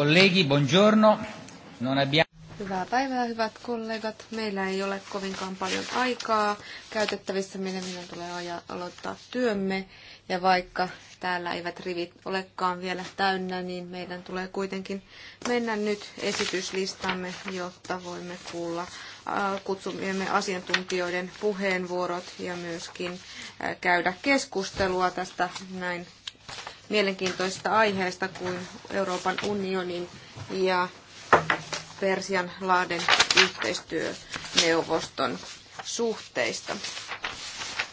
Colleghi, buongiorno. Non abbiamo... Hyvää päivää, hyvät kollegat. Meillä ei ole kovinkaan paljon aikaa käytettävissä. Meidän, meidän tulee ajaa, aloittaa työmme. Ja vaikka täällä eivät rivit olekaan vielä täynnä, niin meidän tulee kuitenkin mennä nyt esityslistamme, jotta voimme kuulla kutsumiemme asiantuntijoiden puheenvuorot ja myöskin käydä keskustelua tästä näin mielenkiintoista aiheesta kuin Euroopan unionin ja Persian laaden yhteistyöneuvoston suhteista.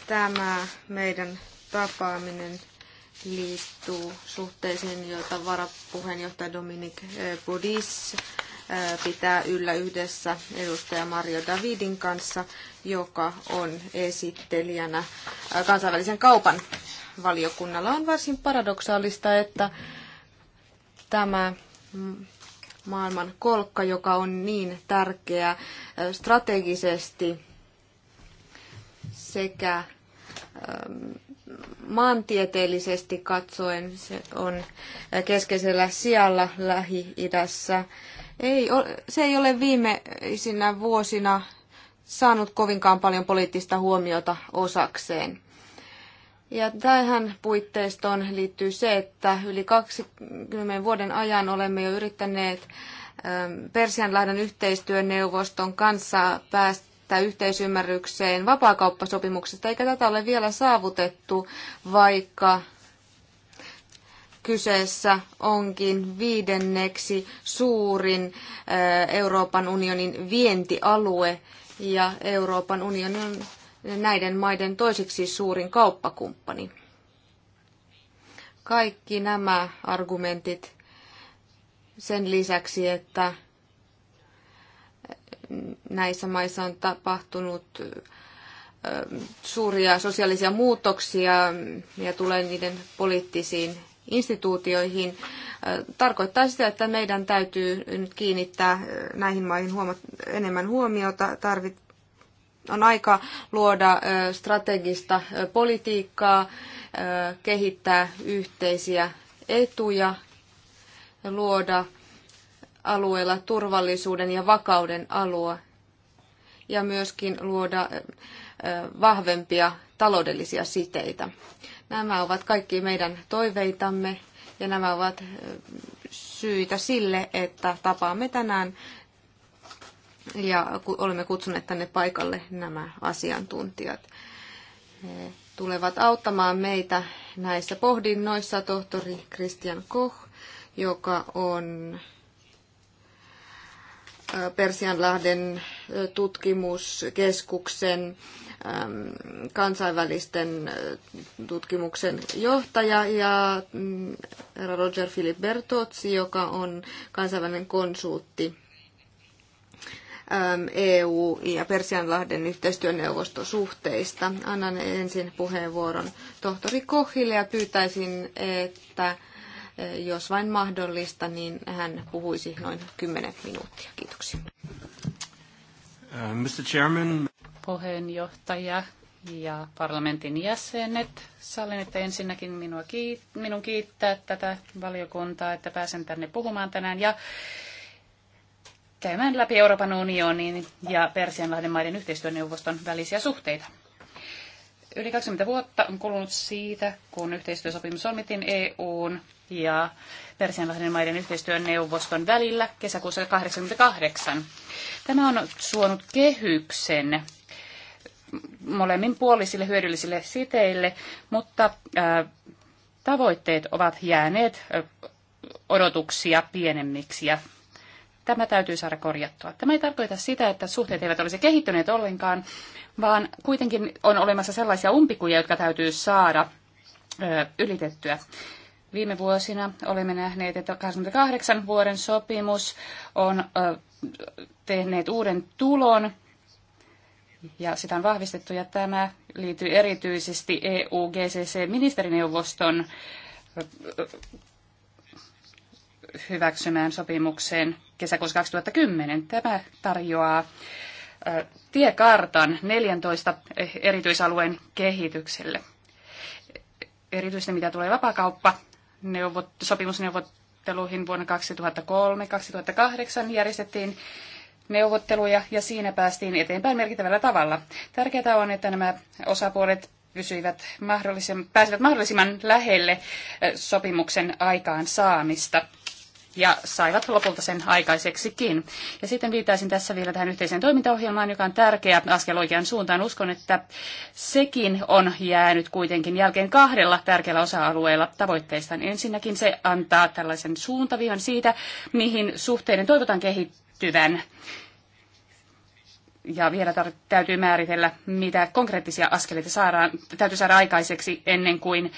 Tämä meidän tapaaminen liittyy suhteisiin, joita varapuheenjohtaja Dominik eh, Budis eh, pitää yllä yhdessä edustaja Mario Davidin kanssa, joka on esittelijänä eh, kansainvälisen kaupan valiokunnalla. On varsin paradoksaalista, että tämä maailman kolkka, joka on niin tärkeä strategisesti sekä maantieteellisesti katsoen se on keskeisellä sijalla Lähi-idässä. Ei se ei ole viimeisinä vuosina saanut kovinkaan paljon poliittista huomiota osakseen. Ja tähän puitteistoon liittyy se, että yli 20 vuoden ajan olemme jo yrittäneet ähm, Persianlahden yhteistyöneuvoston kanssa päästä yhteisymmärrykseen vapaakauppasopimuksesta, eikä tätä ole vielä saavutettu, vaikka kyseessä onkin viidenneksi suurin äh, Euroopan unionin vientialue ja Euroopan unioni on näiden maiden toiseksi suurin kauppakumppani. Kaikki nämä argumentit sen lisäksi, että näissä maissa on tapahtunut suuria sosiaalisia muutoksia ja tulee niiden poliittisiin instituutioihin, tarkoittaa sitä, että meidän täytyy nyt kiinnittää näihin maihin huomat- enemmän huomiota. Tarvit- on aika luoda strategista politiikkaa, kehittää yhteisiä etuja, luoda alueella turvallisuuden ja vakauden alue ja myöskin luoda vahvempia taloudellisia siteitä. Nämä ovat kaikki meidän toiveitamme ja nämä ovat syitä sille, että tapaamme tänään ja olemme kutsuneet tänne paikalle nämä asiantuntijat. He tulevat auttamaan meitä näissä pohdinnoissa tohtori Christian Koch, joka on Persianlahden tutkimuskeskuksen kansainvälisten tutkimuksen johtaja ja mm, Roger Philip Bertozzi, joka on kansainvälinen konsultti Ähm, EU- ja Persianlahden yhteistyöneuvostosuhteista. Annan ensin puheenvuoron tohtori Kohille ja pyytäisin, että äh, jos vain mahdollista, niin hän puhuisi noin 10 minuuttia. Kiitoksia. Äh, Mr. Chairman. Puheenjohtaja ja parlamentin jäsenet, sallin, että ensinnäkin minua kiit- minun kiittää tätä valiokuntaa, että pääsen tänne puhumaan tänään. Ja käymään läpi Euroopan unionin ja Persianlahden maiden yhteistyöneuvoston välisiä suhteita. Yli 20 vuotta on kulunut siitä, kun yhteistyösopimus solmittiin EUn ja Persianlahden maiden yhteistyöneuvoston välillä kesäkuussa 1988. Tämä on suonut kehyksen molemmin puolisille hyödyllisille siteille, mutta tavoitteet ovat jääneet odotuksia pienemmiksi ja Tämä täytyy saada korjattua. Tämä ei tarkoita sitä, että suhteet eivät olisi kehittyneet ollenkaan, vaan kuitenkin on olemassa sellaisia umpikuja, jotka täytyy saada ö, ylitettyä. Viime vuosina olemme nähneet, että 28 vuoden sopimus on ö, tehneet uuden tulon ja sitä on vahvistettu ja tämä liittyy erityisesti EU-GCC-ministerineuvoston hyväksymään sopimukseen kesäkuussa 2010. Tämä tarjoaa tiekartan 14 erityisalueen kehitykselle. Erityisesti mitä tulee vapakauppa sopimusneuvotteluihin vuonna 2003-2008 järjestettiin neuvotteluja ja siinä päästiin eteenpäin merkittävällä tavalla. Tärkeää on, että nämä osapuolet pysyivät mahdollisimman, pääsivät mahdollisimman lähelle sopimuksen aikaan saamista ja saivat lopulta sen aikaiseksikin. Ja sitten viitaisin tässä vielä tähän yhteiseen toimintaohjelmaan, joka on tärkeä askel oikean suuntaan. Uskon, että sekin on jäänyt kuitenkin jälkeen kahdella tärkeällä osa-alueella tavoitteista. Ensinnäkin se antaa tällaisen suuntavihan siitä, mihin suhteiden toivotaan kehittyvän ja vielä tar- täytyy määritellä, mitä konkreettisia askeleita saadaan, täytyy saada aikaiseksi ennen kuin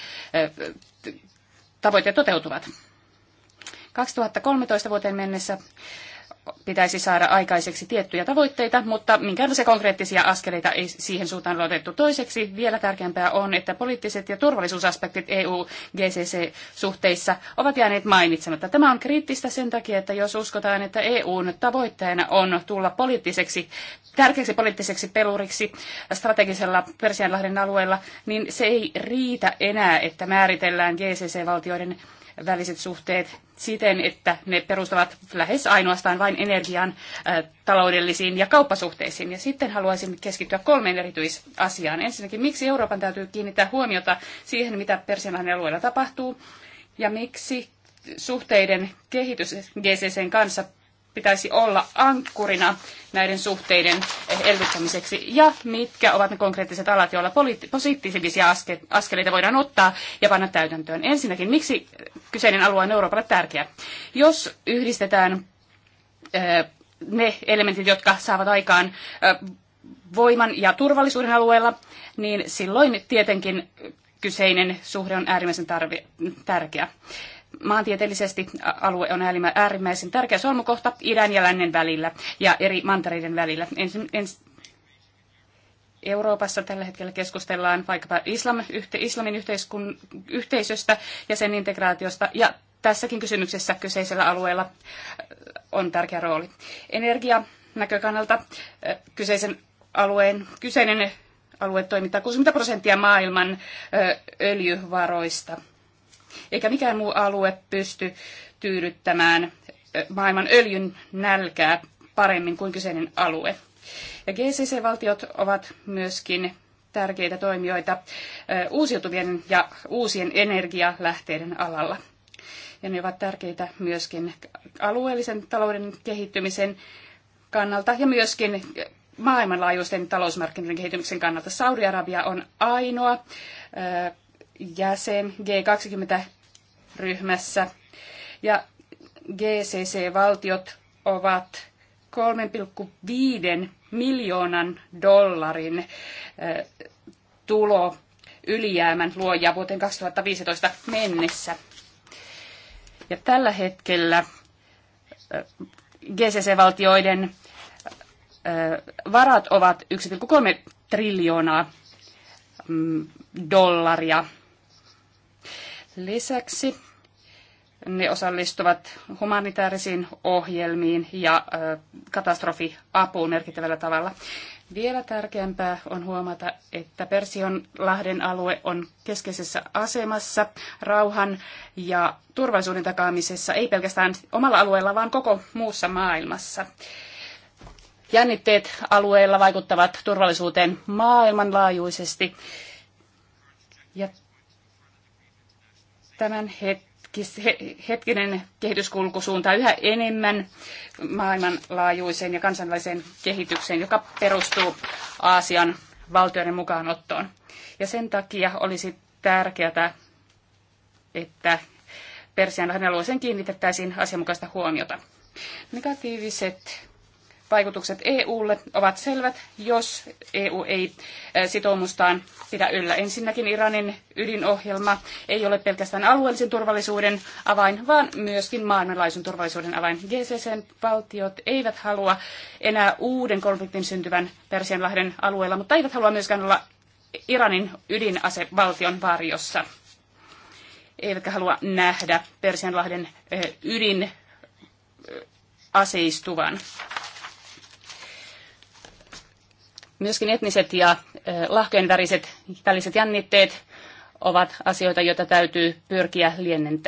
tavoitteet toteutuvat. 2013 vuoteen mennessä pitäisi saada aikaiseksi tiettyjä tavoitteita, mutta minkäänlaisia konkreettisia askeleita ei siihen suuntaan ole otettu. Toiseksi vielä tärkeämpää on, että poliittiset ja turvallisuusaspektit EU-GCC-suhteissa ovat jääneet mainitsematta. Tämä on kriittistä sen takia, että jos uskotaan, että EUn tavoitteena on tulla poliittiseksi, tärkeäksi poliittiseksi peluriksi strategisella Persianlahden alueella, niin se ei riitä enää, että määritellään GCC-valtioiden väliset suhteet siten, että ne perustuvat lähes ainoastaan vain energian äh, taloudellisiin ja kauppasuhteisiin. Ja sitten haluaisin keskittyä kolmeen erityisasiaan. Ensinnäkin, miksi Euroopan täytyy kiinnittää huomiota siihen, mitä Persianlahden alueella tapahtuu, ja miksi suhteiden kehitys GCCn kanssa pitäisi olla ankkurina näiden suhteiden elvyttämiseksi ja mitkä ovat ne konkreettiset alat, joilla positiivisia aske- askeleita voidaan ottaa ja panna täytäntöön. Ensinnäkin, miksi kyseinen alue on Euroopalle tärkeä? Jos yhdistetään ne elementit, jotka saavat aikaan voiman ja turvallisuuden alueella, niin silloin tietenkin kyseinen suhde on äärimmäisen tarvi- tärkeä maantieteellisesti alue on äärimmäisen tärkeä solmukohta idän ja lännen välillä ja eri mantereiden välillä. Ens, ens, Euroopassa tällä hetkellä keskustellaan vaikkapa islam, yhte, islamin yhteiskun, yhteisöstä ja sen integraatiosta, ja tässäkin kysymyksessä kyseisellä alueella äh, on tärkeä rooli. Energia näkökannalta äh, kyseisen alueen, kyseinen alue toimittaa 60 prosenttia maailman äh, öljyvaroista. Eikä mikään muu alue pysty tyydyttämään maailman öljyn nälkää paremmin kuin kyseinen alue. Ja GCC-valtiot ovat myöskin tärkeitä toimijoita uusiutuvien ja uusien energialähteiden alalla. Ja ne ovat tärkeitä myöskin alueellisen talouden kehittymisen kannalta ja myöskin maailmanlaajuisten talousmarkkinoiden kehittymisen kannalta. Saudi-Arabia on ainoa jäsen G20-ryhmässä. Ja GCC-valtiot ovat 3,5 miljoonan dollarin tulo ylijäämän luoja vuoteen 2015 mennessä. Ja tällä hetkellä GCC-valtioiden varat ovat 1,3 triljoonaa mm, dollaria Lisäksi ne osallistuvat humanitaarisiin ohjelmiin ja katastrofiapuun merkittävällä tavalla. Vielä tärkeämpää on huomata, että Persionlahden alue on keskeisessä asemassa rauhan ja turvallisuuden takaamisessa, ei pelkästään omalla alueella, vaan koko muussa maailmassa. Jännitteet alueella vaikuttavat turvallisuuteen maailmanlaajuisesti. Ja tämän hetkis, hetkinen kehityskulku suuntaa yhä enemmän maailmanlaajuiseen ja kansainväliseen kehitykseen, joka perustuu Aasian valtioiden mukaanottoon. Ja sen takia olisi tärkeää, että Persian lahden alueeseen kiinnitettäisiin asianmukaista huomiota. Negatiiviset vaikutukset EUlle ovat selvät, jos EU ei sitoumustaan pidä yllä. Ensinnäkin Iranin ydinohjelma ei ole pelkästään alueellisen turvallisuuden avain, vaan myöskin maailmanlaajuisen turvallisuuden avain. GCC-valtiot eivät halua enää uuden konfliktin syntyvän Persianlahden alueella, mutta eivät halua myöskään olla Iranin ydinasevaltion varjossa. Eivätkä halua nähdä Persianlahden ydin aseistuvan. Myöskin etniset ja lahkojen väliset jännitteet ovat asioita, joita täytyy pyrkiä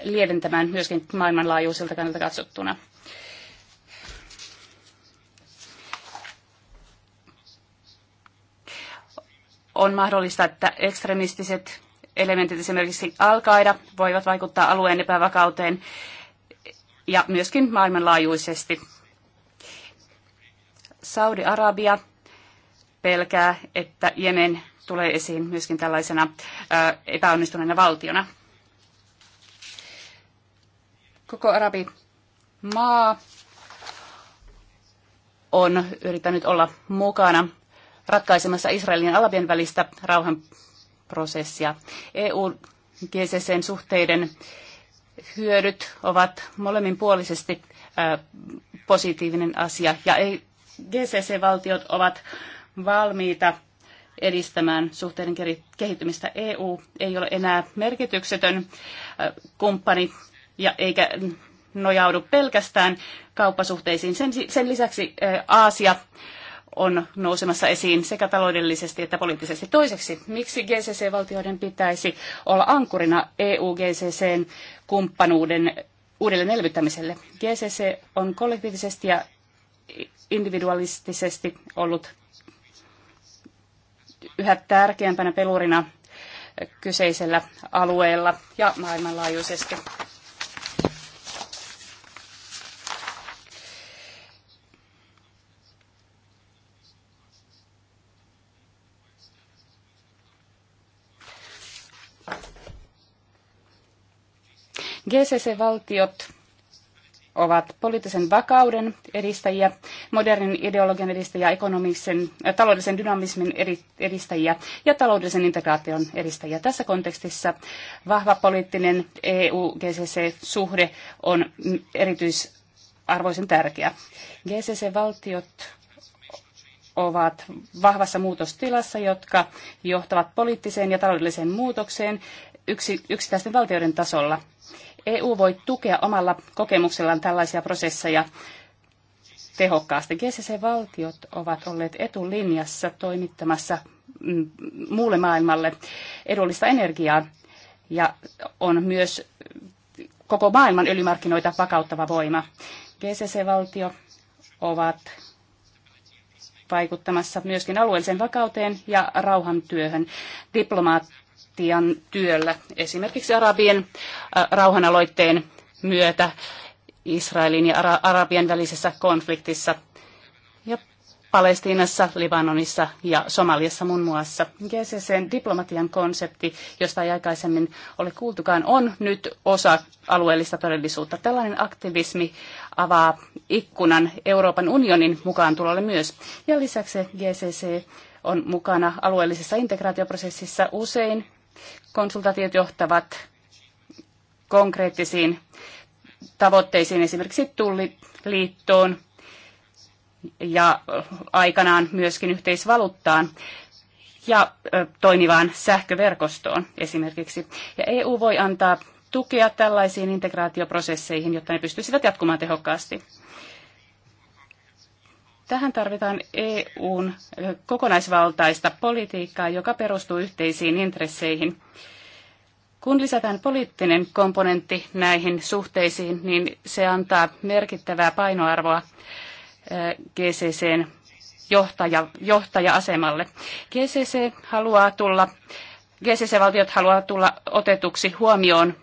lieventämään myöskin maailmanlaajuiselta kannalta katsottuna. On mahdollista, että ekstremistiset elementit, esimerkiksi al voivat vaikuttaa alueen epävakauteen ja myöskin maailmanlaajuisesti. Saudi-Arabia pelkää, että Jemen tulee esiin myöskin tällaisena epäonnistuneena valtiona. Koko arabi maa on yrittänyt olla mukana ratkaisemassa Israelin ja Arabien välistä rauhanprosessia. EU-GCCn suhteiden hyödyt ovat molemminpuolisesti positiivinen asia ja GCC-valtiot ovat valmiita edistämään suhteiden kehittymistä. EU ei ole enää merkityksetön äh, kumppani ja eikä nojaudu pelkästään kauppasuhteisiin. Sen, sen lisäksi äh, Aasia on nousemassa esiin sekä taloudellisesti että poliittisesti. Toiseksi, miksi GCC-valtioiden pitäisi olla ankurina EU-GCCn kumppanuuden uudelle elvyttämiselle? GCC on kollektiivisesti ja individualistisesti ollut yhä tärkeämpänä pelurina kyseisellä alueella ja maailmanlaajuisesti. GCC-valtiot ovat poliittisen vakauden edistäjiä, modernin ideologian edistäjiä, ekonomisen, äh, taloudellisen dynamismin edistäjiä ja taloudellisen integraation edistäjiä. Tässä kontekstissa vahva poliittinen EU-GCC-suhde on erityisarvoisen tärkeä. GCC-valtiot ovat vahvassa muutostilassa, jotka johtavat poliittiseen ja taloudelliseen muutokseen yksittäisten valtioiden tasolla. EU voi tukea omalla kokemuksellaan tällaisia prosesseja tehokkaasti. GCC-valtiot ovat olleet etulinjassa toimittamassa mm, muulle maailmalle edullista energiaa ja on myös koko maailman öljymarkkinoita vakauttava voima. GCC-valtio ovat vaikuttamassa myöskin alueelliseen vakauteen ja rauhantyöhön. Diplomaat, Kroatian työllä, esimerkiksi Arabien äh, rauhanaloitteen myötä Israelin ja Ara- välisessä konfliktissa ja Palestiinassa, Libanonissa ja Somaliassa muun muassa. GCCn diplomatian konsepti, josta ei aikaisemmin ole kuultukaan, on nyt osa alueellista todellisuutta. Tällainen aktivismi avaa ikkunan Euroopan unionin mukaan tulolle myös. Ja lisäksi GCC on mukana alueellisessa integraatioprosessissa usein konsultaatiot johtavat konkreettisiin tavoitteisiin, esimerkiksi tulliliittoon ja aikanaan myöskin yhteisvaluuttaan ja toimivaan sähköverkostoon esimerkiksi. Ja EU voi antaa tukea tällaisiin integraatioprosesseihin, jotta ne pystyisivät jatkumaan tehokkaasti. Tähän tarvitaan EUn kokonaisvaltaista politiikkaa, joka perustuu yhteisiin intresseihin. Kun lisätään poliittinen komponentti näihin suhteisiin, niin se antaa merkittävää painoarvoa GCCn johtaja, johtaja-asemalle. GCC haluaa tulla, GCC-valtiot haluaa tulla otetuksi huomioon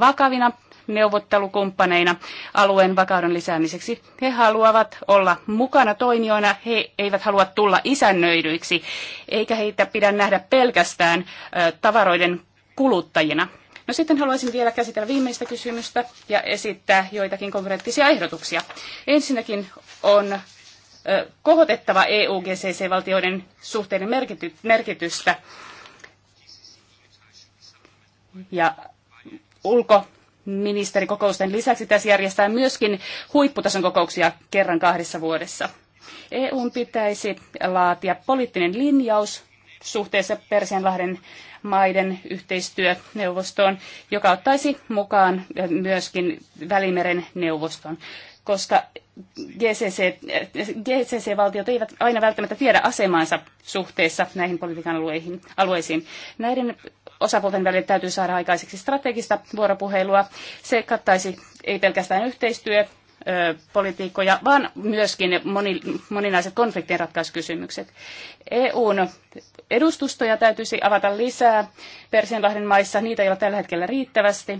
vakavina neuvottelukumppaneina alueen vakauden lisäämiseksi. He haluavat olla mukana toimijoina, he eivät halua tulla isännöidyiksi, eikä heitä pidä nähdä pelkästään tavaroiden kuluttajina. No sitten haluaisin vielä käsitellä viimeistä kysymystä ja esittää joitakin konkreettisia ehdotuksia. Ensinnäkin on kohotettava EU-GCC-valtioiden suhteiden merkitystä ja ulko- ministerikokousten lisäksi tässä järjestää myöskin huipputason kokouksia kerran kahdessa vuodessa. EUn pitäisi laatia poliittinen linjaus suhteessa Persianlahden maiden yhteistyöneuvostoon, joka ottaisi mukaan myöskin Välimeren neuvoston, koska GCC, GCC-valtiot eivät aina välttämättä tiedä asemaansa suhteessa näihin politiikan alueisiin. Näiden osapuolten välillä täytyy saada aikaiseksi strategista vuoropuhelua. Se kattaisi ei pelkästään yhteistyö, politiikkoja, vaan myöskin moni, moninaiset konfliktinratkaisukysymykset. EUn edustustoja täytyisi avata lisää Persianlahden maissa, niitä ei ole tällä hetkellä riittävästi,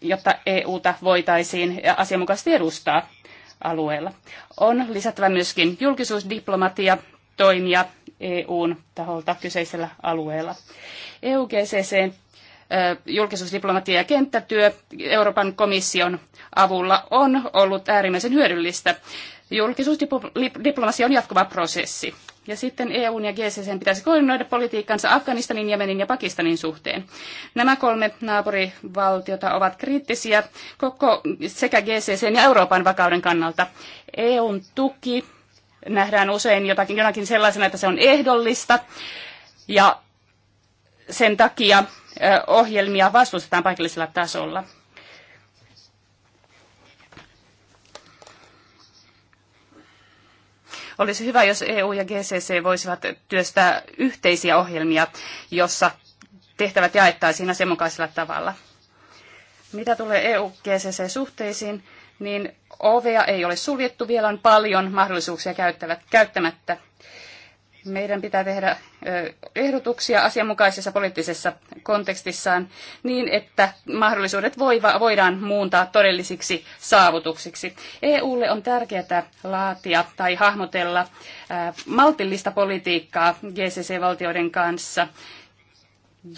jotta EUta voitaisiin asianmukaisesti edustaa alueella. On lisättävä myöskin julkisuusdiplomatia toimia EUn taholta kyseisellä alueella. EUGCC julkisuusdiplomatia ja kenttätyö Euroopan komission avulla on ollut äärimmäisen hyödyllistä. Julkisuusdiplomatia on jatkuva prosessi. Ja sitten EUn ja GCC pitäisi koordinoida politiikkansa Afganistanin, Jemenin ja Pakistanin suhteen. Nämä kolme naapurivaltiota ovat kriittisiä koko sekä GCC ja Euroopan vakauden kannalta. EUn tuki nähdään usein jotakin, jonakin sellaisena, että se on ehdollista ja sen takia ohjelmia vastustetaan paikallisella tasolla. Olisi hyvä, jos EU ja GCC voisivat työstää yhteisiä ohjelmia, jossa tehtävät jaettaisiin asianmukaisella tavalla. Mitä tulee EU-GCC-suhteisiin, niin ovea ei ole suljettu, vielä on paljon mahdollisuuksia käyttävät, käyttämättä. Meidän pitää tehdä ehdotuksia asianmukaisessa poliittisessa kontekstissaan niin, että mahdollisuudet voidaan muuntaa todellisiksi saavutuksiksi. EUlle on tärkeää laatia tai hahmotella maltillista politiikkaa GCC-valtioiden kanssa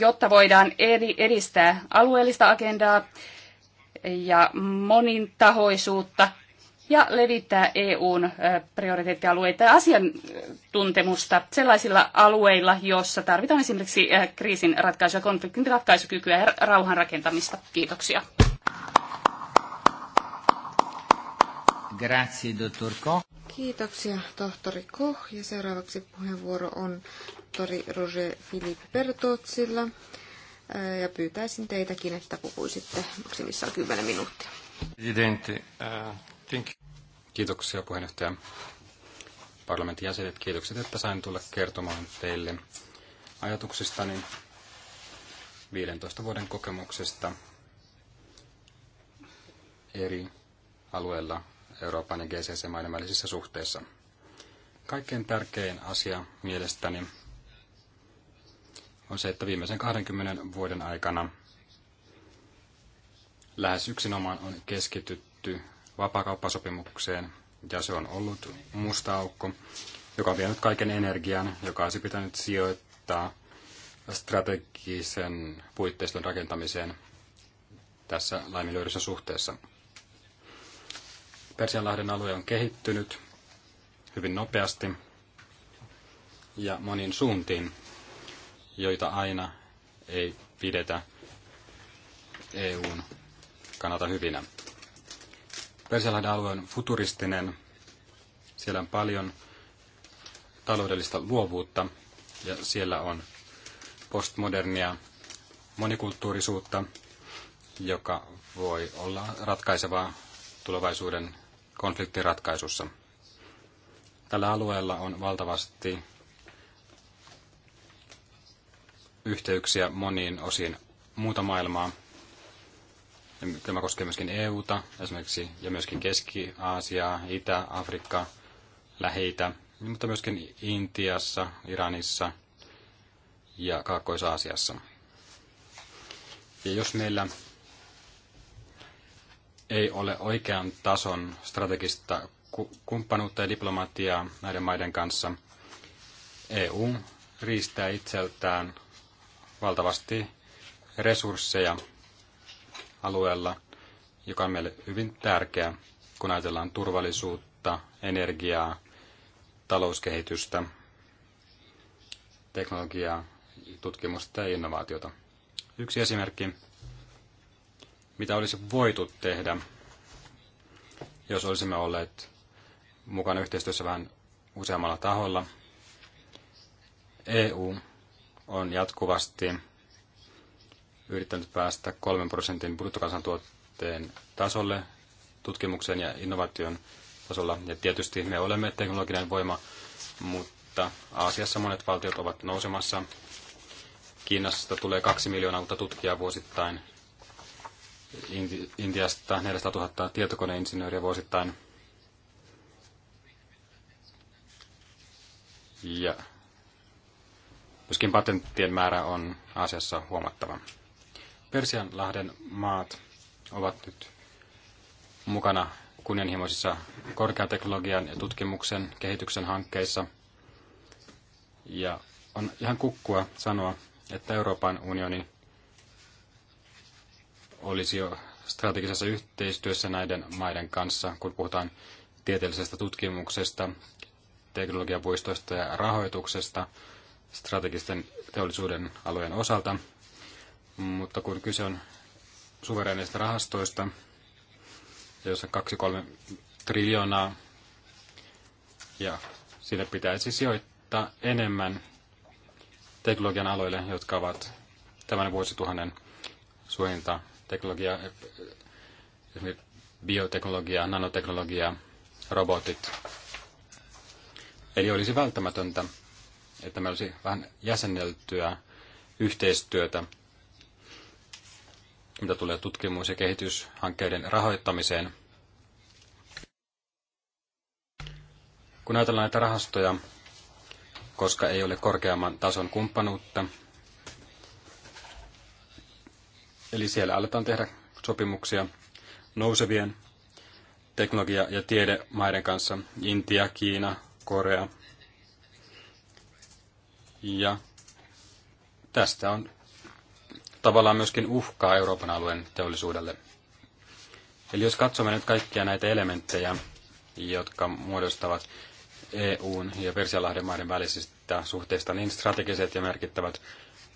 jotta voidaan edistää alueellista agendaa ja monintahoisuutta ja levittää EUn prioriteettialueita ja asiantuntemusta sellaisilla alueilla, joissa tarvitaan esimerkiksi kriisin ratkaisua, konfliktin ratkaisukykyä ja rauhan rakentamista. Kiitoksia. Grazie, dottor Kiitoksia, tohtori Koch. Ja seuraavaksi puheenvuoro on tohtori Roger Philippe Bertotsilla. Äh, ja pyytäisin teitäkin, että puhuisitte maksimissaan 10 minuuttia. Äh, Kiitoksia puheenjohtaja parlamentin jäsenet. Kiitokset, että sain tulla kertomaan teille ajatuksistani 15 vuoden kokemuksesta eri alueilla Euroopan ja GCC-maiden välisissä suhteissa. Kaikkein tärkein asia mielestäni on se, että viimeisen 20 vuoden aikana lähes yksinomaan on keskitytty vapakauppasopimukseen, ja se on ollut musta aukko, joka on vienyt kaiken energian, joka olisi pitänyt sijoittaa strategisen puitteiston rakentamiseen tässä laiminlyödyssä suhteessa. Persianlahden alue on kehittynyt hyvin nopeasti ja monin suuntiin, joita aina ei pidetä EUn kannalta hyvinä. Persialahden alue on futuristinen. Siellä on paljon taloudellista luovuutta ja siellä on postmodernia monikulttuurisuutta, joka voi olla ratkaisevaa tulevaisuuden konfliktiratkaisussa. Tällä alueella on valtavasti yhteyksiä moniin osiin muuta maailmaa. Tämä koskee myöskin EUta esimerkiksi ja myöskin Keski-Aasiaa, Itä-Afrikkaa, lähi mutta myöskin Intiassa, Iranissa ja Kaakkois-Aasiassa. Ja jos meillä ei ole oikean tason strategista kumppanuutta ja diplomatiaa näiden maiden kanssa, EU riistää itseltään valtavasti resursseja alueella, joka on meille hyvin tärkeä, kun ajatellaan turvallisuutta, energiaa, talouskehitystä, teknologiaa, tutkimusta ja innovaatiota. Yksi esimerkki, mitä olisi voitu tehdä, jos olisimme olleet mukana yhteistyössä vähän useammalla taholla. EU on jatkuvasti yrittänyt päästä kolmen prosentin bruttokansantuotteen tasolle tutkimuksen ja innovaation tasolla. Ja tietysti me olemme teknologinen voima, mutta Aasiassa monet valtiot ovat nousemassa. Kiinasta tulee kaksi miljoonaa uutta tutkijaa vuosittain. Intiasta 400 000 tietokoneinsinööriä vuosittain. Ja Myöskin patenttien määrä on asiassa huomattava. Persianlahden maat ovat nyt mukana kunnianhimoisissa korkeateknologian ja tutkimuksen kehityksen hankkeissa. Ja on ihan kukkua sanoa, että Euroopan unioni olisi jo strategisessa yhteistyössä näiden maiden kanssa, kun puhutaan tieteellisestä tutkimuksesta, teknologiapuistoista ja rahoituksesta strategisten teollisuuden alojen osalta, mutta kun kyse on suvereneista rahastoista, joissa 2-3 triljoonaa, ja sinne pitäisi sijoittaa enemmän teknologian aloille, jotka ovat tämän vuosituhannen suojinta teknologia, esimerkiksi bioteknologia, nanoteknologia, robotit. Eli olisi välttämätöntä, että meillä olisi vähän jäsenneltyä yhteistyötä, mitä tulee tutkimus- ja kehityshankkeiden rahoittamiseen. Kun ajatellaan näitä rahastoja, koska ei ole korkeamman tason kumppanuutta, eli siellä aletaan tehdä sopimuksia nousevien teknologia- ja tiedemaiden kanssa, Intia, Kiina, Korea, ja tästä on tavallaan myöskin uhkaa Euroopan alueen teollisuudelle. Eli jos katsomme nyt kaikkia näitä elementtejä, jotka muodostavat EUn ja Persialahden maiden välisistä suhteista niin strategiset ja merkittävät,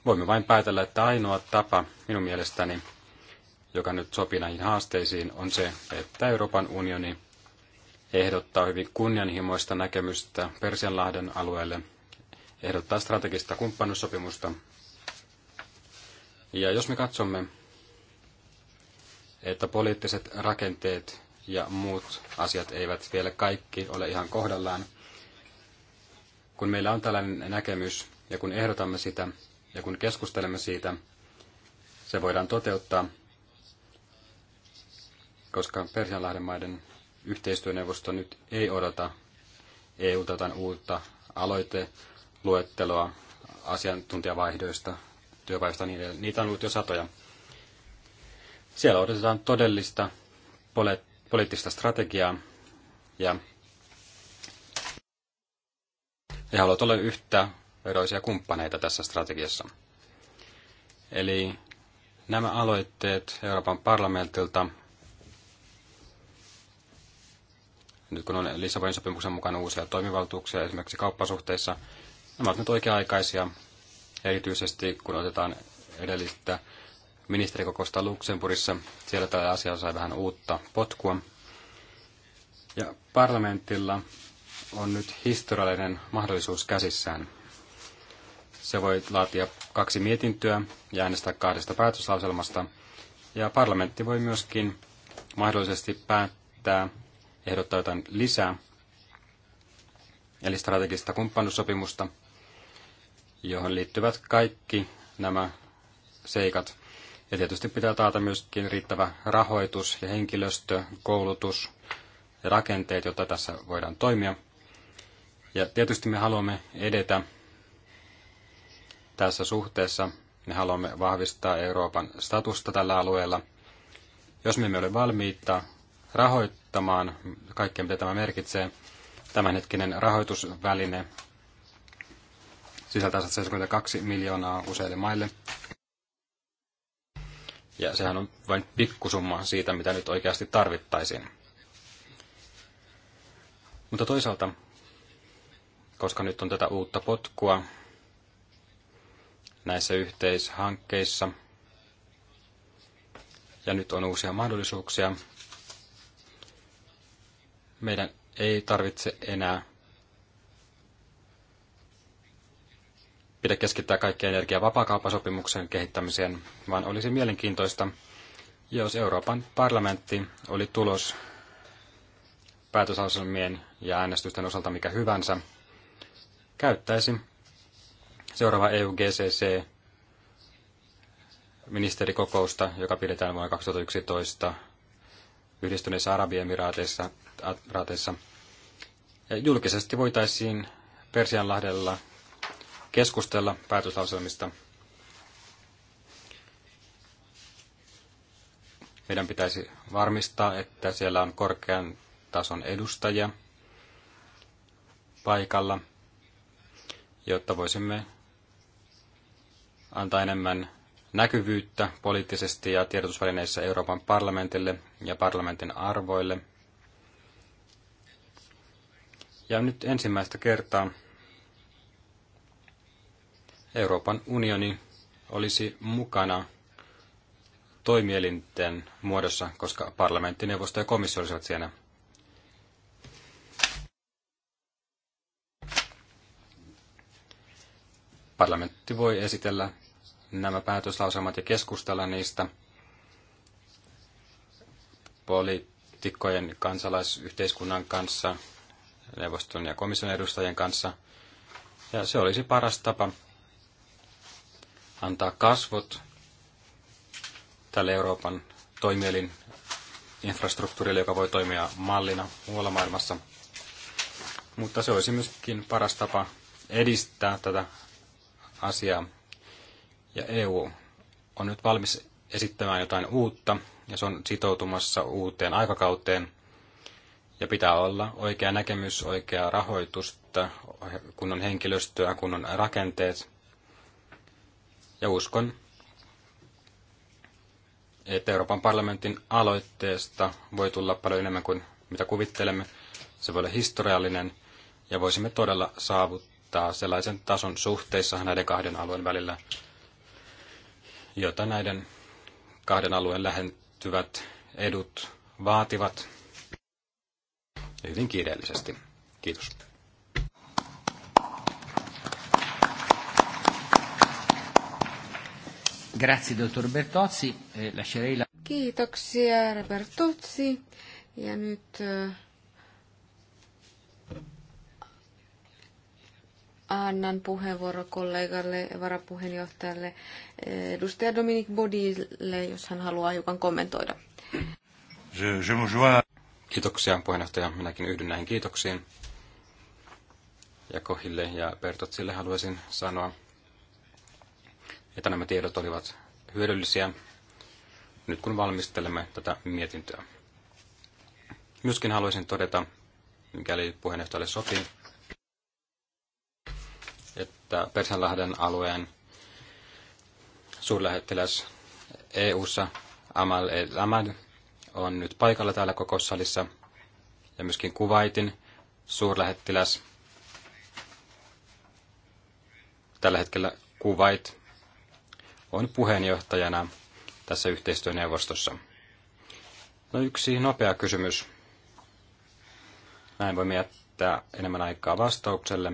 voimme vain päätellä, että ainoa tapa minun mielestäni, joka nyt sopii näihin haasteisiin, on se, että Euroopan unioni ehdottaa hyvin kunnianhimoista näkemystä Persianlahden alueelle – ehdottaa strategista kumppanuussopimusta. Ja jos me katsomme, että poliittiset rakenteet ja muut asiat eivät vielä kaikki ole ihan kohdallaan, kun meillä on tällainen näkemys ja kun ehdotamme sitä ja kun keskustelemme siitä, se voidaan toteuttaa, koska Persianlahden maiden yhteistyöneuvosto nyt ei odota EU-tätä uutta aloite luetteloa asiantuntijavaihdoista, työpaikoista, niin niitä on ollut jo satoja. Siellä odotetaan todellista poliittista strategiaa ja he haluavat olla yhtä veroisia kumppaneita tässä strategiassa. Eli nämä aloitteet Euroopan parlamentilta, nyt kun on Lissabonin sopimuksen mukana uusia toimivaltuuksia esimerkiksi kauppasuhteissa, Nämä ovat nyt oikea-aikaisia, erityisesti kun otetaan edellistä ministerikokousta Luxemburgissa. Siellä tällä asia sai vähän uutta potkua. Ja parlamentilla on nyt historiallinen mahdollisuus käsissään. Se voi laatia kaksi mietintöä ja äänestää kahdesta päätöslauselmasta. Ja parlamentti voi myöskin mahdollisesti päättää ehdottaa jotain lisää, eli strategista kumppanussopimusta, johon liittyvät kaikki nämä seikat. Ja tietysti pitää taata myöskin riittävä rahoitus ja henkilöstö, koulutus ja rakenteet, jotta tässä voidaan toimia. Ja tietysti me haluamme edetä tässä suhteessa. Me haluamme vahvistaa Euroopan statusta tällä alueella. Jos me emme ole valmiita rahoittamaan kaikkea, mitä tämä merkitsee, tämänhetkinen rahoitusväline sisältää 172 miljoonaa useille maille. Ja sehän on vain pikkusumma siitä, mitä nyt oikeasti tarvittaisiin. Mutta toisaalta, koska nyt on tätä uutta potkua näissä yhteishankkeissa, ja nyt on uusia mahdollisuuksia, meidän ei tarvitse enää pidä keskittää kaikki energia vapaakauppasopimuksen kehittämiseen, vaan olisi mielenkiintoista, jos Euroopan parlamentti oli tulos päätösasemien ja äänestysten osalta mikä hyvänsä, käyttäisi seuraava EU-GCC ministerikokousta, joka pidetään vuonna 2011 Yhdistyneissä Arabiemiraateissa, ja julkisesti voitaisiin Persianlahdella keskustella päätöslauselmista. Meidän pitäisi varmistaa, että siellä on korkean tason edustajia paikalla, jotta voisimme antaa enemmän näkyvyyttä poliittisesti ja tiedotusvälineissä Euroopan parlamentille ja parlamentin arvoille. Ja nyt ensimmäistä kertaa Euroopan unioni olisi mukana toimielinten muodossa, koska parlamentti, ja komissio olisivat siinä. Parlamentti voi esitellä nämä päätöslausamat ja keskustella niistä poliitikkojen, kansalaisyhteiskunnan kanssa, neuvoston ja komission edustajien kanssa. Ja se olisi paras tapa antaa kasvot tälle Euroopan toimielin infrastruktuurille, joka voi toimia mallina muualla maailmassa. Mutta se olisi myöskin paras tapa edistää tätä asiaa. Ja EU on nyt valmis esittämään jotain uutta, ja se on sitoutumassa uuteen aikakauteen. Ja pitää olla oikea näkemys, oikea rahoitusta, kun on henkilöstöä, kun on rakenteet. Ja uskon, että Euroopan parlamentin aloitteesta voi tulla paljon enemmän kuin mitä kuvittelemme. Se voi olla historiallinen ja voisimme todella saavuttaa sellaisen tason suhteissa näiden kahden alueen välillä, jota näiden kahden alueen lähentyvät edut vaativat hyvin kiireellisesti. Kiitos. Grazie, dottor Bertozzi. Eh, lascerei la... Kiitoksia, herra Bertozzi. Ja nyt eh, annan puheenvuoro kollegalle, varapuheenjohtajalle, eh, edustaja Dominik Bodille, jos hän haluaa hiukan kommentoida. Kiitoksia puheenjohtaja. Minäkin yhdyn näihin kiitoksiin. Ja Kohille ja Bertotsille haluaisin sanoa, että nämä tiedot olivat hyödyllisiä nyt kun valmistelemme tätä mietintöä. Myöskin haluaisin todeta, mikäli puheenjohtajalle sopii, että Persianlahden alueen suurlähettiläs EU-ssa Amal El Amad on nyt paikalla täällä salissa. ja myöskin Kuwaitin suurlähettiläs. Tällä hetkellä Kuwait on puheenjohtajana tässä yhteistyöneuvostossa. No yksi nopea kysymys. Näin voimme jättää enemmän aikaa vastaukselle.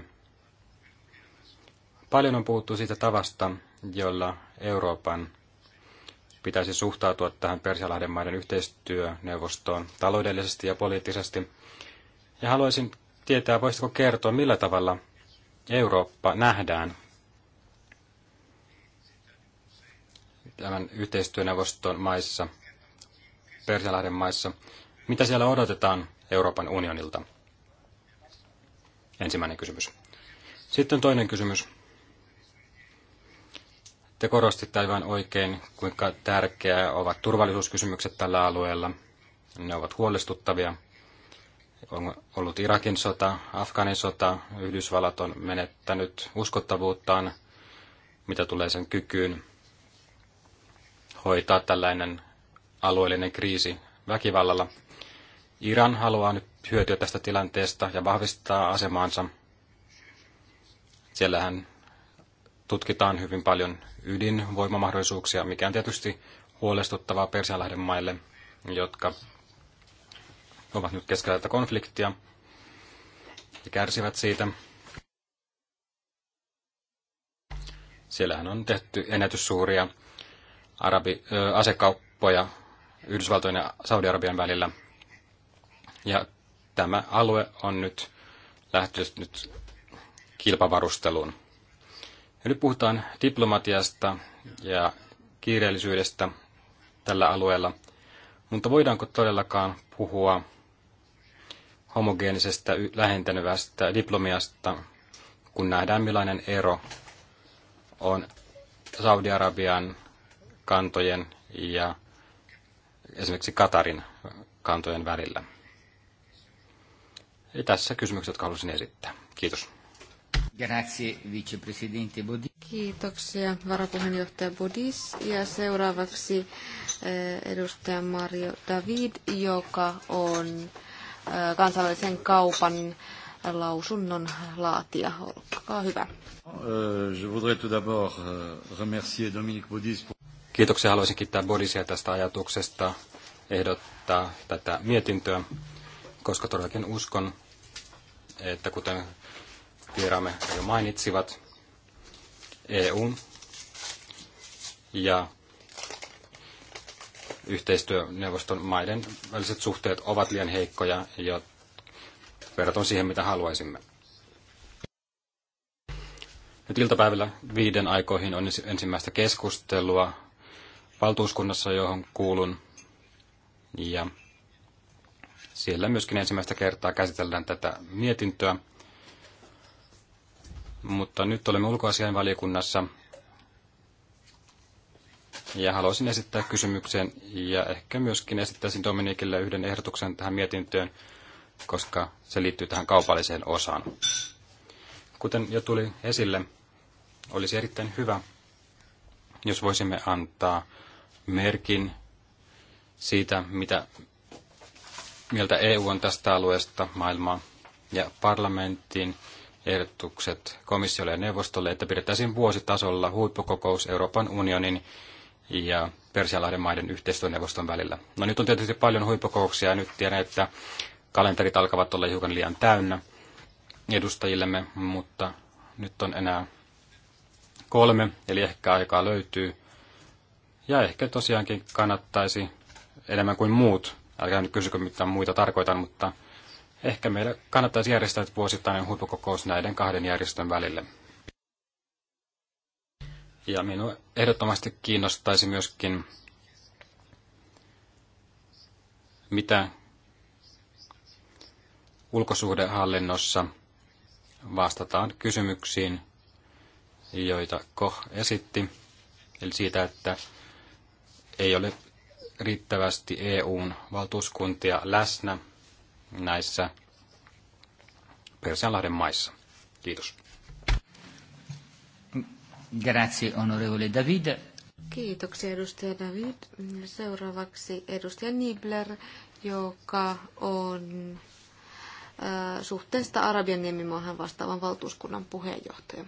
Paljon on puhuttu siitä tavasta, jolla Euroopan pitäisi suhtautua tähän Persialahden maiden yhteistyöneuvostoon taloudellisesti ja poliittisesti. Ja haluaisin tietää, voisitko kertoa, millä tavalla Eurooppa nähdään tämän yhteistyöneuvoston maissa, Persialahden maissa, mitä siellä odotetaan Euroopan unionilta? Ensimmäinen kysymys. Sitten toinen kysymys. Te korostitte aivan oikein, kuinka tärkeää ovat turvallisuuskysymykset tällä alueella. Ne ovat huolestuttavia. On ollut Irakin sota, Afganin sota, Yhdysvallat on menettänyt uskottavuuttaan, mitä tulee sen kykyyn hoitaa tällainen alueellinen kriisi väkivallalla. Iran haluaa nyt hyötyä tästä tilanteesta ja vahvistaa asemaansa. Siellähän tutkitaan hyvin paljon ydinvoimamahdollisuuksia, mikä on tietysti huolestuttavaa Persianlahden maille, jotka ovat nyt keskellä tätä konfliktia ja kärsivät siitä. Siellähän on tehty ennätyssuuria arabi, ö, asekauppoja Yhdysvaltojen ja Saudi-Arabian välillä. Ja tämä alue on nyt lähtenyt nyt kilpavarusteluun. Ja nyt puhutaan diplomatiasta ja kiireellisyydestä tällä alueella, mutta voidaanko todellakaan puhua homogeenisesta lähentänyvästä diplomiasta, kun nähdään millainen ero on Saudi-Arabian kantojen ja esimerkiksi Katarin kantojen välillä. Eli tässä kysymykset, jotka halusin esittää. Kiitos. Grazie, vicepresidente Bodis. Kiitoksia, varapuheenjohtaja Bodis. Ja seuraavaksi eh, edustaja Mario David, joka on eh, kansallisen kaupan lausunnon laatija. Olkaa hyvä. Eh, je voudrais tout d'abord remercier Dominique Bodis pour... Kiitoksia. Haluaisin kiittää Bodisia tästä ajatuksesta ehdottaa tätä mietintöä, koska todellakin uskon, että kuten vieraamme jo mainitsivat, EU ja yhteistyöneuvoston maiden väliset suhteet ovat liian heikkoja ja verraton siihen, mitä haluaisimme. Nyt iltapäivällä viiden aikoihin on ensimmäistä keskustelua valtuuskunnassa, johon kuulun. Ja siellä myöskin ensimmäistä kertaa käsitellään tätä mietintöä. Mutta nyt olemme ulkoasiainvaliokunnassa ja haluaisin esittää kysymyksen ja ehkä myöskin esittäisin Dominikille yhden ehdotuksen tähän mietintöön, koska se liittyy tähän kaupalliseen osaan. Kuten jo tuli esille, olisi erittäin hyvä, jos voisimme antaa merkin siitä, mitä mieltä EU on tästä alueesta maailmaa ja parlamentin ehdotukset komissiolle ja neuvostolle, että pidettäisiin vuositasolla huippukokous Euroopan unionin ja Persialahden maiden yhteistyöneuvoston välillä. No nyt on tietysti paljon huippukokouksia ja nyt tiedän, että kalenterit alkavat olla hiukan liian täynnä edustajillemme, mutta nyt on enää kolme, eli ehkä aikaa löytyy ja ehkä tosiaankin kannattaisi enemmän kuin muut, älkää nyt kysykö mitä muita tarkoitan, mutta ehkä meillä kannattaisi järjestää vuosittainen huippukokous näiden kahden järjestön välille. Ja minua ehdottomasti kiinnostaisi myöskin, mitä ulkosuhdehallinnossa vastataan kysymyksiin, joita Koh esitti. Eli siitä, että ei ole riittävästi EUn valtuuskuntia läsnä näissä Persianlahden maissa. Kiitos. Grazie, onorevole David. Kiitoksia, edustaja David. Seuraavaksi edustaja Nibler, joka on Äh, suhteesta Arabian niemimaahan vastaavan valtuuskunnan puheenjohtaja.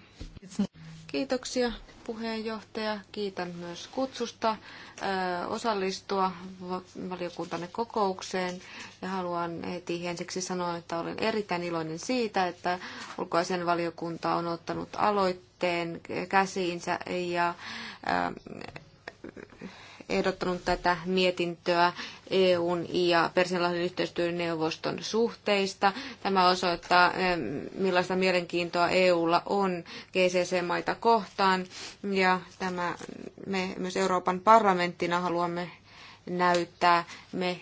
Kiitoksia puheenjohtaja. Kiitän myös kutsusta äh, osallistua valiokuntanne kokoukseen. Ja haluan heti ensiksi sanoa, että olen erittäin iloinen siitä, että ulkoisen valiokunta on ottanut aloitteen käsiinsä ja äh, ehdottanut tätä mietintöä EUn ja Persianlahden yhteistyöneuvoston suhteista. Tämä osoittaa, eh, millaista mielenkiintoa EUlla on GCC-maita kohtaan. Ja tämä, me myös Euroopan parlamenttina haluamme näyttää. Me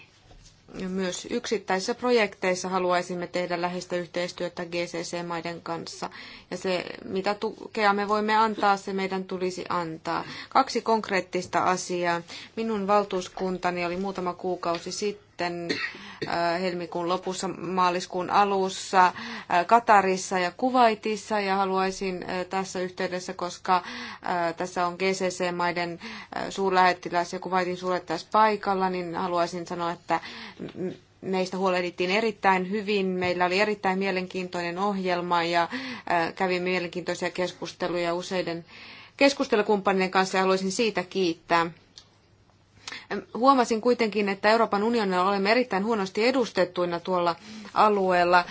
myös yksittäisissä projekteissa haluaisimme tehdä läheistä yhteistyötä GCC-maiden kanssa. Ja se, mitä tukea me voimme antaa, se meidän tulisi antaa. Kaksi konkreettista asiaa. Minun valtuuskuntani oli muutama kuukausi sitten sitten äh, helmikuun lopussa, maaliskuun alussa äh, Katarissa ja Kuvaitissa ja haluaisin äh, tässä yhteydessä, koska tässä on GCC-maiden suurlähettiläs ja Kuvaitin suurlähettiläs paikalla, niin haluaisin sanoa, että meistä huolehdittiin erittäin hyvin. Meillä oli erittäin mielenkiintoinen ohjelma ja kävi mielenkiintoisia keskusteluja useiden keskustelukumppanien kanssa ja haluaisin siitä kiittää. Huomasin kuitenkin, että Euroopan unionilla olemme erittäin huonosti edustettuina tuolla alueella,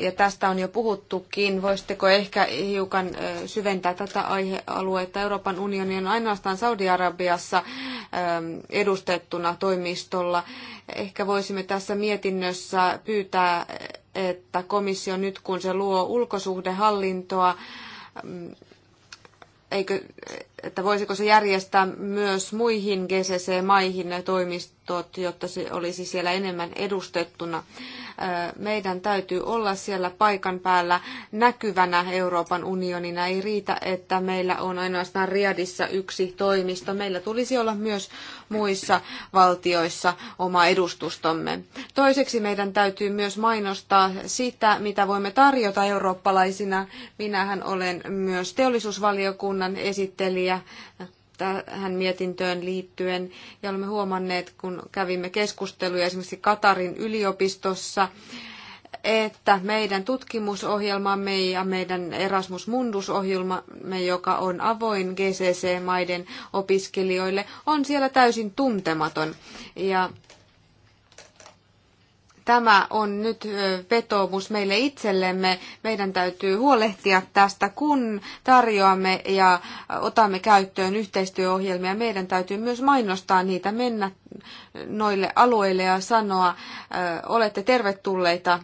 ja tästä on jo puhuttukin. Voisitteko ehkä hiukan syventää tätä aihealuetta? Euroopan unioni on ainoastaan Saudi-Arabiassa edustettuna toimistolla. Ehkä voisimme tässä mietinnössä pyytää, että komissio nyt kun se luo ulkosuhdehallintoa, eikö, että voisiko se järjestää myös muihin GCC-maihin toimistot, jotta se olisi siellä enemmän edustettuna. Meidän täytyy olla siellä paikan päällä näkyvänä Euroopan unionina. Ei riitä, että meillä on ainoastaan Riadissa yksi toimisto. Meillä tulisi olla myös muissa valtioissa oma edustustomme. Toiseksi meidän täytyy myös mainostaa sitä, mitä voimme tarjota eurooppalaisina. Minähän olen myös teollisuusvaliokunnan esittelijä tähän mietintöön liittyen. Ja olemme huomanneet, kun kävimme keskusteluja esimerkiksi Katarin yliopistossa, että meidän tutkimusohjelmamme ja meidän Erasmus Mundus-ohjelmamme, joka on avoin GCC-maiden opiskelijoille, on siellä täysin tuntematon. Ja Tämä on nyt vetoomus meille itsellemme. Meidän täytyy huolehtia tästä, kun tarjoamme ja otamme käyttöön yhteistyöohjelmia. Meidän täytyy myös mainostaa niitä, mennä noille alueille ja sanoa, olette tervetulleita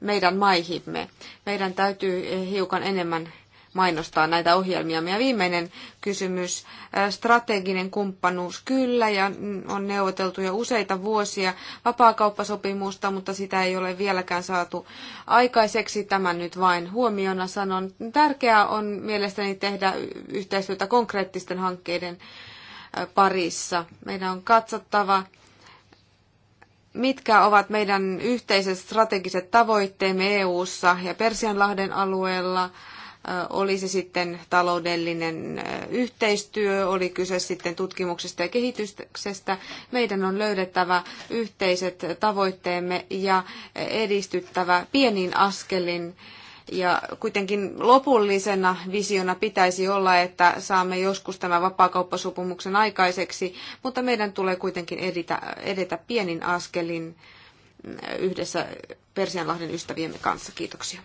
meidän maihimme. Meidän täytyy hiukan enemmän mainostaa näitä ohjelmia. Ja viimeinen kysymys, strateginen kumppanuus, kyllä, ja on neuvoteltu jo useita vuosia vapaakauppasopimusta, mutta sitä ei ole vieläkään saatu aikaiseksi. Tämän nyt vain huomiona sanon. Tärkeää on mielestäni tehdä yhteistyötä konkreettisten hankkeiden parissa. Meidän on katsottava, mitkä ovat meidän yhteiset strategiset tavoitteemme EU:ssa ja Persianlahden alueella – oli se sitten taloudellinen yhteistyö, oli kyse sitten tutkimuksesta ja kehityksestä. Meidän on löydettävä yhteiset tavoitteemme ja edistyttävä pienin askelin. Ja kuitenkin lopullisena visiona pitäisi olla, että saamme joskus tämän vapaakauppasopimuksen aikaiseksi, mutta meidän tulee kuitenkin edetä, edetä pienin askelin yhdessä Persianlahden ystäviemme kanssa. Kiitoksia.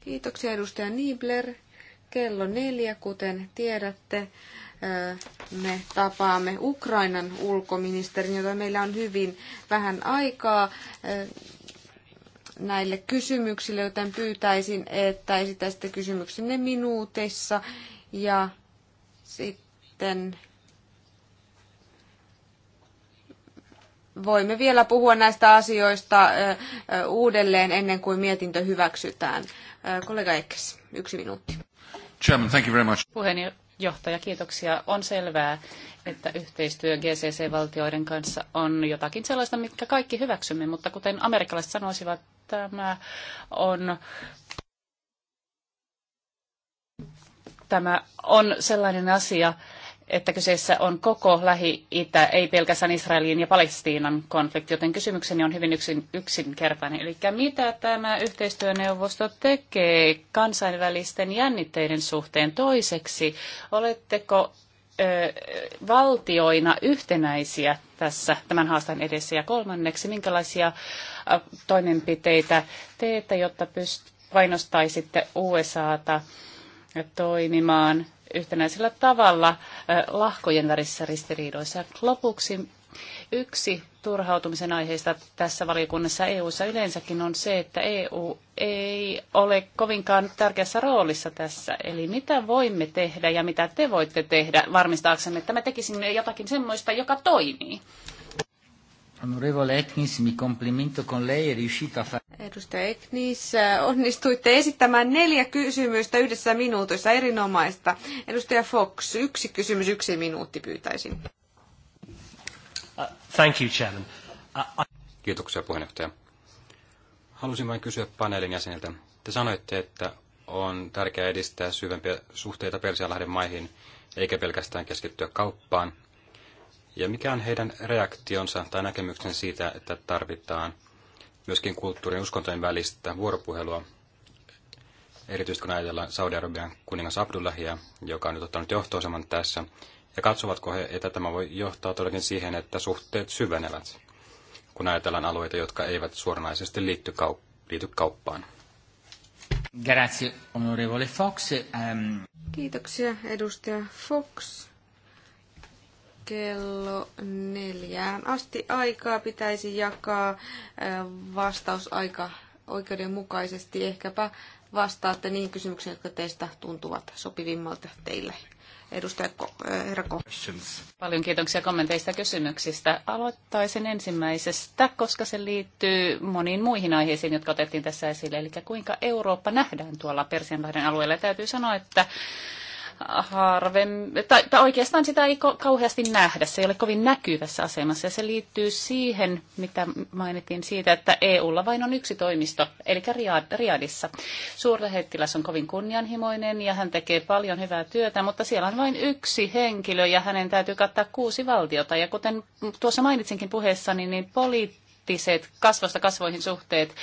Kiitoksia edustaja Niebler. Kello neljä, kuten tiedätte, me tapaamme Ukrainan ulkoministerin, jota meillä on hyvin vähän aikaa näille kysymyksille, joten pyytäisin, että esitäisitte kysymyksenne minuutissa ja sitten voimme vielä puhua näistä asioista uudelleen ennen kuin mietintö hyväksytään. Kollega Ekkes, yksi minuutti. Chairman, thank you very much. Puheenjohtaja, kiitoksia. On selvää, että yhteistyö GCC-valtioiden kanssa on jotakin sellaista, mitkä kaikki hyväksymme, mutta kuten amerikkalaiset sanoisivat, tämä on tämä on sellainen asia, että kyseessä on koko Lähi-Itä, ei pelkästään Israelin ja Palestiinan konflikti, joten kysymykseni on hyvin yksin, yksinkertainen. Eli mitä tämä yhteistyöneuvosto tekee kansainvälisten jännitteiden suhteen toiseksi? Oletteko ö, valtioina yhtenäisiä tässä tämän haastan edessä? Ja kolmanneksi, minkälaisia ö, toimenpiteitä teette, jotta pyst- painostaisitte USAta toimimaan yhtenäisellä tavalla lahkojen värissä ristiriidoissa. Lopuksi yksi turhautumisen aiheista tässä valiokunnassa EU:ssa yleensäkin on se, että EU ei ole kovinkaan tärkeässä roolissa tässä. Eli mitä voimme tehdä ja mitä te voitte tehdä varmistaaksemme, että me tekisimme jotakin semmoista, joka toimii. Onorevole Eknis, mi complimento con lei, Edustaja Eknis, äh, onnistuitte esittämään neljä kysymystä yhdessä minuutissa, erinomaista. Edustaja Fox, yksi kysymys, yksi minuutti pyytäisin. Uh, thank you, Chairman. Uh, I... Kiitoksia puheenjohtaja. Halusin vain kysyä paneelin jäseniltä. Te sanoitte, että on tärkeää edistää syvempiä suhteita Persialahden maihin, eikä pelkästään keskittyä kauppaan – ja mikä on heidän reaktionsa tai näkemyksen siitä, että tarvitaan myöskin kulttuurin uskontojen välistä vuoropuhelua, erityisesti kun ajatellaan Saudi-Arabian kuningas Abdullahia, joka on nyt ottanut johtoaseman tässä, ja katsovatko he, että tämä voi johtaa todellakin siihen, että suhteet syvenevät, kun ajatellaan alueita, jotka eivät suoranaisesti liitty, kaup- liity kauppaan. Grazie, onorevole Fox. Um... Kiitoksia, edustaja Fox kello neljään asti aikaa pitäisi jakaa äh, vastausaika oikeudenmukaisesti. Ehkäpä vastaatte niihin kysymyksiin, jotka teistä tuntuvat sopivimmalta teille. Edustaja äh, Herra Ko. Paljon kiitoksia kommenteista ja kysymyksistä. Aloittaisin ensimmäisestä, koska se liittyy moniin muihin aiheisiin, jotka otettiin tässä esille. Eli kuinka Eurooppa nähdään tuolla Persianlahden alueella. Ja täytyy sanoa, että harvemmin, tai, tai oikeastaan sitä ei kauheasti nähdä, se ei ole kovin näkyvässä asemassa, ja se liittyy siihen, mitä mainittiin siitä, että EUlla vain on yksi toimisto, eli Riadissa. Suurlähettiläs on kovin kunnianhimoinen, ja hän tekee paljon hyvää työtä, mutta siellä on vain yksi henkilö, ja hänen täytyy kattaa kuusi valtiota, ja kuten tuossa mainitsinkin puheessani, niin poliittinen arktiset kasvosta kasvoihin suhteet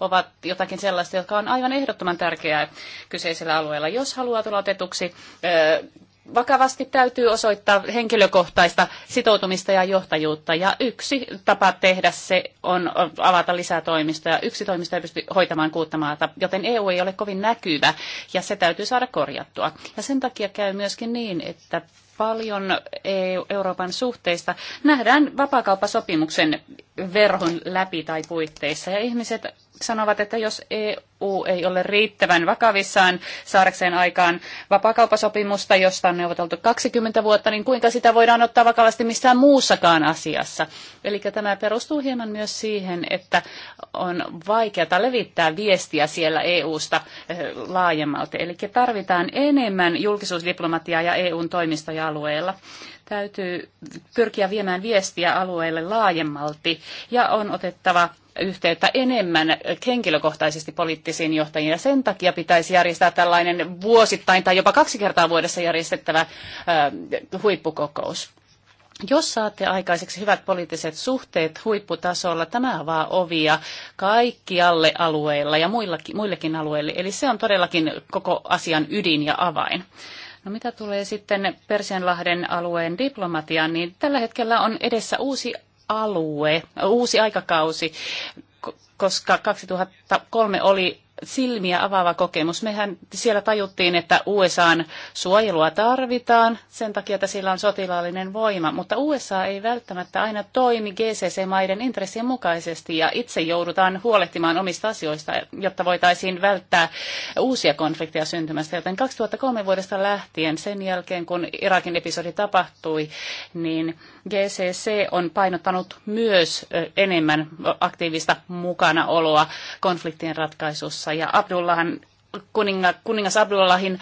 ovat jotakin sellaista, jotka on aivan ehdottoman tärkeää kyseisellä alueella. Jos haluaa tulla otetuksi vakavasti täytyy osoittaa henkilökohtaista sitoutumista ja johtajuutta. Ja yksi tapa tehdä se on avata lisää toimistoja. Yksi toimisto ei pysty hoitamaan kuutta maata, joten EU ei ole kovin näkyvä ja se täytyy saada korjattua. Ja sen takia käy myöskin niin, että paljon e Euroopan suhteista nähdään vapaakauppasopimuksen verhon läpi tai puitteissa. Ja ihmiset sanovat, että jos EU ei ole riittävän vakavissaan saadakseen aikaan vapakaupasopimusta, josta on neuvoteltu 20 vuotta, niin kuinka sitä voidaan ottaa vakavasti missään muussakaan asiassa? Eli tämä perustuu hieman myös siihen, että on vaikeata levittää viestiä siellä EUsta eh, laajemmalti. Eli tarvitaan enemmän julkisuusdiplomatiaa ja EUn toimistoja alueella täytyy pyrkiä viemään viestiä alueelle laajemmalti ja on otettava yhteyttä enemmän henkilökohtaisesti poliittisiin johtajiin. Ja sen takia pitäisi järjestää tällainen vuosittain tai jopa kaksi kertaa vuodessa järjestettävä huippukokous. Jos saatte aikaiseksi hyvät poliittiset suhteet huipputasolla, tämä avaa ovia kaikkialle alueilla ja muillakin, muillekin alueille. Eli se on todellakin koko asian ydin ja avain. No mitä tulee sitten Persianlahden alueen diplomatiaan, niin tällä hetkellä on edessä uusi alue, uusi aikakausi, koska 2003 oli silmiä avaava kokemus. Mehän siellä tajuttiin, että USAn suojelua tarvitaan sen takia, että sillä on sotilaallinen voima, mutta USA ei välttämättä aina toimi GCC-maiden intressien mukaisesti ja itse joudutaan huolehtimaan omista asioista, jotta voitaisiin välttää uusia konflikteja syntymästä. Joten 2003 vuodesta lähtien, sen jälkeen kun Irakin episodi tapahtui, niin GCC on painottanut myös enemmän aktiivista mukanaoloa konfliktien ratkaisussa ja Abdullahan, kuninga, kuningas Abdullahin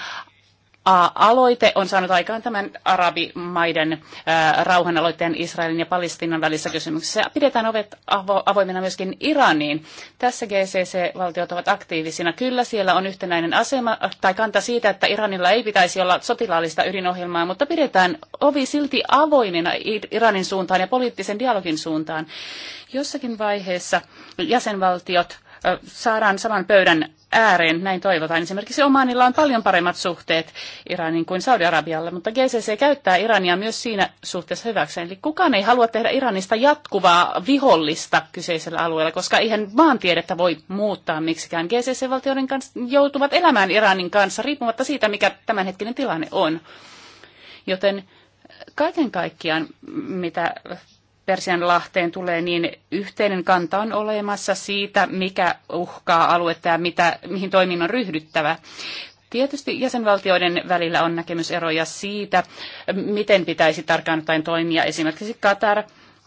aloite on saanut aikaan tämän arabimaiden rauhan rauhanaloitteen Israelin ja Palestiinan välissä kysymyksessä. Pidetään ovet avo, avoimena myöskin Iraniin. Tässä GCC-valtiot ovat aktiivisina. Kyllä siellä on yhtenäinen asema tai kanta siitä, että Iranilla ei pitäisi olla sotilaallista ydinohjelmaa, mutta pidetään ovi silti avoimena Iranin suuntaan ja poliittisen dialogin suuntaan. Jossakin vaiheessa jäsenvaltiot saadaan saman pöydän ääreen, näin toivotaan. Esimerkiksi Omanilla on paljon paremmat suhteet Iranin kuin Saudi-Arabialle, mutta GCC käyttää Irania myös siinä suhteessa hyväkseen. Eli kukaan ei halua tehdä Iranista jatkuvaa vihollista kyseisellä alueella, koska eihän maantiedettä voi muuttaa miksikään. GCC-valtioiden kanssa joutuvat elämään Iranin kanssa riippumatta siitä, mikä tämänhetkinen tilanne on. Joten kaiken kaikkiaan, mitä Persianlahteen tulee, niin yhteinen kanta on olemassa siitä, mikä uhkaa aluetta ja mitä, mihin toimiin on ryhdyttävä. Tietysti jäsenvaltioiden välillä on näkemyseroja siitä, miten pitäisi tarkkaan ottaen toimia. Esimerkiksi Katar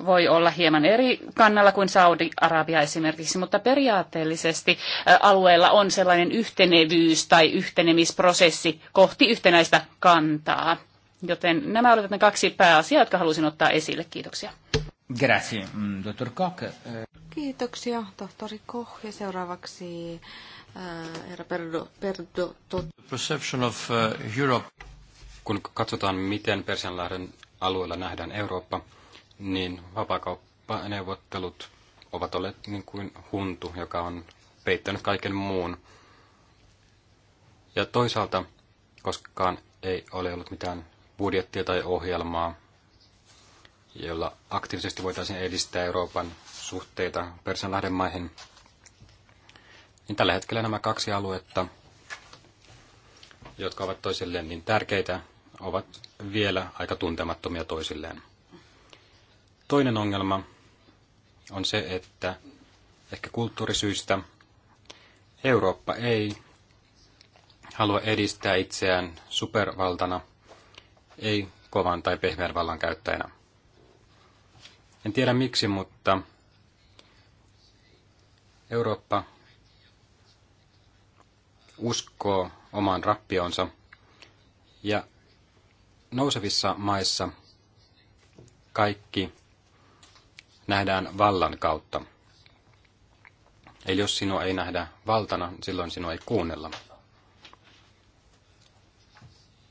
voi olla hieman eri kannalla kuin Saudi-Arabia esimerkiksi, mutta periaatteellisesti alueella on sellainen yhtenevyys tai yhtenemisprosessi kohti yhtenäistä kantaa. Joten nämä olivat ne kaksi pääasiaa, jotka halusin ottaa esille. Kiitoksia. Grazie, mm, dottor Koch. Eh, Kiitoksia, tohtori Koch. Ja seuraavaksi eh, herra Perdo, Perdo Perception of eh, Europe. Kun katsotaan, miten Persianlahden alueella nähdään Eurooppa, niin vapaakauppaneuvottelut ovat olleet niin kuin huntu, joka on peittänyt kaiken muun. Ja toisaalta koskaan ei ole ollut mitään budjettia tai ohjelmaa jolla aktiivisesti voitaisiin edistää Euroopan suhteita Persianlahden maihin. Niin tällä hetkellä nämä kaksi aluetta, jotka ovat toisilleen niin tärkeitä, ovat vielä aika tuntemattomia toisilleen. Toinen ongelma on se, että ehkä kulttuurisyistä Eurooppa ei halua edistää itseään supervaltana, ei kovan tai pehmeän vallan käyttäjänä. En tiedä miksi, mutta Eurooppa uskoo omaan rappionsa ja nousevissa maissa kaikki nähdään vallan kautta. Eli jos sinua ei nähdä valtana, silloin sinua ei kuunnella.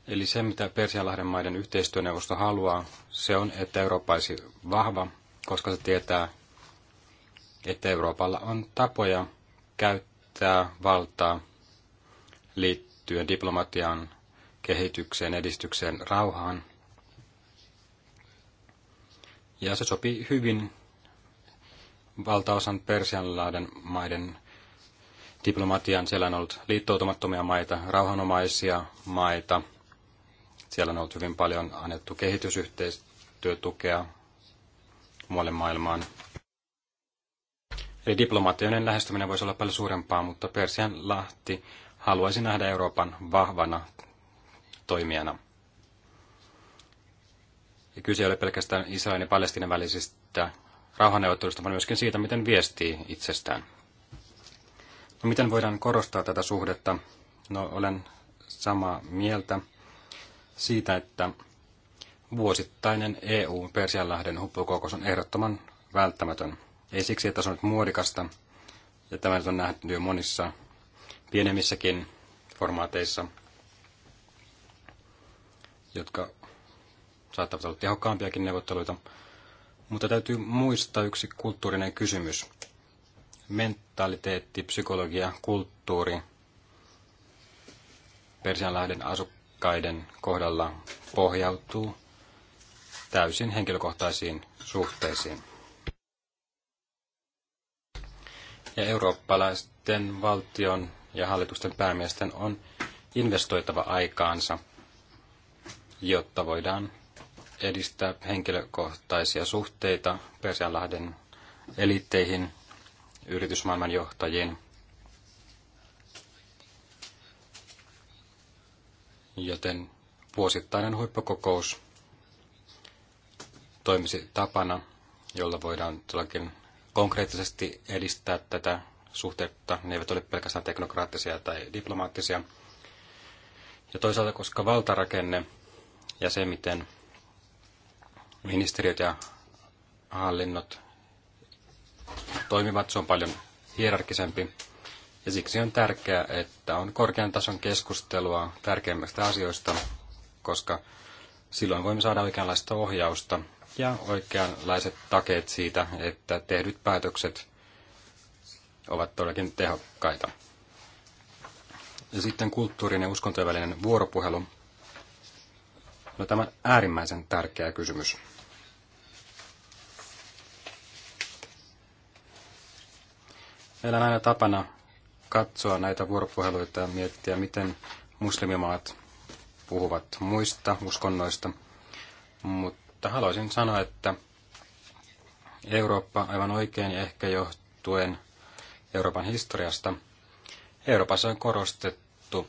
Eli se, mitä Persianlahden maiden yhteistyöneuvosto haluaa, se on, että Eurooppa olisi vahva koska se tietää, että Euroopalla on tapoja käyttää valtaa liittyen diplomatian kehitykseen, edistykseen, rauhaan. Ja se sopii hyvin valtaosan Persianlaaden maiden diplomatian. Siellä on ollut liittoutumattomia maita, rauhanomaisia maita. Siellä on ollut hyvin paljon annettu kehitysyhteistyötukea muualle maailmaan. Eli diplomaattinen lähestyminen voisi olla paljon suurempaa, mutta Persian lahti haluaisi nähdä Euroopan vahvana toimijana. Ja kyse ei ole pelkästään Israelin ja Palestinan välisistä rauhanneuvotteluista, vaan myöskin siitä, miten viestii itsestään. No, miten voidaan korostaa tätä suhdetta? No, olen samaa mieltä siitä, että vuosittainen EUn Persianlahden huppukokous on ehdottoman välttämätön. Ei siksi, että se on nyt muodikasta, ja tämä on nähty jo monissa pienemmissäkin formaateissa, jotka saattavat olla tehokkaampiakin neuvotteluita. Mutta täytyy muistaa yksi kulttuurinen kysymys. Mentaliteetti, psykologia, kulttuuri Persianlahden asukkaiden kohdalla pohjautuu täysin henkilökohtaisiin suhteisiin. Ja eurooppalaisten valtion ja hallitusten päämiesten on investoitava aikaansa, jotta voidaan edistää henkilökohtaisia suhteita Persianlahden eliitteihin, yritysmaailman johtajiin. Joten vuosittainen huippukokous toimisi tapana, jolla voidaan todellakin konkreettisesti edistää tätä suhteetta. Ne eivät ole pelkästään teknokraattisia tai diplomaattisia. Ja toisaalta, koska valtarakenne ja se, miten ministeriöt ja hallinnot toimivat, se on paljon hierarkisempi. Ja siksi on tärkeää, että on korkean tason keskustelua tärkeimmistä asioista, koska silloin voimme saada oikeanlaista ohjausta ja oikeanlaiset takeet siitä, että tehdyt päätökset ovat todellakin tehokkaita. Ja sitten kulttuurinen ja uskontojen välinen vuoropuhelu. No, tämä äärimmäisen tärkeä kysymys. Meillä on aina tapana katsoa näitä vuoropuheluita ja miettiä, miten muslimimaat puhuvat muista uskonnoista, mutta mutta haluaisin sanoa, että Eurooppa aivan oikein ja ehkä johtuen Euroopan historiasta, Euroopassa on korostettu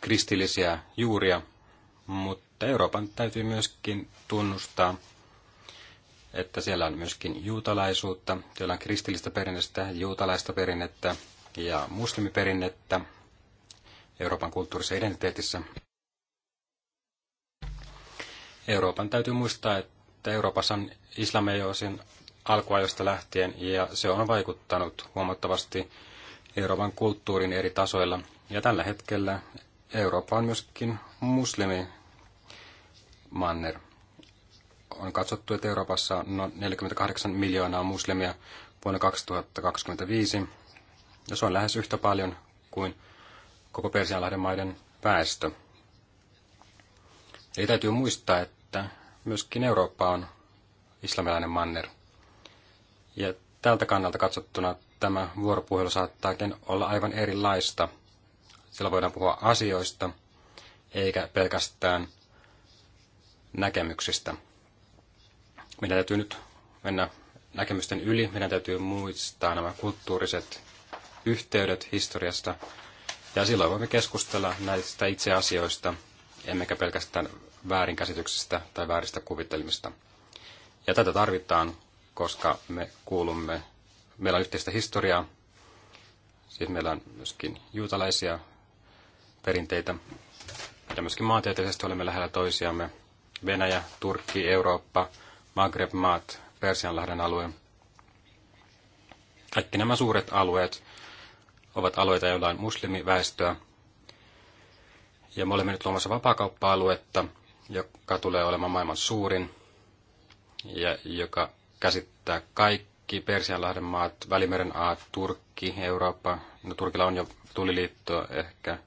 kristillisiä juuria, mutta Euroopan täytyy myöskin tunnustaa, että siellä on myöskin juutalaisuutta, siellä on kristillistä perinnettä, juutalaista perinnettä ja muslimiperinnettä Euroopan kulttuurissa identiteetissä. Euroopan täytyy muistaa, että Euroopassa on islamiosin alkuajosta lähtien ja se on vaikuttanut huomattavasti Euroopan kulttuurin eri tasoilla. Ja tällä hetkellä Eurooppa on myöskin manner On katsottu, että Euroopassa on noin 48 miljoonaa muslimia vuonna 2025, ja se on lähes yhtä paljon kuin koko Persianlahden maiden väestö. Ei täytyy muistaa, että että myöskin Eurooppa on islamilainen manner. Ja tältä kannalta katsottuna tämä vuoropuhelu saattaakin olla aivan erilaista. Sillä voidaan puhua asioista, eikä pelkästään näkemyksistä. Meidän täytyy nyt mennä näkemysten yli. Meidän täytyy muistaa nämä kulttuuriset yhteydet historiasta. Ja silloin voimme keskustella näistä itse asioista, emmekä pelkästään väärinkäsityksistä tai vääristä kuvitelmista. Ja tätä tarvitaan, koska me kuulumme, meillä on yhteistä historiaa, siis meillä on myöskin juutalaisia perinteitä, ja myöskin maantieteellisesti olemme lähellä toisiamme. Venäjä, Turkki, Eurooppa, Maghreb-maat, Persianlahden alue. Kaikki nämä suuret alueet ovat alueita, joilla on muslimiväestöä. Ja me olemme nyt luomassa vapaakauppa-aluetta, joka tulee olemaan maailman suurin ja joka käsittää kaikki Persianlahden maat, Välimeren aat, Turkki, Eurooppa. No, Turkilla on jo tuliliitto ehkä.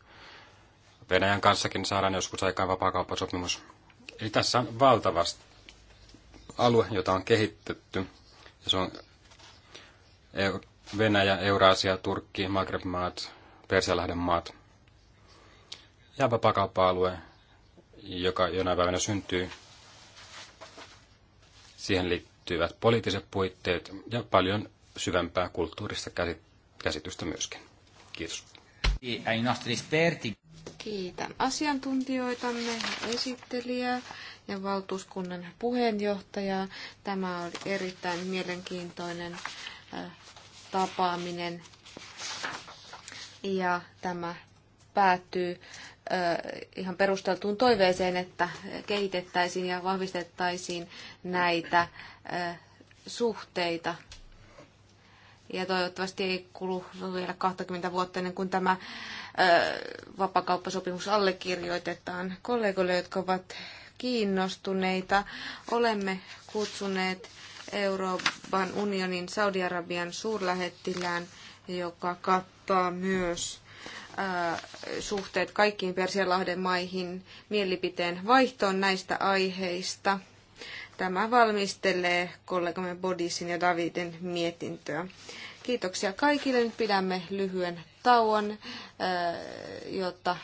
Venäjän kanssakin saadaan joskus aikaan vapaakauppasopimus. Eli tässä on valtavasti alue, jota on kehitetty. Ja se on Venäjä, Euraasia, Turkki, Maghreb-maat, Persialahden maat ja vapaakauppa-alue, joka jonain päivänä syntyy. Siihen liittyvät poliittiset puitteet ja paljon syvempää kulttuurista käsitystä myöskin. Kiitos. Kiitän asiantuntijoitamme, esittelijää ja valtuuskunnan puheenjohtajaa. Tämä oli erittäin mielenkiintoinen äh, tapaaminen ja tämä päättyy ihan perusteltuun toiveeseen, että kehitettäisiin ja vahvistettaisiin näitä suhteita. Ja toivottavasti ei kulu vielä 20 vuotta ennen kuin tämä vapakauppasopimus allekirjoitetaan kollegoille, jotka ovat kiinnostuneita. Olemme kutsuneet Euroopan unionin Saudi-Arabian suurlähettilään, joka kattaa myös suhteet kaikkiin Persianlahden maihin, mielipiteen vaihtoon näistä aiheista. Tämä valmistelee kollegamme Bodisin ja Daviden mietintöä. Kiitoksia kaikille. Nyt pidämme lyhyen tauon, eh, jotta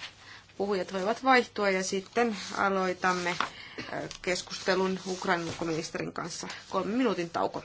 puhujat voivat vaihtua ja sitten aloitamme eh, keskustelun Ukrainan ulkoministerin kanssa. Kolmen minuutin tauko.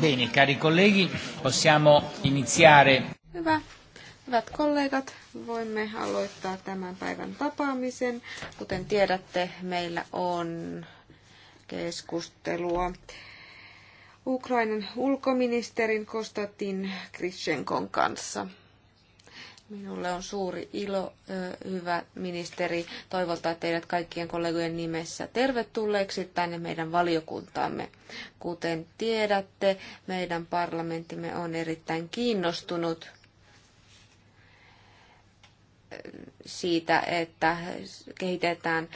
Bene, cari colleghi, possiamo iniziare. Hyvä. Hyvät kollegat, voimme aloittaa tämän päivän tapaamisen. Kuten tiedätte, meillä on keskustelua Ukrainan ulkoministerin Kostatin Krishenkon kanssa. Minulle on suuri ilo, hyvä ministeri, toivottaa teidät kaikkien kollegojen nimessä tervetulleeksi tänne meidän valiokuntaamme. Kuten tiedätte, meidän parlamenttimme on erittäin kiinnostunut siitä, että kehitetään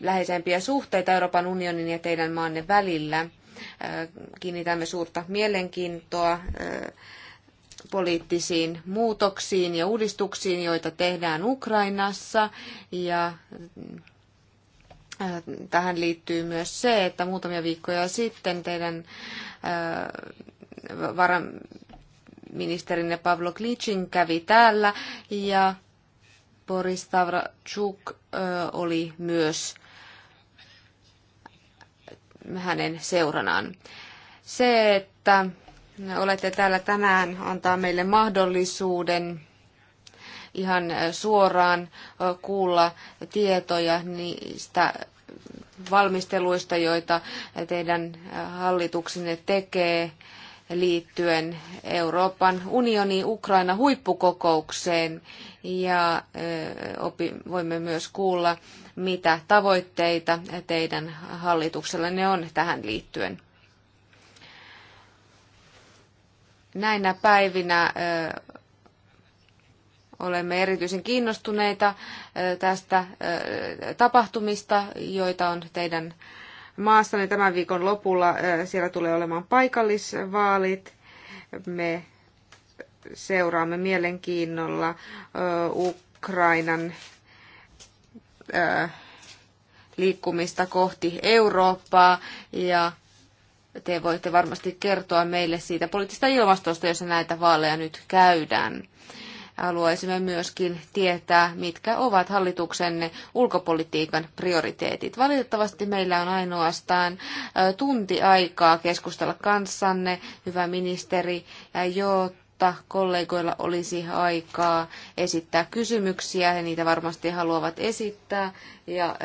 läheisempiä suhteita Euroopan unionin ja teidän maanne välillä. Kiinnitämme suurta mielenkiintoa poliittisiin muutoksiin ja uudistuksiin, joita tehdään Ukrainassa. Ja äh, tähän liittyy myös se, että muutamia viikkoja sitten teidän äh, varaministerinne Pavlo Klitschin kävi täällä ja Boris Tavrachuk äh, oli myös hänen seuranaan. Se, että olette täällä tänään antaa meille mahdollisuuden ihan suoraan kuulla tietoja niistä valmisteluista, joita teidän hallituksenne tekee liittyen Euroopan unioni Ukraina huippukokoukseen ja opi, voimme myös kuulla, mitä tavoitteita teidän hallituksellanne on tähän liittyen. näinä päivinä olemme erityisen kiinnostuneita tästä tapahtumista, joita on teidän maassanne tämän viikon lopulla. Siellä tulee olemaan paikallisvaalit. Me seuraamme mielenkiinnolla Ukrainan liikkumista kohti Eurooppaa ja te voitte varmasti kertoa meille siitä poliittisesta ilmastosta, jossa näitä vaaleja nyt käydään. Haluaisimme myöskin tietää, mitkä ovat hallituksenne ulkopolitiikan prioriteetit. Valitettavasti meillä on ainoastaan tunti aikaa keskustella kanssanne, hyvä ministeri, jotta kollegoilla olisi aikaa esittää kysymyksiä, he niitä varmasti haluavat esittää ja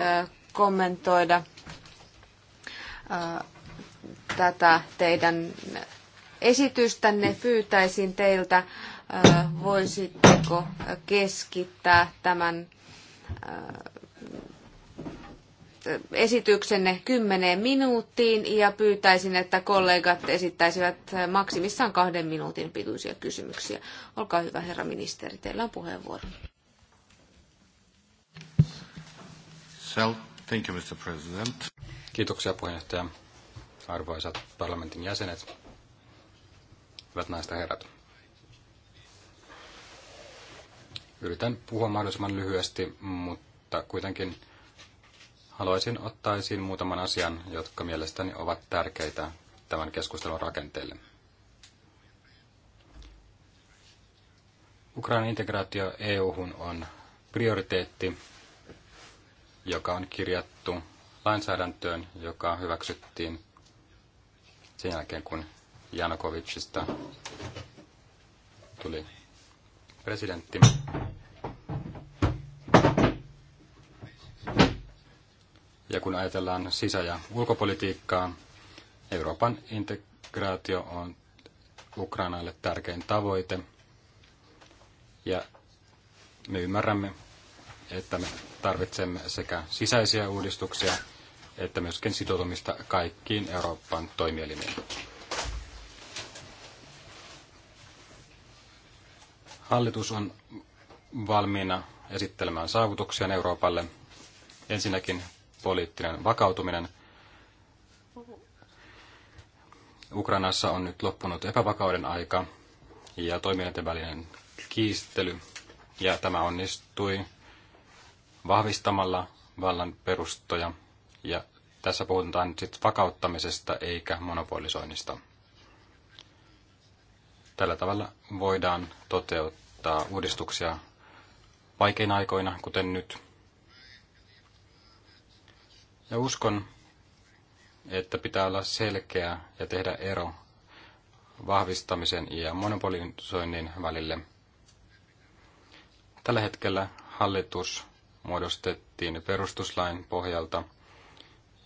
kommentoida tätä teidän esitystänne pyytäisin teiltä, voisitteko keskittää tämän esityksenne kymmeneen minuuttiin ja pyytäisin, että kollegat esittäisivät maksimissaan kahden minuutin pituisia kysymyksiä. Olkaa hyvä, herra ministeri, teillä on puheenvuoro. Thank you, Mr. President. Kiitoksia puheenjohtaja arvoisat parlamentin jäsenet, hyvät naiset ja herrat. Yritän puhua mahdollisimman lyhyesti, mutta kuitenkin haluaisin ottaa esiin muutaman asian, jotka mielestäni ovat tärkeitä tämän keskustelun rakenteelle. Ukrainan integraatio EU-hun on prioriteetti, joka on kirjattu lainsäädäntöön, joka hyväksyttiin sen jälkeen, kun Janukovicista tuli presidentti. Ja kun ajatellaan sisä- ja ulkopolitiikkaa, Euroopan integraatio on Ukrainalle tärkein tavoite. Ja me ymmärrämme, että me tarvitsemme sekä sisäisiä uudistuksia että myöskin sitoutumista kaikkiin Euroopan toimielimiin. Hallitus on valmiina esittelemään saavutuksia Euroopalle. Ensinnäkin poliittinen vakautuminen. Ukrainassa on nyt loppunut epävakauden aika ja toimijoiden välinen kiistely, ja tämä onnistui vahvistamalla vallan perustoja ja tässä puhutaan nyt sitten vakauttamisesta eikä monopolisoinnista. Tällä tavalla voidaan toteuttaa uudistuksia vaikeina aikoina, kuten nyt. Ja uskon, että pitää olla selkeä ja tehdä ero vahvistamisen ja monopolisoinnin välille. Tällä hetkellä hallitus muodostettiin perustuslain pohjalta –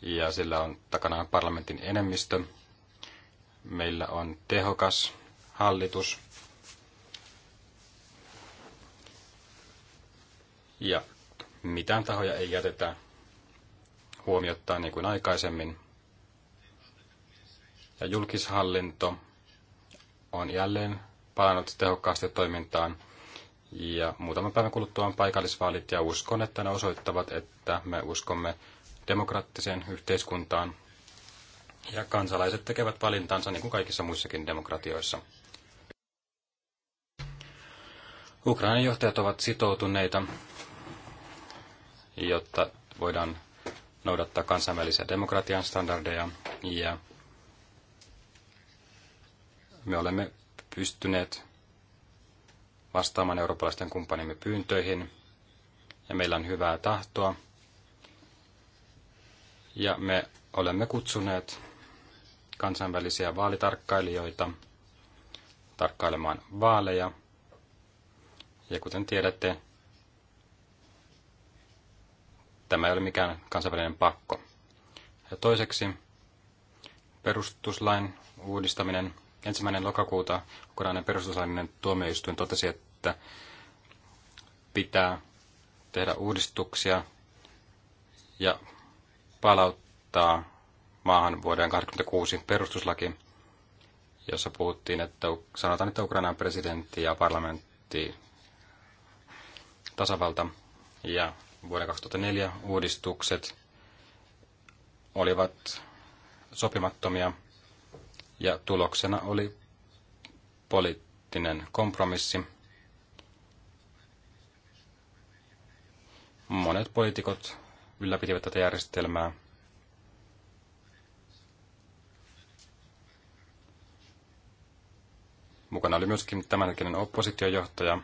ja sillä on takanaan parlamentin enemmistö. Meillä on tehokas hallitus. Ja mitään tahoja ei jätetä huomiottaa niin kuin aikaisemmin. Ja julkishallinto on jälleen palannut tehokkaasti toimintaan. Ja muutaman päivän kuluttua on paikallisvaalit ja uskon, että ne osoittavat, että me uskomme demokraattiseen yhteiskuntaan. Ja kansalaiset tekevät valintansa niin kuin kaikissa muissakin demokratioissa. Ukrainan johtajat ovat sitoutuneita, jotta voidaan noudattaa kansainvälisiä demokratian standardeja ja me olemme pystyneet vastaamaan eurooppalaisten kumppanimme pyyntöihin ja meillä on hyvää tahtoa ja me olemme kutsuneet kansainvälisiä vaalitarkkailijoita tarkkailemaan vaaleja. Ja kuten tiedätte, tämä ei ole mikään kansainvälinen pakko. Ja toiseksi perustuslain uudistaminen. Ensimmäinen lokakuuta Ukrainan perustuslainen tuomioistuin totesi, että pitää tehdä uudistuksia ja palauttaa maahan vuoden 1986 perustuslaki, jossa puhuttiin, että sanotaan, että Ukrainan presidentti ja parlamentti tasavalta ja vuoden 2004 uudistukset olivat sopimattomia ja tuloksena oli poliittinen kompromissi. Monet poliitikot ylläpitivät tätä järjestelmää. Mukana oli myöskin tämänhetkinen oppositiojohtaja.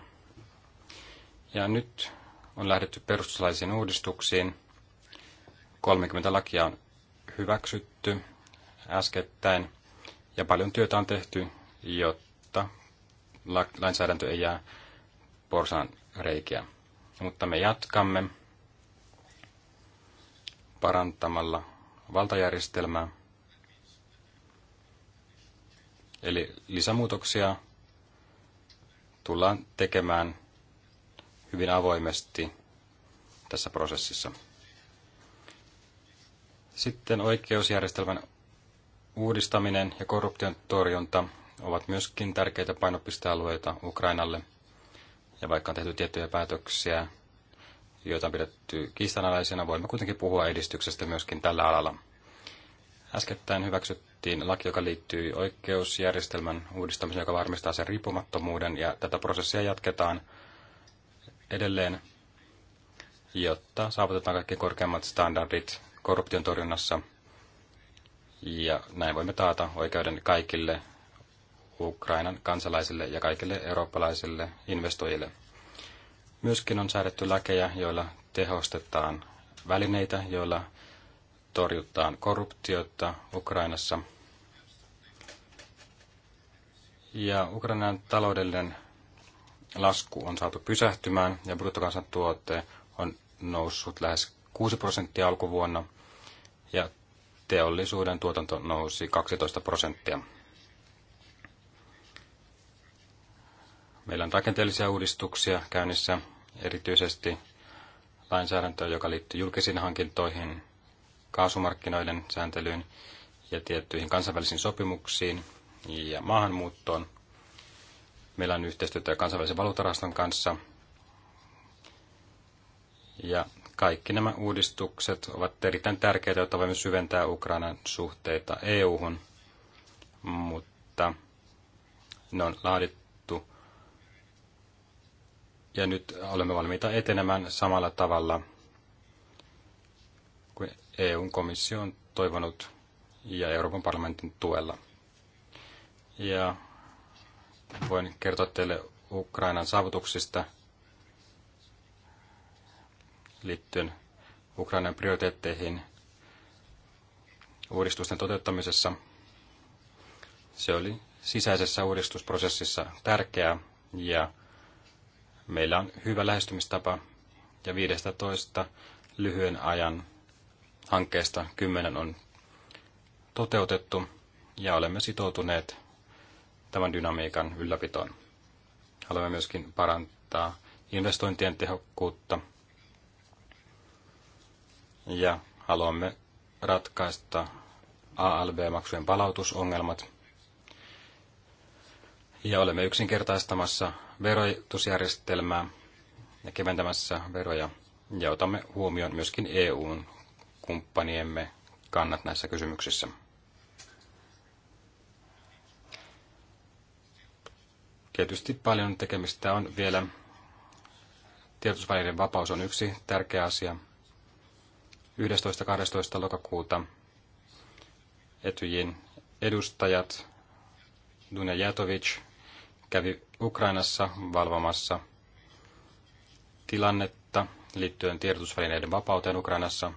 Ja nyt on lähdetty perustuslaisiin uudistuksiin. 30 lakia on hyväksytty äskettäin ja paljon työtä on tehty, jotta lainsäädäntö ei jää porsan reikiä. Mutta me jatkamme parantamalla valtajärjestelmää. Eli lisämuutoksia tullaan tekemään hyvin avoimesti tässä prosessissa. Sitten oikeusjärjestelmän uudistaminen ja korruption torjunta ovat myöskin tärkeitä painopistealueita Ukrainalle. Ja vaikka on tehty tiettyjä päätöksiä joita on pidetty kiistanalaisina, voimme kuitenkin puhua edistyksestä myöskin tällä alalla. Äskettäin hyväksyttiin laki, joka liittyy oikeusjärjestelmän uudistamiseen, joka varmistaa sen riippumattomuuden, ja tätä prosessia jatketaan edelleen, jotta saavutetaan kaikki korkeammat standardit korruption torjunnassa, ja näin voimme taata oikeuden kaikille Ukrainan kansalaisille ja kaikille eurooppalaisille investoijille. Myöskin on säädetty lakeja, joilla tehostetaan välineitä, joilla torjutaan korruptiota Ukrainassa. Ja Ukrainan taloudellinen lasku on saatu pysähtymään ja bruttokansantuote on noussut lähes 6 prosenttia alkuvuonna ja teollisuuden tuotanto nousi 12 prosenttia. Meillä on rakenteellisia uudistuksia käynnissä erityisesti lainsäädäntöä, joka liittyy julkisiin hankintoihin, kaasumarkkinoiden sääntelyyn ja tiettyihin kansainvälisiin sopimuksiin ja maahanmuuttoon. Meillä on yhteistyötä kansainvälisen valuutarahaston kanssa. Ja kaikki nämä uudistukset ovat erittäin tärkeitä, jotta voimme syventää Ukrainan suhteita EU-hun, mutta ne on laadittu ja nyt olemme valmiita etenemään samalla tavalla kuin EUn komissio on toivonut ja Euroopan parlamentin tuella. Ja voin kertoa teille Ukrainan saavutuksista liittyen Ukrainan prioriteetteihin uudistusten toteuttamisessa. Se oli sisäisessä uudistusprosessissa tärkeää ja meillä on hyvä lähestymistapa ja 15 lyhyen ajan hankkeesta 10 on toteutettu ja olemme sitoutuneet tämän dynamiikan ylläpitoon. Haluamme myöskin parantaa investointien tehokkuutta ja haluamme ratkaista alb maksujen palautusongelmat. Ja olemme yksinkertaistamassa verotusjärjestelmää ja keventämässä veroja ja otamme huomioon myöskin EUn kumppaniemme kannat näissä kysymyksissä. Tietysti paljon tekemistä on vielä. Tiedotusvälineiden vapaus on yksi tärkeä asia. 11.12. lokakuuta Etyjin edustajat Dunja Jatovic kävi Ukrainassa valvomassa tilannetta liittyen tiedotusvälineiden vapauteen Ukrainassa.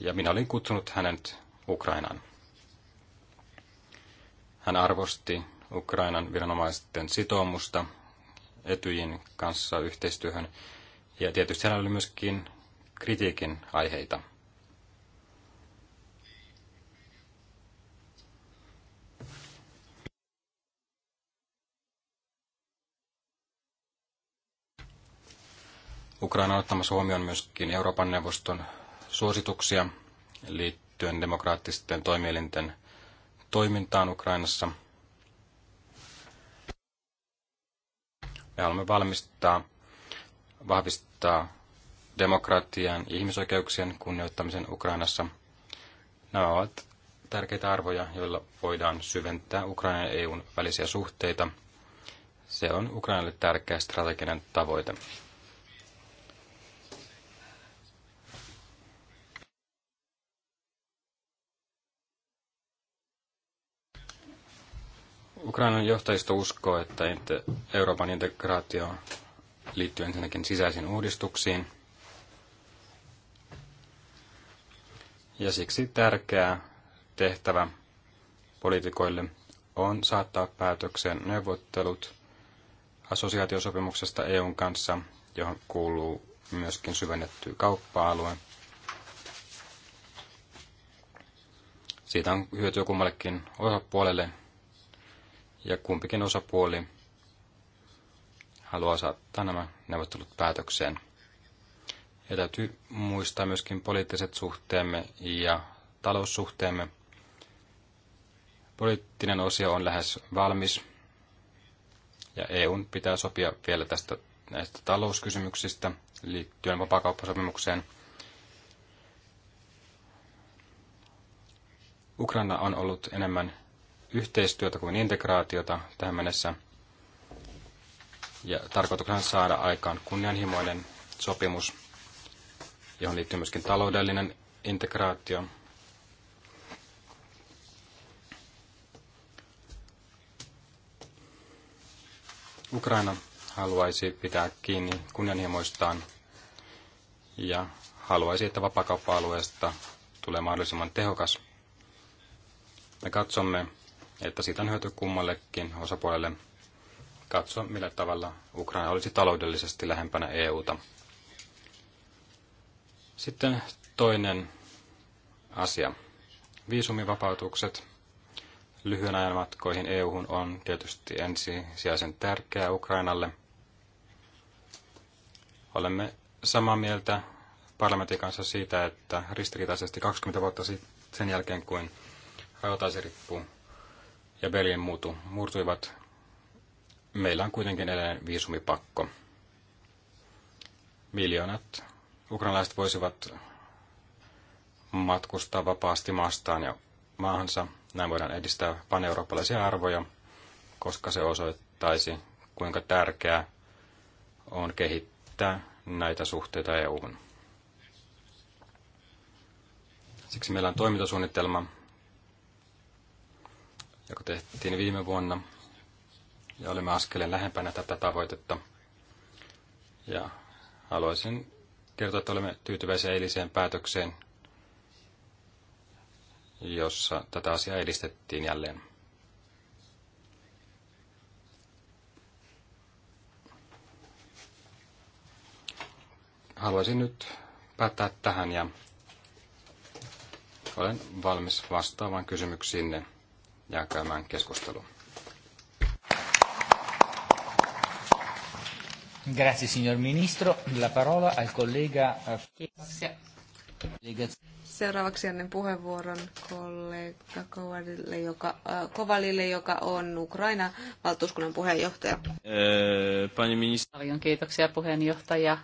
Ja minä olin kutsunut hänet Ukrainaan. Hän arvosti Ukrainan viranomaisten sitoumusta Etyjin kanssa yhteistyöhön. Ja tietysti hänellä oli myöskin kritiikin aiheita. Ukraina on ottamassa huomioon myöskin Euroopan neuvoston suosituksia liittyen demokraattisten toimielinten toimintaan Ukrainassa. Me haluamme valmistaa, vahvistaa demokratian ja ihmisoikeuksien kunnioittamisen Ukrainassa. Nämä ovat tärkeitä arvoja, joilla voidaan syventää Ukrainan ja EUn välisiä suhteita. Se on Ukrainalle tärkeä strateginen tavoite. Ukrainan johtajisto uskoo, että Euroopan integraatio liittyy ensinnäkin sisäisiin uudistuksiin. Ja siksi tärkeä tehtävä poliitikoille on saattaa päätökseen neuvottelut assosiaatiosopimuksesta EUn kanssa, johon kuuluu myöskin syvennetty kauppa-alue. Siitä on hyötyä kummallekin osapuolelle ja kumpikin osapuoli haluaa saattaa nämä neuvottelut päätökseen. Ja täytyy muistaa myöskin poliittiset suhteemme ja taloussuhteemme. Poliittinen osio on lähes valmis, ja EUn pitää sopia vielä tästä näistä talouskysymyksistä liittyen vapaakauppasopimukseen. Ukraina on ollut enemmän yhteistyötä kuin integraatiota tähän mennessä. Ja tarkoituksena on saada aikaan kunnianhimoinen sopimus, johon liittyy myöskin taloudellinen integraatio. Ukraina haluaisi pitää kiinni kunnianhimoistaan ja haluaisi, että vapakauppa-alueesta tulee mahdollisimman tehokas. Me katsomme, että siitä on hyöty kummallekin osapuolelle katsoa, millä tavalla Ukraina olisi taloudellisesti lähempänä EUta. Sitten toinen asia. Viisumivapautukset lyhyen ajan matkoihin EUhun on tietysti ensisijaisen tärkeää Ukrainalle. Olemme samaa mieltä parlamentin kanssa siitä, että ristiriitaisesti 20 vuotta sen jälkeen, kuin rautaisirippu ja Belgien muutu, murtuivat, meillä on kuitenkin edelleen viisumipakko. Miljoonat ukrainalaiset voisivat matkustaa vapaasti maastaan ja maahansa. Näin voidaan edistää paneurooppalaisia arvoja, koska se osoittaisi, kuinka tärkeää on kehittää näitä suhteita EUhun. Siksi meillä on toimintasuunnitelma, joka tehtiin viime vuonna, ja olemme askeleen lähempänä tätä tavoitetta. Ja haluaisin kertoa, että olemme tyytyväisiä eiliseen päätökseen, jossa tätä asiaa edistettiin jälleen. Haluaisin nyt päättää tähän ja olen valmis vastaamaan kysymyksiinne ja käymään keskustelua. Grazie signor Ministro. La parola al collega... Eh, Seuraavaksi annan puheenvuoron kollega Kovalille, joka, äh, Kovalille, joka on Ukraina valtuuskunnan puheenjohtaja. Eh, pani ministeri. Paljon kiitoksia puheenjohtaja.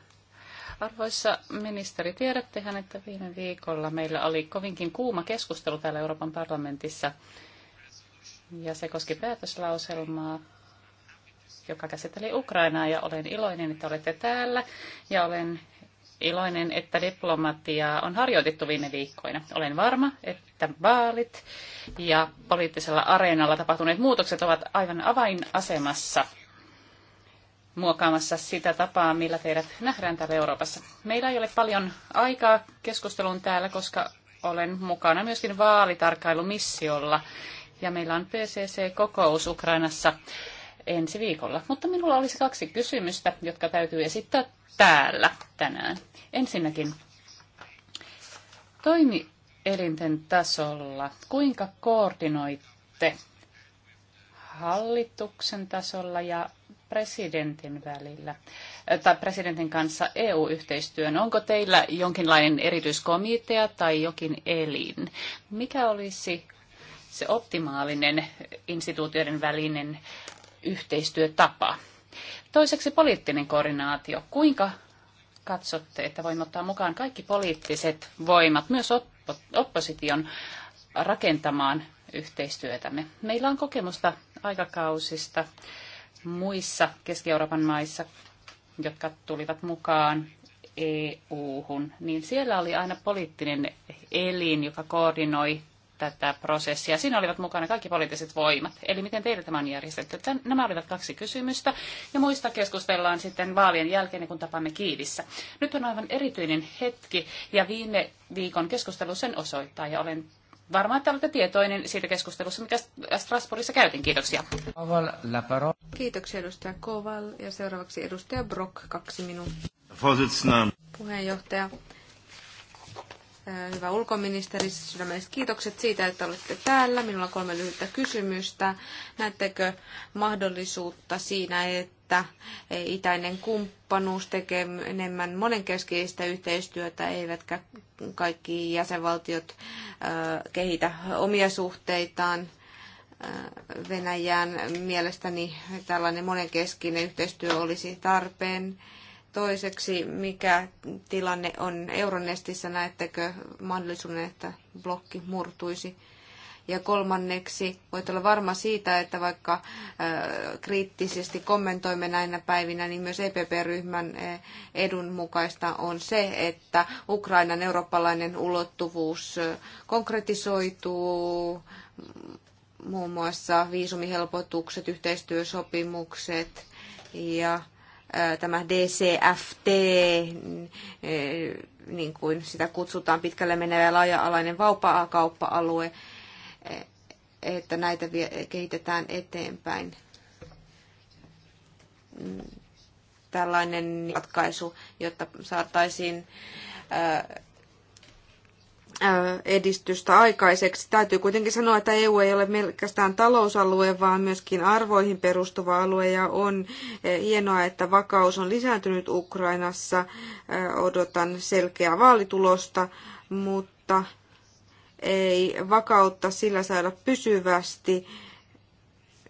Arvoisa ministeri, tiedättehän, että viime viikolla meillä oli kovinkin kuuma keskustelu täällä Euroopan parlamentissa ja se koski päätöslauselmaa, joka käsitteli Ukrainaa ja olen iloinen, että olette täällä ja olen iloinen, että diplomatiaa on harjoitettu viime viikkoina. Olen varma, että vaalit ja poliittisella areenalla tapahtuneet muutokset ovat aivan avainasemassa muokkaamassa sitä tapaa, millä teidät nähdään täällä Euroopassa. Meillä ei ole paljon aikaa keskusteluun täällä, koska olen mukana myöskin vaalitarkkailumissiolla ja meillä on PCC-kokous Ukrainassa ensi viikolla. Mutta minulla olisi kaksi kysymystä, jotka täytyy esittää täällä tänään. Ensinnäkin, toimielinten tasolla, kuinka koordinoitte hallituksen tasolla ja presidentin välillä äh, tai presidentin kanssa EU-yhteistyön? Onko teillä jonkinlainen erityiskomitea tai jokin elin? Mikä olisi se optimaalinen instituutioiden välinen yhteistyötapa. Toiseksi poliittinen koordinaatio. Kuinka katsotte, että voimme ottaa mukaan kaikki poliittiset voimat, myös opposition rakentamaan yhteistyötämme? Meillä on kokemusta aikakausista muissa Keski-Euroopan maissa, jotka tulivat mukaan EU-hun, niin siellä oli aina poliittinen elin, joka koordinoi tätä prosessia. Siinä olivat mukana kaikki poliittiset voimat. Eli miten teillä tämä on järjestetty? Nämä olivat kaksi kysymystä. Ja muista keskustellaan sitten vaalien jälkeen, kun tapaamme Kiivissä. Nyt on aivan erityinen hetki ja viime viikon keskustelu sen osoittaa ja olen varma että olette tietoinen siitä keskustelussa, mikä Strasbourgissa käytiin. Kiitoksia. Kiitoksia edustaja Koval ja seuraavaksi edustaja Brock, kaksi minuuttia. Puheenjohtaja, Äh, hyvä ulkoministeri, sydämelliset kiitokset siitä, että olette täällä. Minulla on kolme lyhyttä kysymystä. Näettekö mahdollisuutta siinä, että itäinen kumppanuus tekee enemmän monenkeskistä yhteistyötä, eivätkä kaikki jäsenvaltiot äh, kehitä omia suhteitaan? Äh, Venäjään mielestäni tällainen monenkeskinen yhteistyö olisi tarpeen Toiseksi, mikä tilanne on Euronestissä, näettekö mahdollisuuden, että blokki murtuisi? Ja kolmanneksi, voit olla varma siitä, että vaikka kriittisesti kommentoimme näinä päivinä, niin myös EPP-ryhmän edun mukaista on se, että Ukrainan eurooppalainen ulottuvuus konkretisoituu, muun muassa viisumihelpotukset, yhteistyösopimukset ja tämä DCFT, niin kuin sitä kutsutaan pitkälle menevä laaja-alainen vaupaa-kauppa-alue, että näitä kehitetään eteenpäin. Mm, tällainen ratkaisu, jotta saataisiin edistystä aikaiseksi. Täytyy kuitenkin sanoa, että EU ei ole melkästään talousalue, vaan myöskin arvoihin perustuva alue ja on e, hienoa, että vakaus on lisääntynyt Ukrainassa. Odotan selkeää vaalitulosta, mutta ei vakautta sillä saada pysyvästi.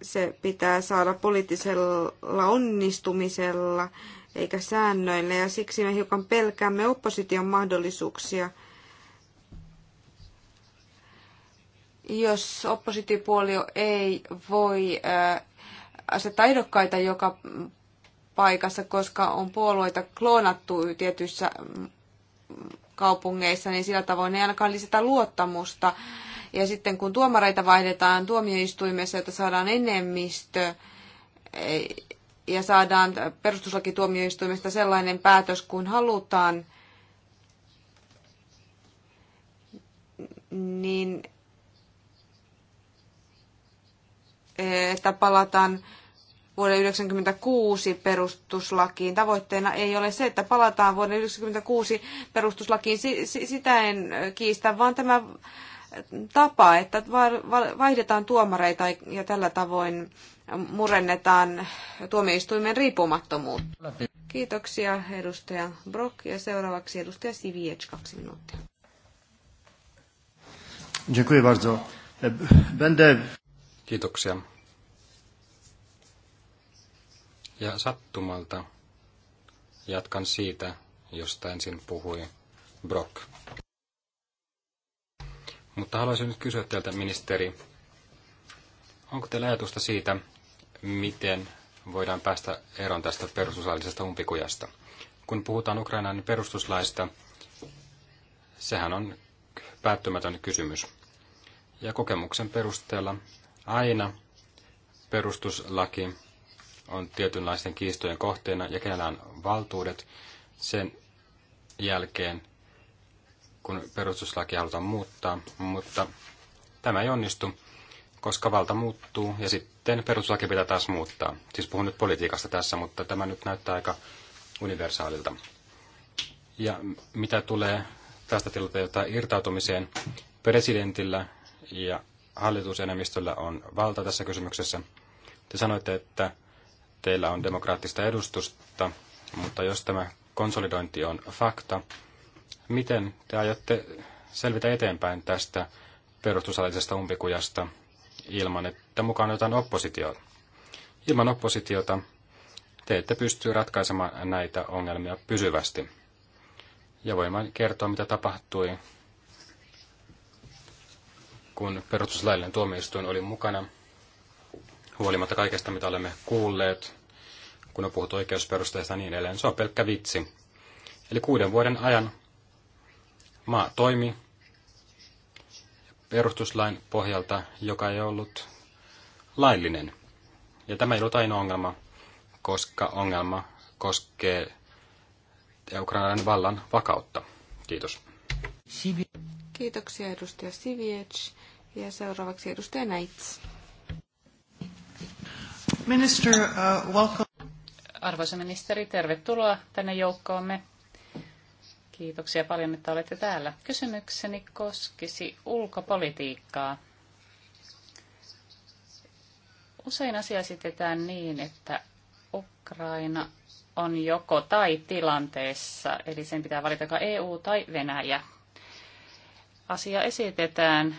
Se pitää saada poliittisella onnistumisella eikä säännöillä ja siksi me hiukan pelkäämme opposition mahdollisuuksia – jos oppositiopuolio ei voi äh, asettaa ehdokkaita joka paikassa, koska on puolueita kloonattu tietyissä mm, kaupungeissa, niin sillä tavoin ei ainakaan lisätä luottamusta. Ja sitten kun tuomareita vaihdetaan tuomioistuimessa, jotta saadaan enemmistö ja saadaan perustuslakituomioistuimesta sellainen päätös kun halutaan, niin että palataan vuoden 1996 perustuslakiin. Tavoitteena ei ole se, että palataan vuoden 1996 perustuslakiin. Sitä en kiistä, vaan tämä tapa, että vaihdetaan tuomareita ja tällä tavoin murennetaan tuomioistuimen riippumattomuutta. Kiitoksia edustaja Brock ja seuraavaksi edustaja Siviec, kaksi minuuttia. Dziękuję bardzo. Będę Kiitoksia. Ja sattumalta jatkan siitä, josta ensin puhui Brock. Mutta haluaisin nyt kysyä teiltä, ministeri, onko teillä ajatusta siitä, miten voidaan päästä eroon tästä perustuslaillisesta umpikujasta? Kun puhutaan Ukrainan perustuslaista, sehän on päättymätön kysymys. Ja kokemuksen perusteella Aina perustuslaki on tietynlaisten kiistojen kohteena ja kenellä on valtuudet sen jälkeen, kun perustuslaki halutaan muuttaa, mutta tämä ei onnistu, koska valta muuttuu ja sitten perustuslaki pitää taas muuttaa. Siis puhun nyt politiikasta tässä, mutta tämä nyt näyttää aika universaalilta. Ja mitä tulee tästä tilanteesta irtautumiseen, presidentillä ja hallitusenemmistöllä on valta tässä kysymyksessä. Te sanoitte, että teillä on demokraattista edustusta, mutta jos tämä konsolidointi on fakta, miten te aiotte selvitä eteenpäin tästä perustuslaillisesta umpikujasta ilman, että mukaan jotain oppositiota? Ilman oppositiota te ette pysty ratkaisemaan näitä ongelmia pysyvästi. Ja voin kertoa, mitä tapahtui kun perustuslaillinen tuomioistuin oli mukana, huolimatta kaikesta, mitä olemme kuulleet, kun on puhuttu oikeusperusteista niin edelleen. Se on pelkkä vitsi. Eli kuuden vuoden ajan maa toimi perustuslain pohjalta, joka ei ollut laillinen. Ja tämä ei ollut ainoa ongelma, koska ongelma koskee Ukrainan vallan vakautta. Kiitos. Kiitoksia edustaja Siviets. Ja seuraavaksi edustaja Näits. Minister, uh, welcome. Arvoisa ministeri, tervetuloa tänne joukkoomme. Kiitoksia paljon, että olette täällä. Kysymykseni koskisi ulkopolitiikkaa. Usein asia esitetään niin, että Ukraina on joko tai tilanteessa, eli sen pitää valita joko EU tai Venäjä. Asia esitetään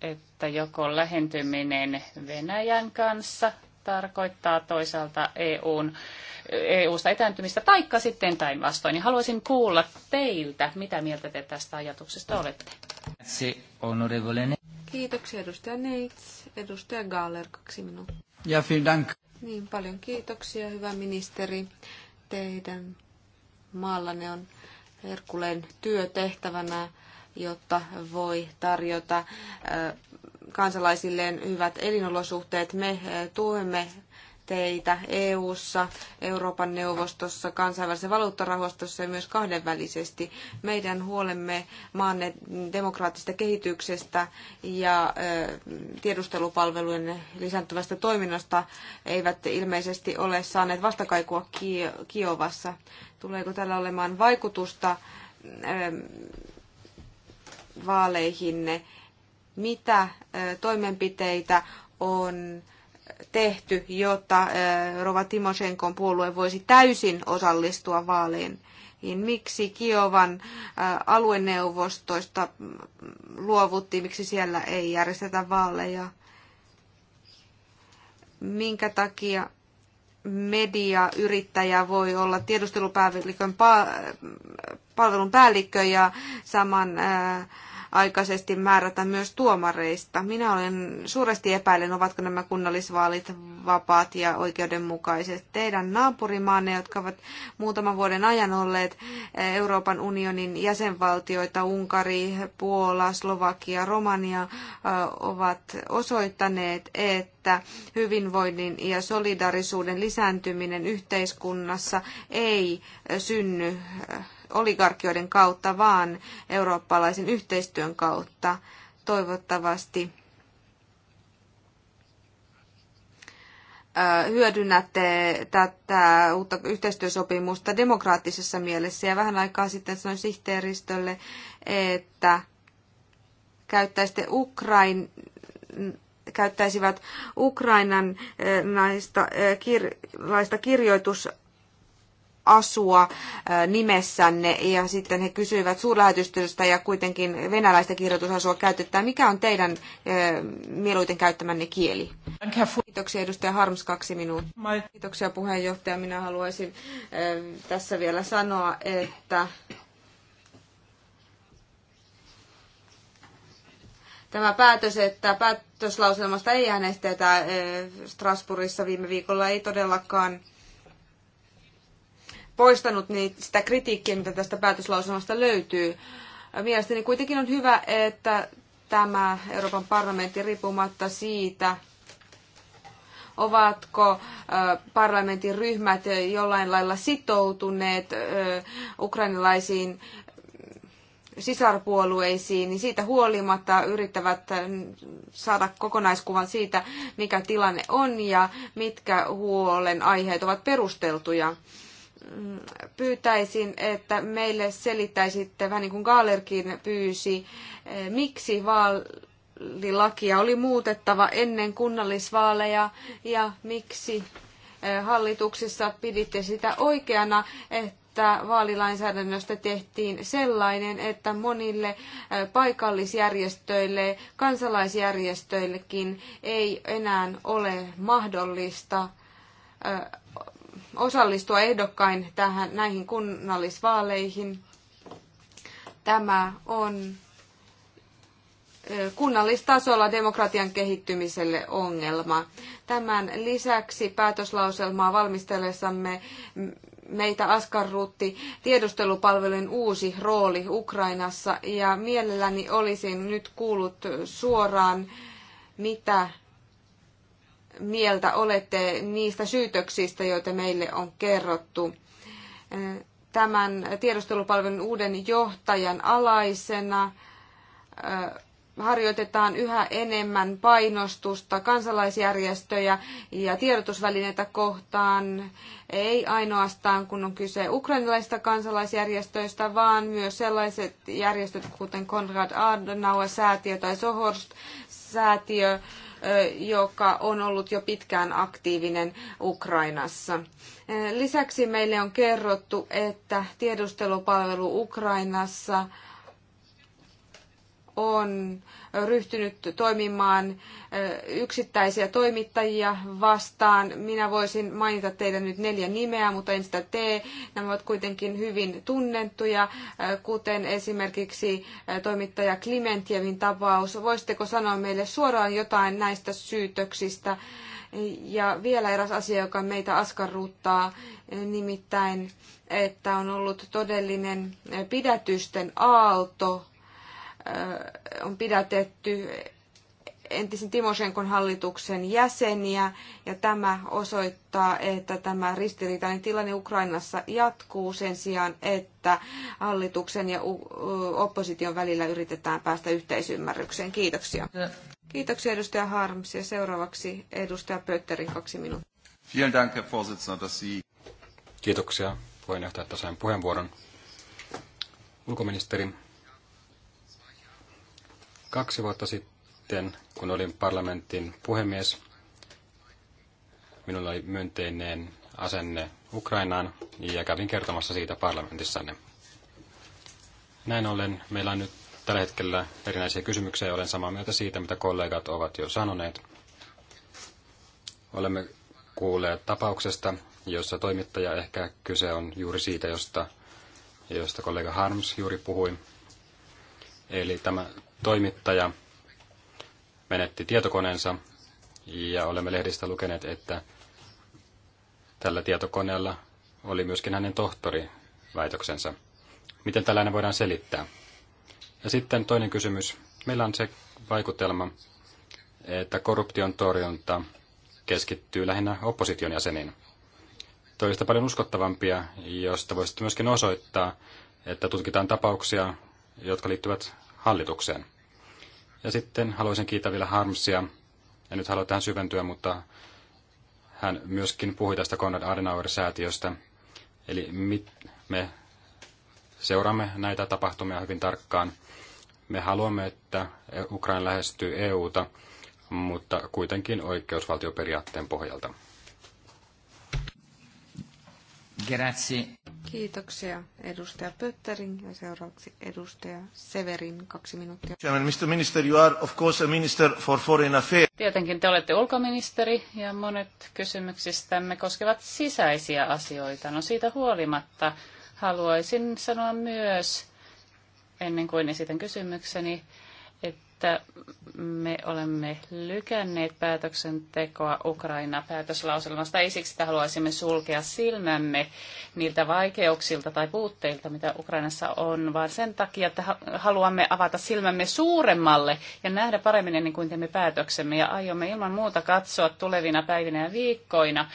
että joko lähentyminen Venäjän kanssa tarkoittaa toisaalta EUn, EUsta etääntymistä, taikka sitten päinvastoin. Niin haluaisin kuulla teiltä, mitä mieltä te tästä ajatuksesta olette. Se onorevole. Kiitoksia edustaja Neits. Edustaja Galler, kaksi minuuttia. Ja dank. Niin, paljon kiitoksia, hyvä ministeri. Teidän maallanne on Herkuleen työtehtävänä jotta voi tarjota kansalaisilleen hyvät elinolosuhteet. Me tuemme teitä EU:ssa, Euroopan neuvostossa, kansainvälisessä valuuttarahoistossa ja myös kahdenvälisesti. Meidän huolemme maanne demokraattisesta kehityksestä ja tiedustelupalvelujen lisääntyvästä toiminnasta eivät ilmeisesti ole saaneet vastakaikua Kiovassa. Tuleeko tällä olemaan vaikutusta vaaleihinne, mitä toimenpiteitä on tehty, jotta Rova Timoshenkon puolue voisi täysin osallistua vaaleihin, niin miksi Kiovan alueneuvostoista luovuttiin, miksi siellä ei järjestetä vaaleja, minkä takia mediayrittäjä voi olla tiedustelupäällikön palvelun päällikkö ja saman aikaisesti määrätä myös tuomareista. Minä olen suuresti epäilen, ovatko nämä kunnallisvaalit vapaat ja oikeudenmukaiset. Teidän naapurimaanne, jotka ovat muutaman vuoden ajan olleet eh, Euroopan unionin jäsenvaltioita, Unkari, Puola, Slovakia, Romania, eh, ovat osoittaneet, että hyvinvoinnin ja solidarisuuden lisääntyminen yhteiskunnassa ei synny eh, oligarkioiden kautta, vaan eurooppalaisen yhteistyön kautta. Toivottavasti hyödynnätte tätä uutta yhteistyösopimusta demokraattisessa mielessä. Ja vähän aikaa sitten sanoin sihteeristölle, että käyttäisitte Ukrain, käyttäisivät Ukrainan naista, kirjoitus asua äh, nimessänne. Ja sitten he kysyivät suurlähetystöstä ja kuitenkin venäläistä kirjoitusasua käytetään. Mikä on teidän äh, mieluiten käyttämänne kieli? Kiitoksia edustaja Harms, kaksi minuuttia. Kiitoksia puheenjohtaja. Minä haluaisin äh, tässä vielä sanoa, että tämä päätös, että päätöslauselmasta ei äänestetä Strasbourgissa viime viikolla ei todellakaan poistanut niitä, sitä kritiikkiä, mitä tästä päätöslauselmasta löytyy. Mielestäni kuitenkin on hyvä, että tämä Euroopan parlamentti riippumatta siitä, ovatko parlamentin ryhmät jollain lailla sitoutuneet ukrainalaisiin sisarpuolueisiin, niin siitä huolimatta yrittävät saada kokonaiskuvan siitä, mikä tilanne on ja mitkä huolen aiheet ovat perusteltuja pyytäisin, että meille selittäisitte, vähän niin kuin Gaalerkin pyysi, eh, miksi vaalilakia oli muutettava ennen kunnallisvaaleja ja miksi eh, hallituksessa piditte sitä oikeana, että vaalilainsäädännöstä tehtiin sellainen, että monille eh, paikallisjärjestöille, kansalaisjärjestöillekin ei enää ole mahdollista osallistua ehdokkain tähän, näihin kunnallisvaaleihin. Tämä on kunnallistasolla demokratian kehittymiselle ongelma. Tämän lisäksi päätöslauselmaa valmistellessamme meitä askarrutti tiedustelupalvelujen uusi rooli Ukrainassa ja mielelläni olisin nyt kuullut suoraan, mitä mieltä olette niistä syytöksistä, joita meille on kerrottu. Tämän tiedustelupalvelun uuden johtajan alaisena harjoitetaan yhä enemmän painostusta kansalaisjärjestöjä ja tiedotusvälineitä kohtaan, ei ainoastaan kun on kyse ukrainalaisista kansalaisjärjestöistä, vaan myös sellaiset järjestöt kuten Konrad Adenauer-säätiö tai Sohorst-säätiö, joka on ollut jo pitkään aktiivinen Ukrainassa. Lisäksi meille on kerrottu, että tiedustelupalvelu Ukrainassa – on ryhtynyt toimimaan yksittäisiä toimittajia vastaan. Minä voisin mainita teille nyt neljä nimeä, mutta en sitä tee. Nämä ovat kuitenkin hyvin tunnettuja, kuten esimerkiksi toimittaja Klimentjevin tapaus. Voisitteko sanoa meille suoraan jotain näistä syytöksistä? Ja vielä eräs asia, joka meitä askarruttaa, nimittäin, että on ollut todellinen pidätysten aalto Äh, on pidätetty entisen Timoshenkon hallituksen jäseniä, ja tämä osoittaa, että tämä ristiriitainen tilanne Ukrainassa jatkuu sen sijaan, että hallituksen ja opposition välillä yritetään päästä yhteisymmärrykseen. Kiitoksia. Kiitoksia edustaja Harms ja seuraavaksi edustaja Pötterin kaksi minuuttia. Kiitoksia puheenjohtaja, että sain puheenvuoron. Ulkoministeri, Kaksi vuotta sitten, kun olin parlamentin puhemies, minulla oli myönteinen asenne Ukrainaan ja kävin kertomassa siitä parlamentissanne. Näin ollen meillä on nyt tällä hetkellä erinäisiä kysymyksiä ja olen samaa mieltä siitä, mitä kollegat ovat jo sanoneet. Olemme kuulleet tapauksesta, jossa toimittaja ehkä kyse on juuri siitä, josta, josta kollega Harms juuri puhui. Eli tämä toimittaja menetti tietokoneensa ja olemme lehdistä lukeneet, että tällä tietokoneella oli myöskin hänen tohtori väitöksensä. Miten tällainen voidaan selittää? Ja sitten toinen kysymys. Meillä on se vaikutelma, että korruption torjunta keskittyy lähinnä opposition jäseniin. Toista paljon uskottavampia, josta voisitte myöskin osoittaa, että tutkitaan tapauksia, jotka liittyvät hallitukseen. Ja sitten haluaisin kiittää vielä Harmsia. En nyt halua tähän syventyä, mutta hän myöskin puhui tästä Konrad Adenauer-säätiöstä. Eli mit, me seuraamme näitä tapahtumia hyvin tarkkaan. Me haluamme, että Ukraina lähestyy EUta, mutta kuitenkin oikeusvaltioperiaatteen pohjalta. Grazie. Kiitoksia edustaja Pöttering ja seuraavaksi edustaja Severin kaksi minuuttia. Chairman, Mr. Minister, you are of course a minister for foreign affairs. Tietenkin te olette ulkoministeri ja monet kysymyksistämme koskevat sisäisiä asioita. No siitä huolimatta haluaisin sanoa myös, ennen kuin esitän kysymykseni, että me olemme lykänneet päätöksentekoa Ukraina-päätöslauselmasta. Ei siksi, että haluaisimme sulkea silmämme niiltä vaikeuksilta tai puutteilta, mitä Ukrainassa on, vaan sen takia, että haluamme avata silmämme suuremmalle ja nähdä paremmin ennen kuin teemme päätöksemme. Ja aiomme ilman muuta katsoa tulevina päivinä ja viikkoina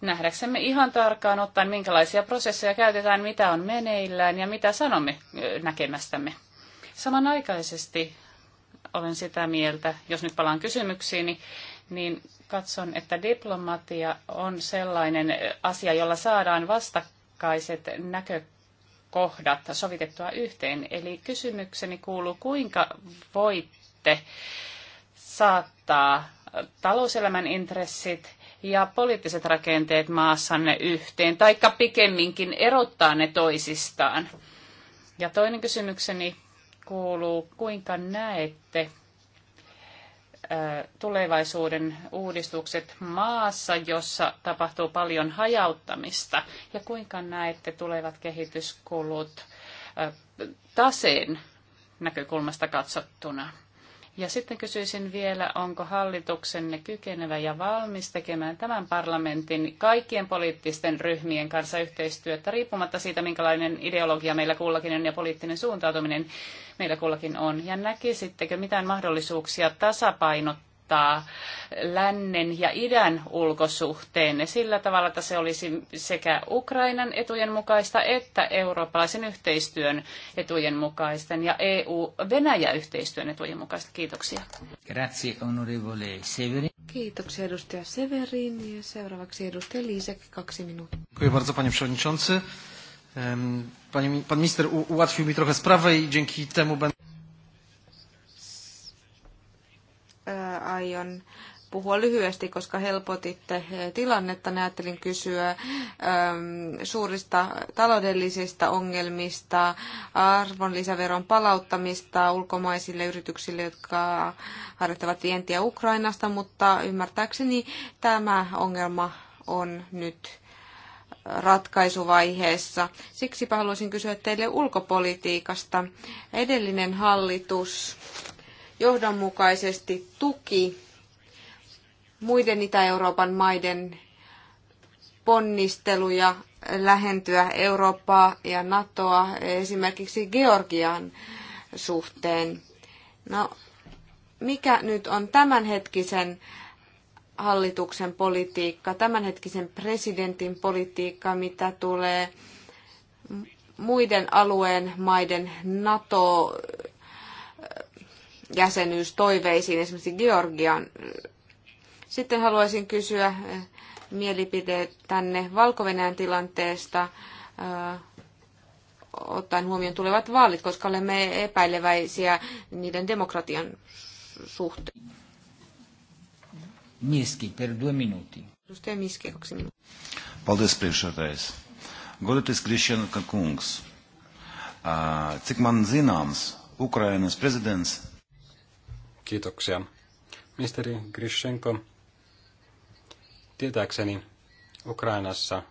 nähdäksemme ihan tarkkaan ottaen, minkälaisia prosesseja käytetään, mitä on meneillään ja mitä sanomme näkemästämme. Samanaikaisesti olen sitä mieltä, jos nyt palaan kysymyksiin, niin katson, että diplomatia on sellainen asia, jolla saadaan vastakkaiset näkökohdat sovitettua yhteen. Eli kysymykseni kuuluu, kuinka voitte saattaa talouselämän intressit ja poliittiset rakenteet maassanne yhteen, taikka pikemminkin erottaa ne toisistaan. Ja toinen kysymykseni kuuluu, kuinka näette tulevaisuuden uudistukset maassa, jossa tapahtuu paljon hajauttamista, ja kuinka näette tulevat kehityskulut taseen näkökulmasta katsottuna? Ja sitten kysyisin vielä, onko hallituksenne kykenevä ja valmis tekemään tämän parlamentin kaikkien poliittisten ryhmien kanssa yhteistyötä, riippumatta siitä, minkälainen ideologia meillä kullakin on ja poliittinen suuntautuminen meillä kullakin on. Ja näkisittekö mitään mahdollisuuksia tasapainottaa muuttaa lännen ja idän ulkosuhteen sillä tavalla, että se olisi sekä Ukrainan etujen mukaista että eurooppalaisen yhteistyön etujen mukaista ja EU-Venäjä-yhteistyön etujen mukaista. Kiitoksia. Grazie, onorevole Severi. Kiitoksia edustaja Severin ja seuraavaksi edustaja Liisek, kaksi minuuttia. Dziękuję bardzo panie przewodniczący. Pan minister ułatwił mi trochę sprawę i dzięki temu będę... aion puhua lyhyesti, koska helpotitte tilannetta. Ajattelin kysyä äm, suurista taloudellisista ongelmista, arvonlisäveron palauttamista ulkomaisille yrityksille, jotka harjoittavat vientiä Ukrainasta, mutta ymmärtääkseni tämä ongelma on nyt ratkaisuvaiheessa. Siksipä haluaisin kysyä teille ulkopolitiikasta. Edellinen hallitus johdonmukaisesti tuki muiden Itä-Euroopan maiden ponnisteluja lähentyä Eurooppaa ja NATOa esimerkiksi Georgian suhteen. No, mikä nyt on tämänhetkisen hallituksen politiikka, tämänhetkisen presidentin politiikka, mitä tulee muiden alueen maiden NATO jäsenyystoiveisiin, esimerkiksi Georgian. Sitten haluaisin kysyä eh, mielipiteet tänne valko tilanteesta, eh, ottaen huomioon tulevat vaalit, koska olemme epäileväisiä niiden demokratian suhteen. Miski, per due minuti. Edustaja Miski, kaksi minuuttia. Paldies, priekšsēdājs. Godātais Krišjana Kungs, ah, cik man zināms, Ukrainas prezidents Kiitoksia. Ministeri Grishenko, tietääkseni Ukrainassa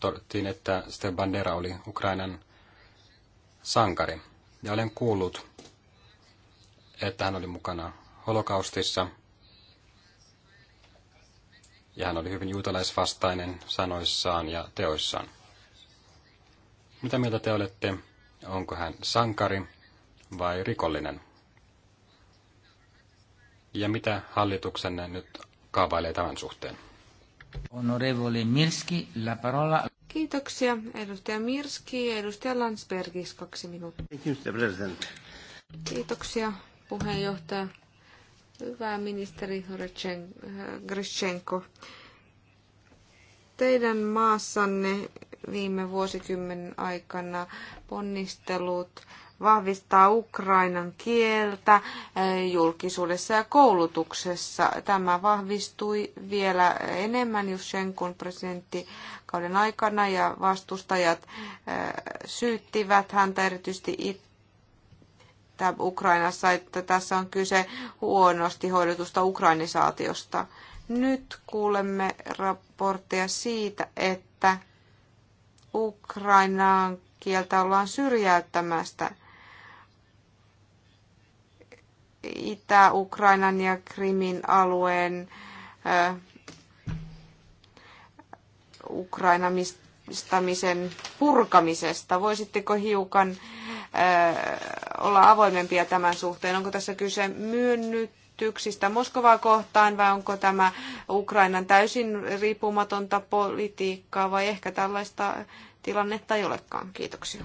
todettiin, että Stepan Bandera oli Ukrainan sankari. Ja olen kuullut, että hän oli mukana holokaustissa. Ja hän oli hyvin juutalaisvastainen sanoissaan ja teoissaan. Mitä mieltä te olette onko hän sankari vai rikollinen. Ja mitä hallituksenne nyt kaavailee tämän suhteen? Honorevole Mirski, la parola... Kiitoksia, edustaja Mirski ja edustaja Landsbergis, kaksi minuuttia. Kiitoksia, puheenjohtaja. Hyvä ministeri Grishenko. Teidän maassanne viime vuosikymmenen aikana ponnistelut vahvistaa ukrainan kieltä eh, julkisuudessa ja koulutuksessa. Tämä vahvistui vielä enemmän Jushenkun presidenttikauden aikana ja vastustajat eh, syyttivät häntä erityisesti itse Ukrainassa, että tässä on kyse huonosti hoidetusta ukrainisaatiosta. Nyt kuulemme raportteja siitä, että Ukrainaan kieltä ollaan syrjäyttämästä. Itä-Ukrainan ja Krimin alueen äh, ukrainamistamisen purkamisesta. Voisitteko hiukan äh, olla avoimempia tämän suhteen? Onko tässä kyse myönnyt hyökkäyksistä Moskovaa kohtaan vai onko tämä Ukrainan täysin riippumatonta politiikkaa vai ehkä tällaista tilannetta ei olekaan. Kiitoksia.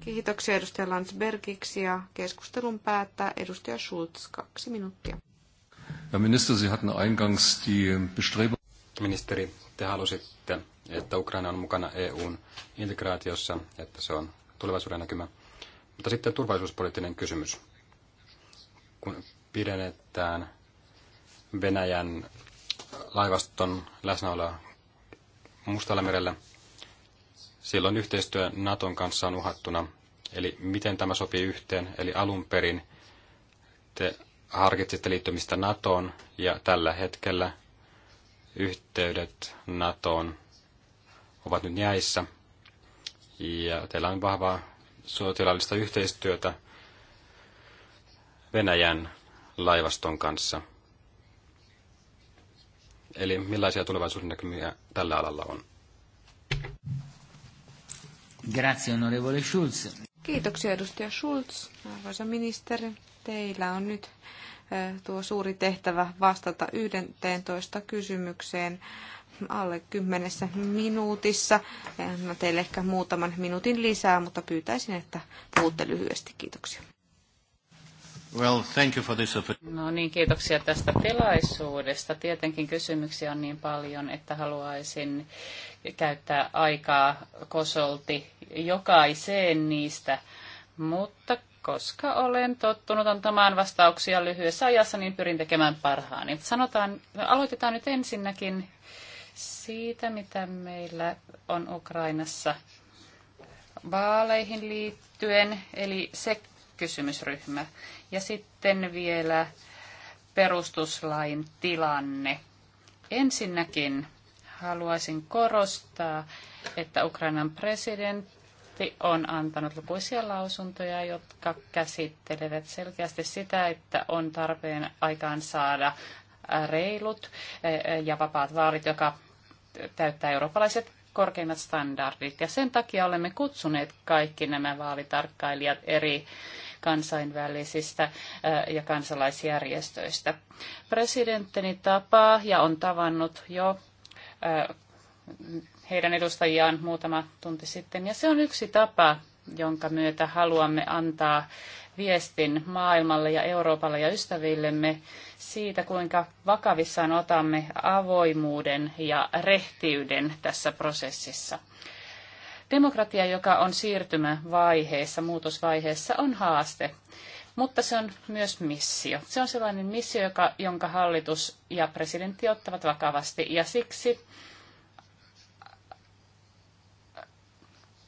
Kiitoksia edustaja Landsbergiksi ja keskustelun päättää edustaja Schulz. Kaksi minuuttia. Ja minister, Sie hatten eingangs die Bestrebung... Ministeri, te halusitte, että Ukraina on mukana EUn integraatiossa, että se on tulevaisuuden näkymä. Mutta sitten turvallisuuspoliittinen kysymys kun pidennetään Venäjän laivaston läsnäoloa Mustalla merellä, silloin yhteistyö Naton kanssa on uhattuna. Eli miten tämä sopii yhteen? Eli alun perin te harkitsitte liittymistä NATOon ja tällä hetkellä yhteydet NATOon ovat nyt jäissä. Ja teillä on vahvaa sotilaallista yhteistyötä Venäjän laivaston kanssa? Eli millaisia tulevaisuuden näkymiä tällä alalla on? Grazie, onorevole Schulz. Kiitoksia, edustaja Schulz. Arvoisa ministeri, teillä on nyt eh, tuo suuri tehtävä vastata 11 kysymykseen alle kymmenessä minuutissa. Mä teille ehkä muutaman minuutin lisää, mutta pyytäisin, että puhutte lyhyesti. Kiitoksia. Well, thank you for this no niin, kiitoksia tästä tilaisuudesta. Tietenkin kysymyksiä on niin paljon, että haluaisin käyttää aikaa kosolti jokaiseen niistä, mutta koska olen tottunut antamaan vastauksia lyhyessä ajassa, niin pyrin tekemään parhaani. Sanotaan, aloitetaan nyt ensinnäkin siitä, mitä meillä on Ukrainassa vaaleihin liittyen, eli se kysymysryhmä. Ja sitten vielä perustuslain tilanne. Ensinnäkin haluaisin korostaa, että Ukrainan presidentti on antanut lukuisia lausuntoja, jotka käsittelevät selkeästi sitä, että on tarpeen aikaan saada reilut ja vapaat vaalit, joka täyttää eurooppalaiset korkeimmat standardit. Ja sen takia olemme kutsuneet kaikki nämä vaalitarkkailijat eri kansainvälisistä ja kansalaisjärjestöistä. Presidenttini tapaa ja on tavannut jo heidän edustajiaan muutama tunti sitten. Ja se on yksi tapa, jonka myötä haluamme antaa viestin maailmalle ja Euroopalle ja ystävillemme siitä, kuinka vakavissaan otamme avoimuuden ja rehtiyden tässä prosessissa. Demokratia, joka on siirtymävaiheessa, muutosvaiheessa, on haaste, mutta se on myös missio. Se on sellainen missio, joka, jonka hallitus ja presidentti ottavat vakavasti, ja siksi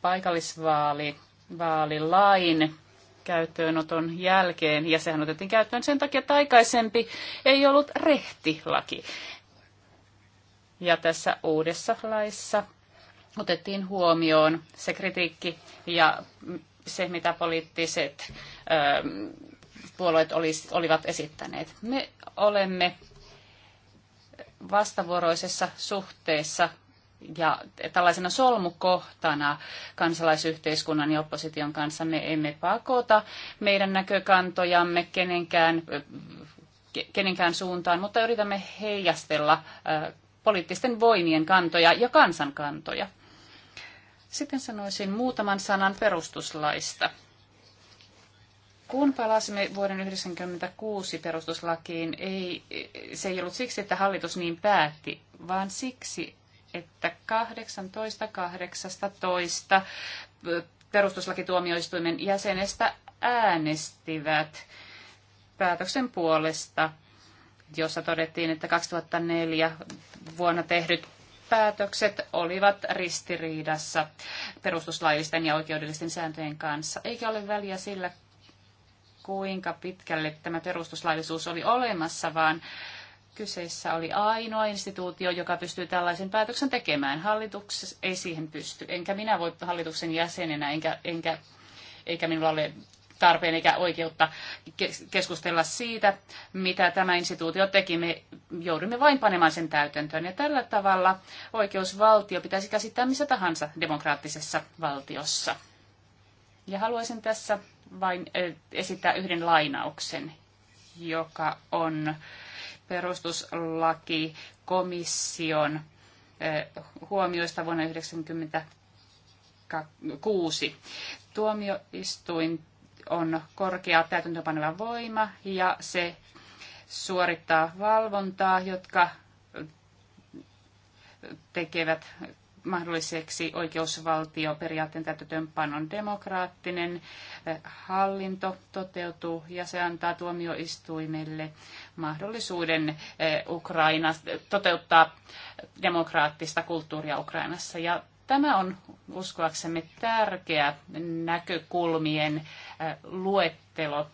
paikallisvaali vaalilain käyttöönoton jälkeen, ja sehän otettiin käyttöön sen takia, että aikaisempi ei ollut rehtilaki. Ja tässä uudessa laissa otettiin huomioon se kritiikki ja se, mitä poliittiset ähm, puolueet olis, olivat esittäneet. Me olemme vastavuoroisessa suhteessa ja tällaisena solmukohtana kansalaisyhteiskunnan ja opposition kanssa me emme pakota meidän näkökantojamme kenenkään, kenenkään suuntaan, mutta yritämme heijastella äh, poliittisten voimien kantoja ja kansan kantoja. Sitten sanoisin muutaman sanan perustuslaista. Kun palasimme vuoden 1996 perustuslakiin, ei, se ei ollut siksi, että hallitus niin päätti, vaan siksi, että 18.18. perustuslakituomioistuimen jäsenestä äänestivät päätöksen puolesta, jossa todettiin, että 2004 vuonna tehdyt päätökset olivat ristiriidassa perustuslaillisten ja oikeudellisten sääntöjen kanssa, eikä ole väliä sillä, kuinka pitkälle tämä perustuslaillisuus oli olemassa, vaan kyseessä oli ainoa instituutio, joka pystyy tällaisen päätöksen tekemään. Hallitus ei siihen pysty, enkä minä voi hallituksen jäsenenä, enkä, enkä eikä minulla ole tarpeen eikä oikeutta keskustella siitä, mitä tämä instituutio teki. Me joudumme vain panemaan sen täytäntöön. Ja tällä tavalla oikeusvaltio pitäisi käsittää missä tahansa demokraattisessa valtiossa. Ja haluaisin tässä vain esittää yhden lainauksen, joka on perustuslaki komission huomioista vuonna 1996. Tuomioistuin on korkea täytäntöpaneva voima ja se suorittaa valvontaa, jotka tekevät mahdolliseksi oikeusvaltioperiaatteen täytäntöönpanon demokraattinen eh, hallinto toteutuu ja se antaa tuomioistuimelle mahdollisuuden eh, Ukraina, toteuttaa demokraattista kulttuuria Ukrainassa. Ja Tämä on uskoaksemme tärkeä näkökulmien luettelo,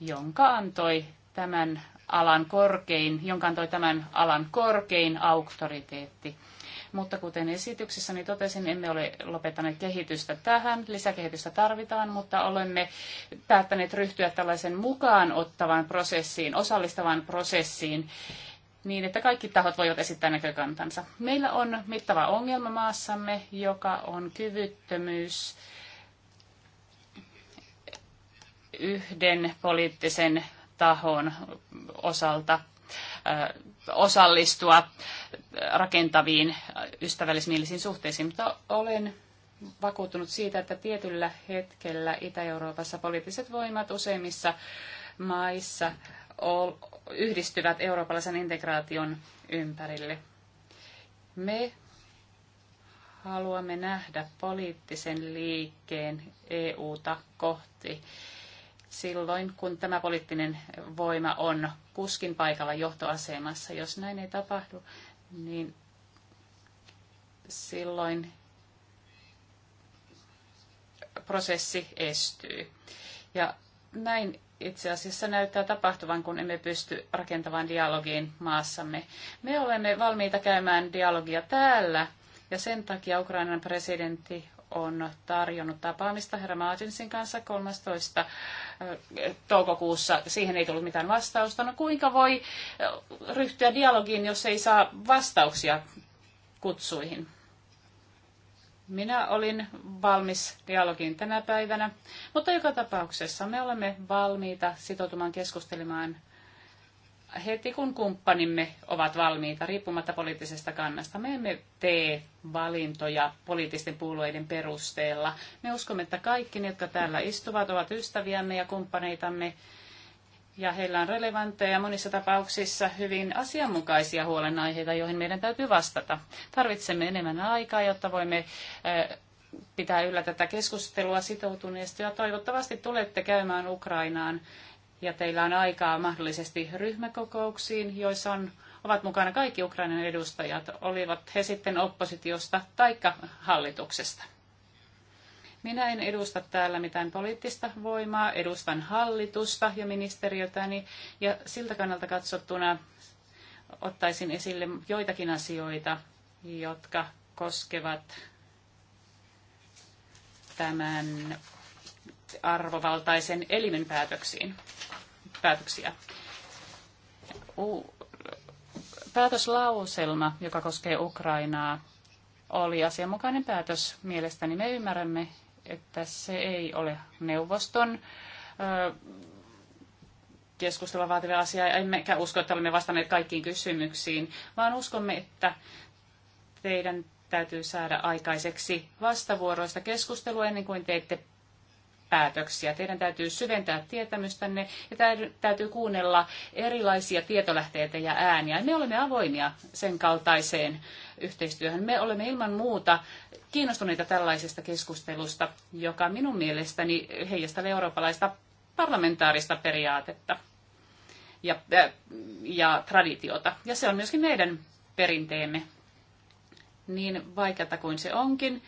jonka antoi tämän alan korkein, jonka antoi tämän alan korkein auktoriteetti. Mutta kuten esityksessäni totesin, emme ole lopettaneet kehitystä tähän. Lisäkehitystä tarvitaan, mutta olemme päättäneet ryhtyä tällaisen mukaan ottavan prosessiin, osallistavan prosessiin, niin, että kaikki tahot voivat esittää näkökantansa. Meillä on mittava ongelma maassamme, joka on kyvyttömyys yhden poliittisen tahon osalta osallistua rakentaviin ystävällismielisiin suhteisiin, mutta olen vakuuttunut siitä, että tietyllä hetkellä Itä-Euroopassa poliittiset voimat useimmissa maissa yhdistyvät eurooppalaisen integraation ympärille. Me haluamme nähdä poliittisen liikkeen EUta kohti silloin, kun tämä poliittinen voima on kuskin paikalla johtoasemassa. Jos näin ei tapahdu, niin silloin prosessi estyy. Ja näin itse asiassa näyttää tapahtuvan, kun emme pysty rakentavaan dialogiin maassamme. Me olemme valmiita käymään dialogia täällä, ja sen takia Ukrainan presidentti on tarjonnut tapaamista herra Martinsin kanssa 13. Eh, toukokuussa. Siihen ei tullut mitään vastausta. No kuinka voi eh, ryhtyä dialogiin, jos ei saa vastauksia kutsuihin? Minä olin valmis dialogiin tänä päivänä, mutta joka tapauksessa me olemme valmiita sitoutumaan keskustelemaan heti kun kumppanimme ovat valmiita, riippumatta poliittisesta kannasta. Me emme tee valintoja poliittisten puolueiden perusteella. Me uskomme, että kaikki ne, jotka täällä istuvat, ovat ystäviämme ja kumppaneitamme ja heillä on relevantteja monissa tapauksissa hyvin asianmukaisia huolenaiheita, joihin meidän täytyy vastata. Tarvitsemme enemmän aikaa, jotta voimme pitää yllä tätä keskustelua sitoutuneesti ja toivottavasti tulette käymään Ukrainaan ja teillä on aikaa mahdollisesti ryhmäkokouksiin, joissa on, ovat mukana kaikki Ukrainan edustajat, olivat he sitten oppositiosta taikka hallituksesta. Minä en edusta täällä mitään poliittista voimaa, edustan hallitusta ja ministeriötäni ja siltä kannalta katsottuna ottaisin esille joitakin asioita, jotka koskevat tämän arvovaltaisen elimen päätöksiin, päätöksiä. päätöslauselma, joka koskee Ukrainaa, oli asianmukainen päätös. Mielestäni me ymmärrämme, että se ei ole neuvoston keskustelua vaativa asia, emmekä usko, että olemme vastanneet kaikkiin kysymyksiin, vaan uskomme, että teidän täytyy saada aikaiseksi vastavuoroista keskustelua ennen kuin teette päätöksiä. Teidän täytyy syventää tietämystänne ja täytyy kuunnella erilaisia tietolähteitä ja ääniä. Me olemme avoimia sen kaltaiseen yhteistyöhön. Me olemme ilman muuta kiinnostuneita tällaisesta keskustelusta, joka minun mielestäni heijastaa eurooppalaista parlamentaarista periaatetta ja, ja, äh, ja traditiota. Ja se on myöskin meidän perinteemme, niin vaikeata kuin se onkin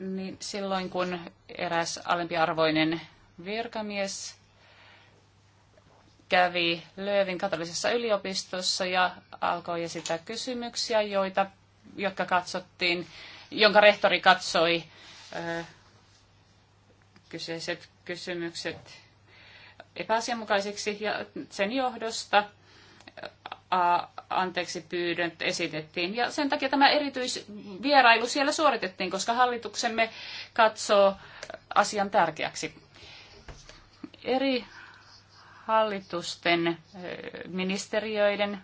niin silloin kun eräs alempiarvoinen virkamies kävi Löövin katolisessa yliopistossa ja alkoi esittää kysymyksiä, joita, jotka katsottiin, jonka rehtori katsoi ö, kyseiset kysymykset epäasianmukaisiksi ja sen johdosta anteeksi pyynnöt esitettiin. Ja sen takia tämä erityisvierailu siellä suoritettiin, koska hallituksemme katsoo asian tärkeäksi. Eri hallitusten, eh, ministeriöiden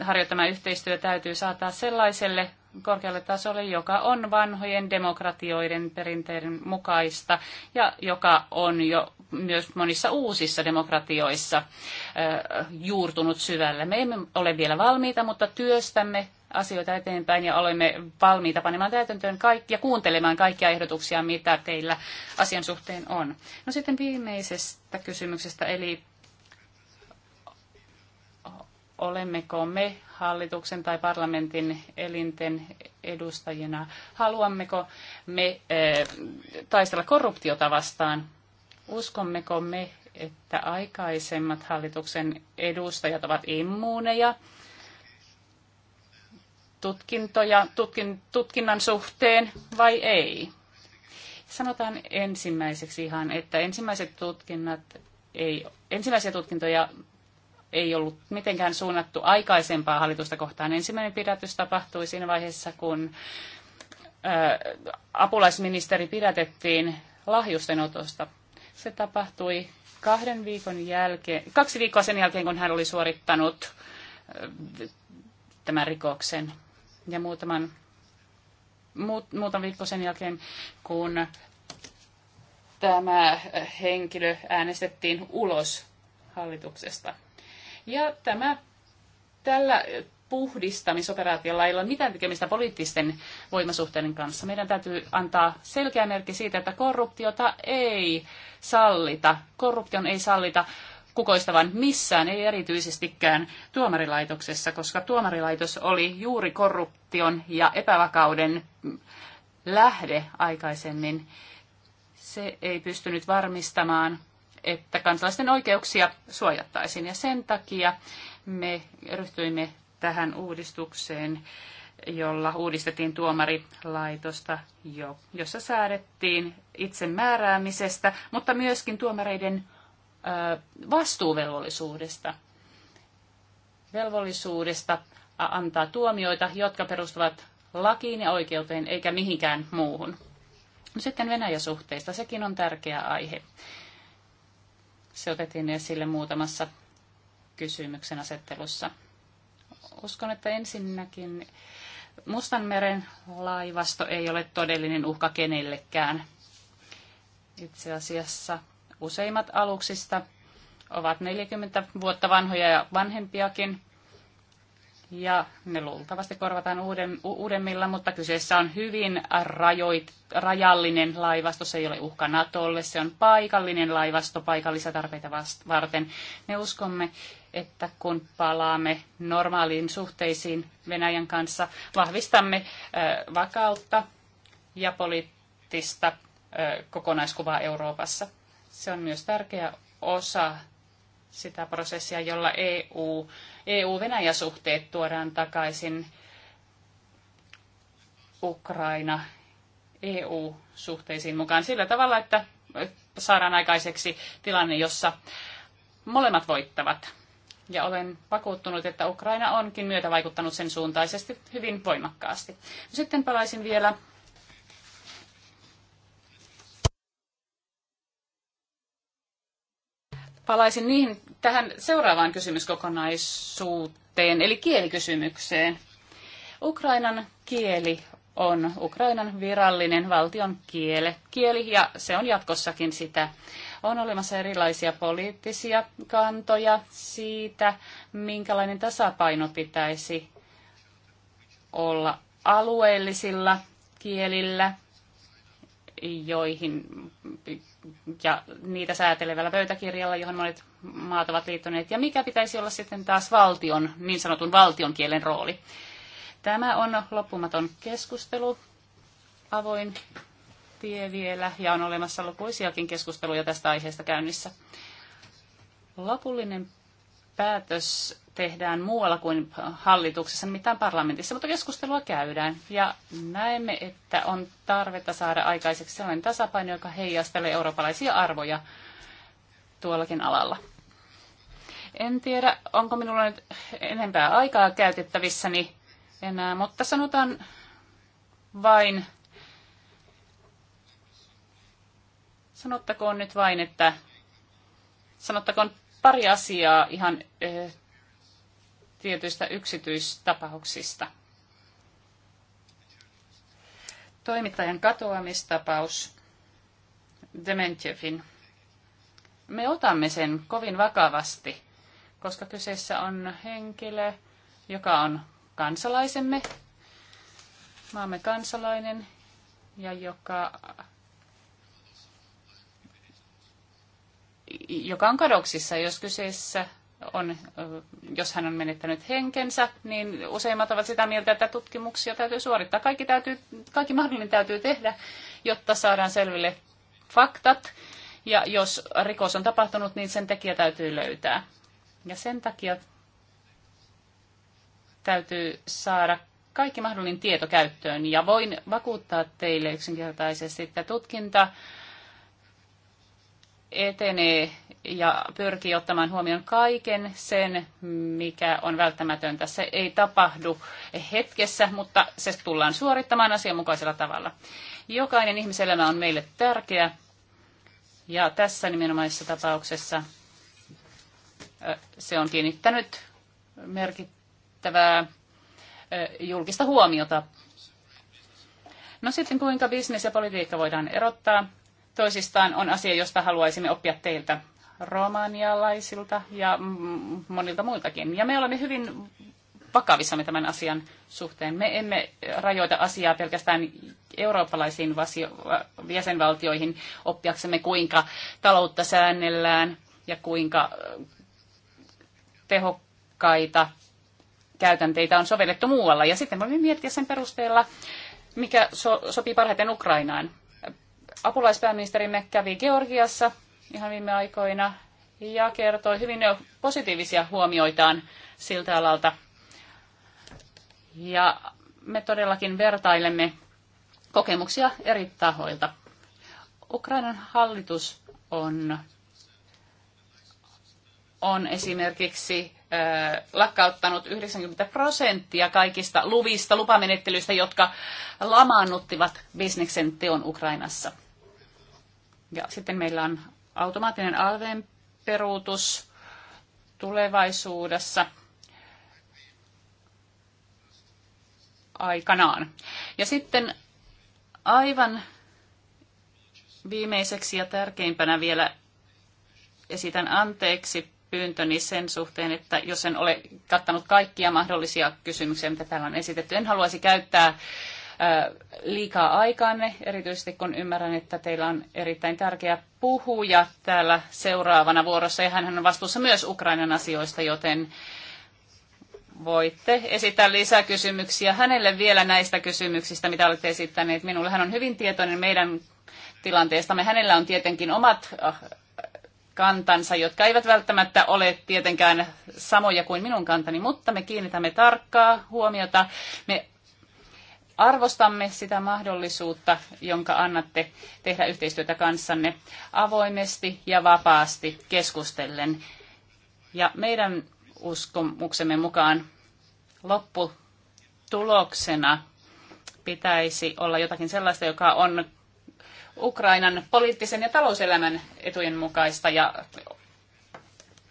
harjoittama yhteistyö täytyy saattaa sellaiselle korkealle tasolle, joka on vanhojen demokratioiden perinteiden mukaista ja joka on jo myös monissa uusissa demokratioissa juurtunut syvälle. Me emme ole vielä valmiita, mutta työstämme asioita eteenpäin ja olemme valmiita panemaan täytäntöön kaikki ja kuuntelemaan kaikkia ehdotuksia, mitä teillä asian suhteen on. No sitten viimeisestä kysymyksestä, eli olemmeko me hallituksen tai parlamentin elinten edustajina, haluammeko me eh, taistella korruptiota vastaan, uskommeko me, että aikaisemmat hallituksen edustajat ovat immuuneja tutkintoja, tutkin, tutkinnan suhteen vai ei. Sanotaan ensimmäiseksi ihan, että ensimmäiset tutkinnat ei, ensimmäisiä tutkintoja ei ollut mitenkään suunnattu aikaisempaa hallitusta kohtaan. Ensimmäinen pidätys tapahtui siinä vaiheessa, kun apulaisministeri pidätettiin lahjusten otosta. Se tapahtui kahden viikon jälkeen, kaksi viikkoa sen jälkeen, kun hän oli suorittanut tämän rikoksen. Ja muutaman, muut, muutaman viikko sen jälkeen, kun tämä henkilö äänestettiin ulos hallituksesta. Ja tämä tällä puhdistamisoperaatiolla ei ole mitään tekemistä poliittisten voimasuhteiden kanssa. Meidän täytyy antaa selkeä merkki siitä, että korruptiota ei sallita, korruption ei sallita kukoistavan missään, ei erityisestikään tuomarilaitoksessa, koska tuomarilaitos oli juuri korruption ja epävakauden lähde aikaisemmin. Se ei pystynyt varmistamaan että kansalaisten oikeuksia suojattaisiin. Ja sen takia me ryhtyimme tähän uudistukseen, jolla uudistettiin tuomarilaitosta, jo, jossa säädettiin itsemääräämisestä, mutta myöskin tuomareiden ö, vastuuvelvollisuudesta. Velvollisuudesta antaa tuomioita, jotka perustuvat lakiin ja oikeuteen eikä mihinkään muuhun. sitten Venäjä-suhteista, sekin on tärkeä aihe. Se otettiin esille muutamassa kysymyksen asettelussa. Uskon, että ensinnäkin Mustanmeren laivasto ei ole todellinen uhka kenellekään. Itse asiassa useimmat aluksista ovat 40 vuotta vanhoja ja vanhempiakin – ja ne luultavasti korvataan uuden, uudemmilla, mutta kyseessä on hyvin rajoit, rajallinen laivasto. Se ei ole uhka Natolle, se on paikallinen laivasto paikallisia tarpeita vast, varten. Me uskomme, että kun palaamme normaaliin suhteisiin Venäjän kanssa, vahvistamme ö, vakautta ja poliittista ö, kokonaiskuvaa Euroopassa. Se on myös tärkeä osa sitä prosessia, jolla EU EU-Venäjä-suhteet tuodaan takaisin Ukraina-EU-suhteisiin mukaan sillä tavalla, että saadaan aikaiseksi tilanne, jossa molemmat voittavat. Ja olen vakuuttunut, että Ukraina onkin myötä vaikuttanut sen suuntaisesti hyvin voimakkaasti. Sitten palaisin vielä palaisin niihin tähän seuraavaan kysymyskokonaisuuteen, eli kielikysymykseen. Ukrainan kieli on Ukrainan virallinen valtion kiele, kieli ja se on jatkossakin sitä. On olemassa erilaisia poliittisia kantoja siitä, minkälainen tasapaino pitäisi olla alueellisilla kielillä joihin, ja niitä säätelevällä pöytäkirjalla, johon monet maat ovat liittyneet, ja mikä pitäisi olla sitten taas valtion, niin sanotun valtion kielen rooli. Tämä on loppumaton keskustelu, avoin tie vielä, ja on olemassa lukuisiakin keskusteluja tästä aiheesta käynnissä. Lopullinen päätös tehdään muualla kuin hallituksessa, mitä parlamentissa, mutta keskustelua käydään. Ja näemme, että on tarvetta saada aikaiseksi sellainen tasapaino, joka heijastelee eurooppalaisia arvoja tuollakin alalla. En tiedä, onko minulla nyt enempää aikaa käytettävissäni enää, mutta sanotaan vain, sanottakoon nyt vain, että sanottakoon pari asiaa ihan eh, tietyistä yksityistapauksista. Toimittajan katoamistapaus Dementjevin. Me otamme sen kovin vakavasti, koska kyseessä on henkilö, joka on kansalaisemme, maamme kansalainen, ja joka, joka on kadoksissa, jos kyseessä on, jos hän on menettänyt henkensä, niin useimmat ovat sitä mieltä, että tutkimuksia täytyy suorittaa. Kaikki, täytyy, kaikki mahdollinen täytyy tehdä, jotta saadaan selville faktat. Ja jos rikos on tapahtunut, niin sen tekijä täytyy löytää. Ja sen takia täytyy saada kaikki mahdollinen tieto käyttöön. Ja voin vakuuttaa teille yksinkertaisesti, että tutkinta etenee ja pyrkii ottamaan huomioon kaiken sen, mikä on välttämätöntä. Se ei tapahdu hetkessä, mutta se tullaan suorittamaan asianmukaisella tavalla. Jokainen ihmiselämä on meille tärkeä ja tässä nimenomaisessa tapauksessa se on kiinnittänyt merkittävää julkista huomiota. No sitten kuinka bisnes ja politiikka voidaan erottaa? toisistaan on asia, josta haluaisimme oppia teiltä romanialaisilta ja monilta muiltakin. Ja me olemme hyvin vakavissamme tämän asian suhteen. Me emme rajoita asiaa pelkästään eurooppalaisiin jäsenvaltioihin oppiaksemme, kuinka taloutta säännellään ja kuinka tehokkaita käytänteitä on sovellettu muualla. Ja sitten voimme miettiä sen perusteella, mikä so- sopii parhaiten Ukrainaan apulaispääministerimme kävi Georgiassa ihan viime aikoina ja kertoi hyvin positiivisia huomioitaan siltä alalta. Ja me todellakin vertailemme kokemuksia eri tahoilta. Ukrainan hallitus on, on esimerkiksi äh, lakkauttanut 90 prosenttia kaikista luvista, lupamenettelyistä, jotka lamaannuttivat bisneksen teon Ukrainassa. Ja sitten meillä on automaattinen alveen peruutus tulevaisuudessa aikanaan. Ja sitten aivan viimeiseksi ja tärkeimpänä vielä esitän anteeksi pyyntöni sen suhteen, että jos en ole kattanut kaikkia mahdollisia kysymyksiä, mitä täällä on esitetty, en haluaisi käyttää liikaa aikaanne, erityisesti kun ymmärrän, että teillä on erittäin tärkeä puhuja täällä seuraavana vuorossa, ja hän on vastuussa myös Ukrainan asioista, joten voitte esittää lisäkysymyksiä hänelle vielä näistä kysymyksistä, mitä olette esittäneet minulle. Hän on hyvin tietoinen meidän tilanteestamme. Hänellä on tietenkin omat kantansa, jotka eivät välttämättä ole tietenkään samoja kuin minun kantani, mutta me kiinnitämme tarkkaa huomiota. Me arvostamme sitä mahdollisuutta, jonka annatte tehdä yhteistyötä kanssanne avoimesti ja vapaasti keskustellen. Ja meidän uskomuksemme mukaan lopputuloksena pitäisi olla jotakin sellaista, joka on Ukrainan poliittisen ja talouselämän etujen mukaista ja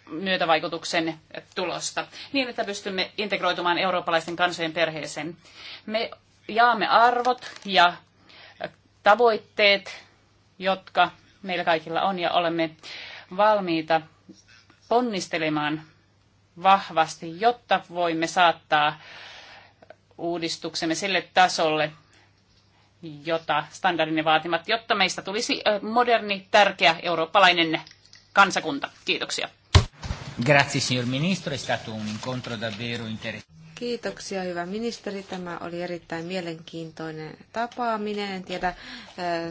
myötävaikutuksen tulosta, niin että pystymme integroitumaan eurooppalaisten kansojen perheeseen. Me jaamme arvot ja tavoitteet, jotka meillä kaikilla on ja olemme valmiita ponnistelemaan vahvasti, jotta voimme saattaa uudistuksemme sille tasolle, jota standardin vaatimat, jotta meistä tulisi moderni, tärkeä eurooppalainen kansakunta. Kiitoksia. Grazie signor Ministro, è stato un incontro davvero interessante. Kiitoksia, hyvä ministeri. Tämä oli erittäin mielenkiintoinen tapaaminen. En tiedä, eh,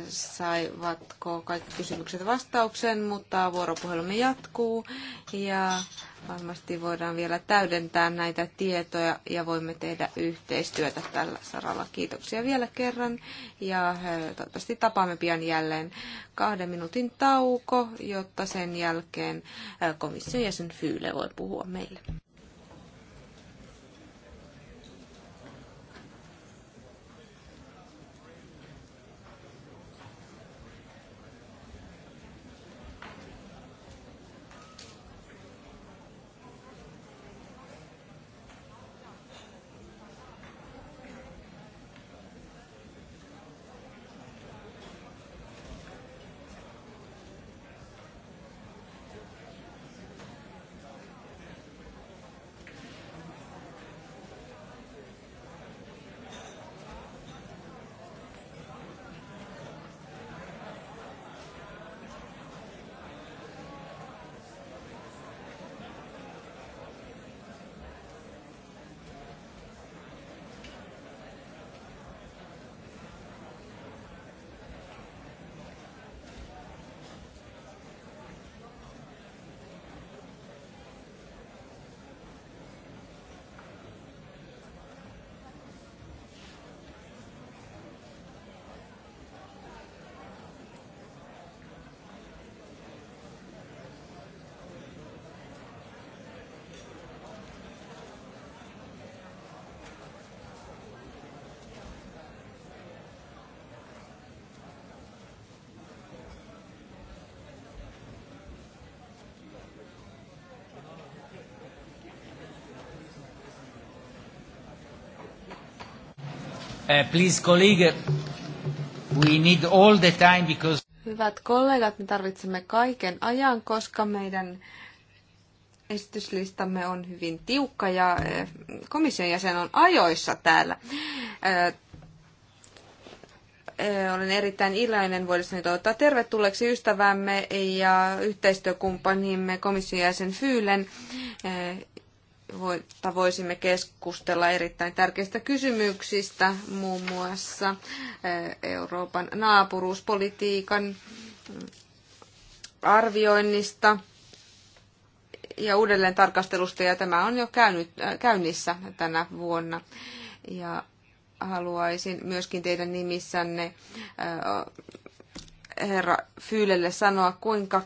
saivatko kaikki kysymykset vastauksen, mutta vuoropuhelumme jatkuu ja varmasti voidaan vielä täydentää näitä tietoja ja voimme tehdä yhteistyötä tällä saralla. Kiitoksia vielä kerran ja eh, toivottavasti tapaamme pian jälleen kahden minuutin tauko, jotta sen jälkeen eh, komission jäsen Fyyle voi puhua meille. Eh, please, colleague, we need all the time because... Hyvät kollegat, me tarvitsemme kaiken ajan, koska meidän esityslistamme on hyvin tiukka ja eh, komission jäsen on ajoissa täällä. Eh, olen erittäin iloinen voidessani toivottaa tervetulleeksi ystävämme ja yhteistyökumppanimme komission jäsen Fyylen jotta voisimme keskustella erittäin tärkeistä kysymyksistä, muun muassa eh, Euroopan naapuruuspolitiikan arvioinnista ja uudelleen tarkastelusta, ja tämä on jo käynyt, eh, käynnissä tänä vuonna. Ja haluaisin myöskin teidän nimissänne eh, herra Fyylelle sanoa, kuinka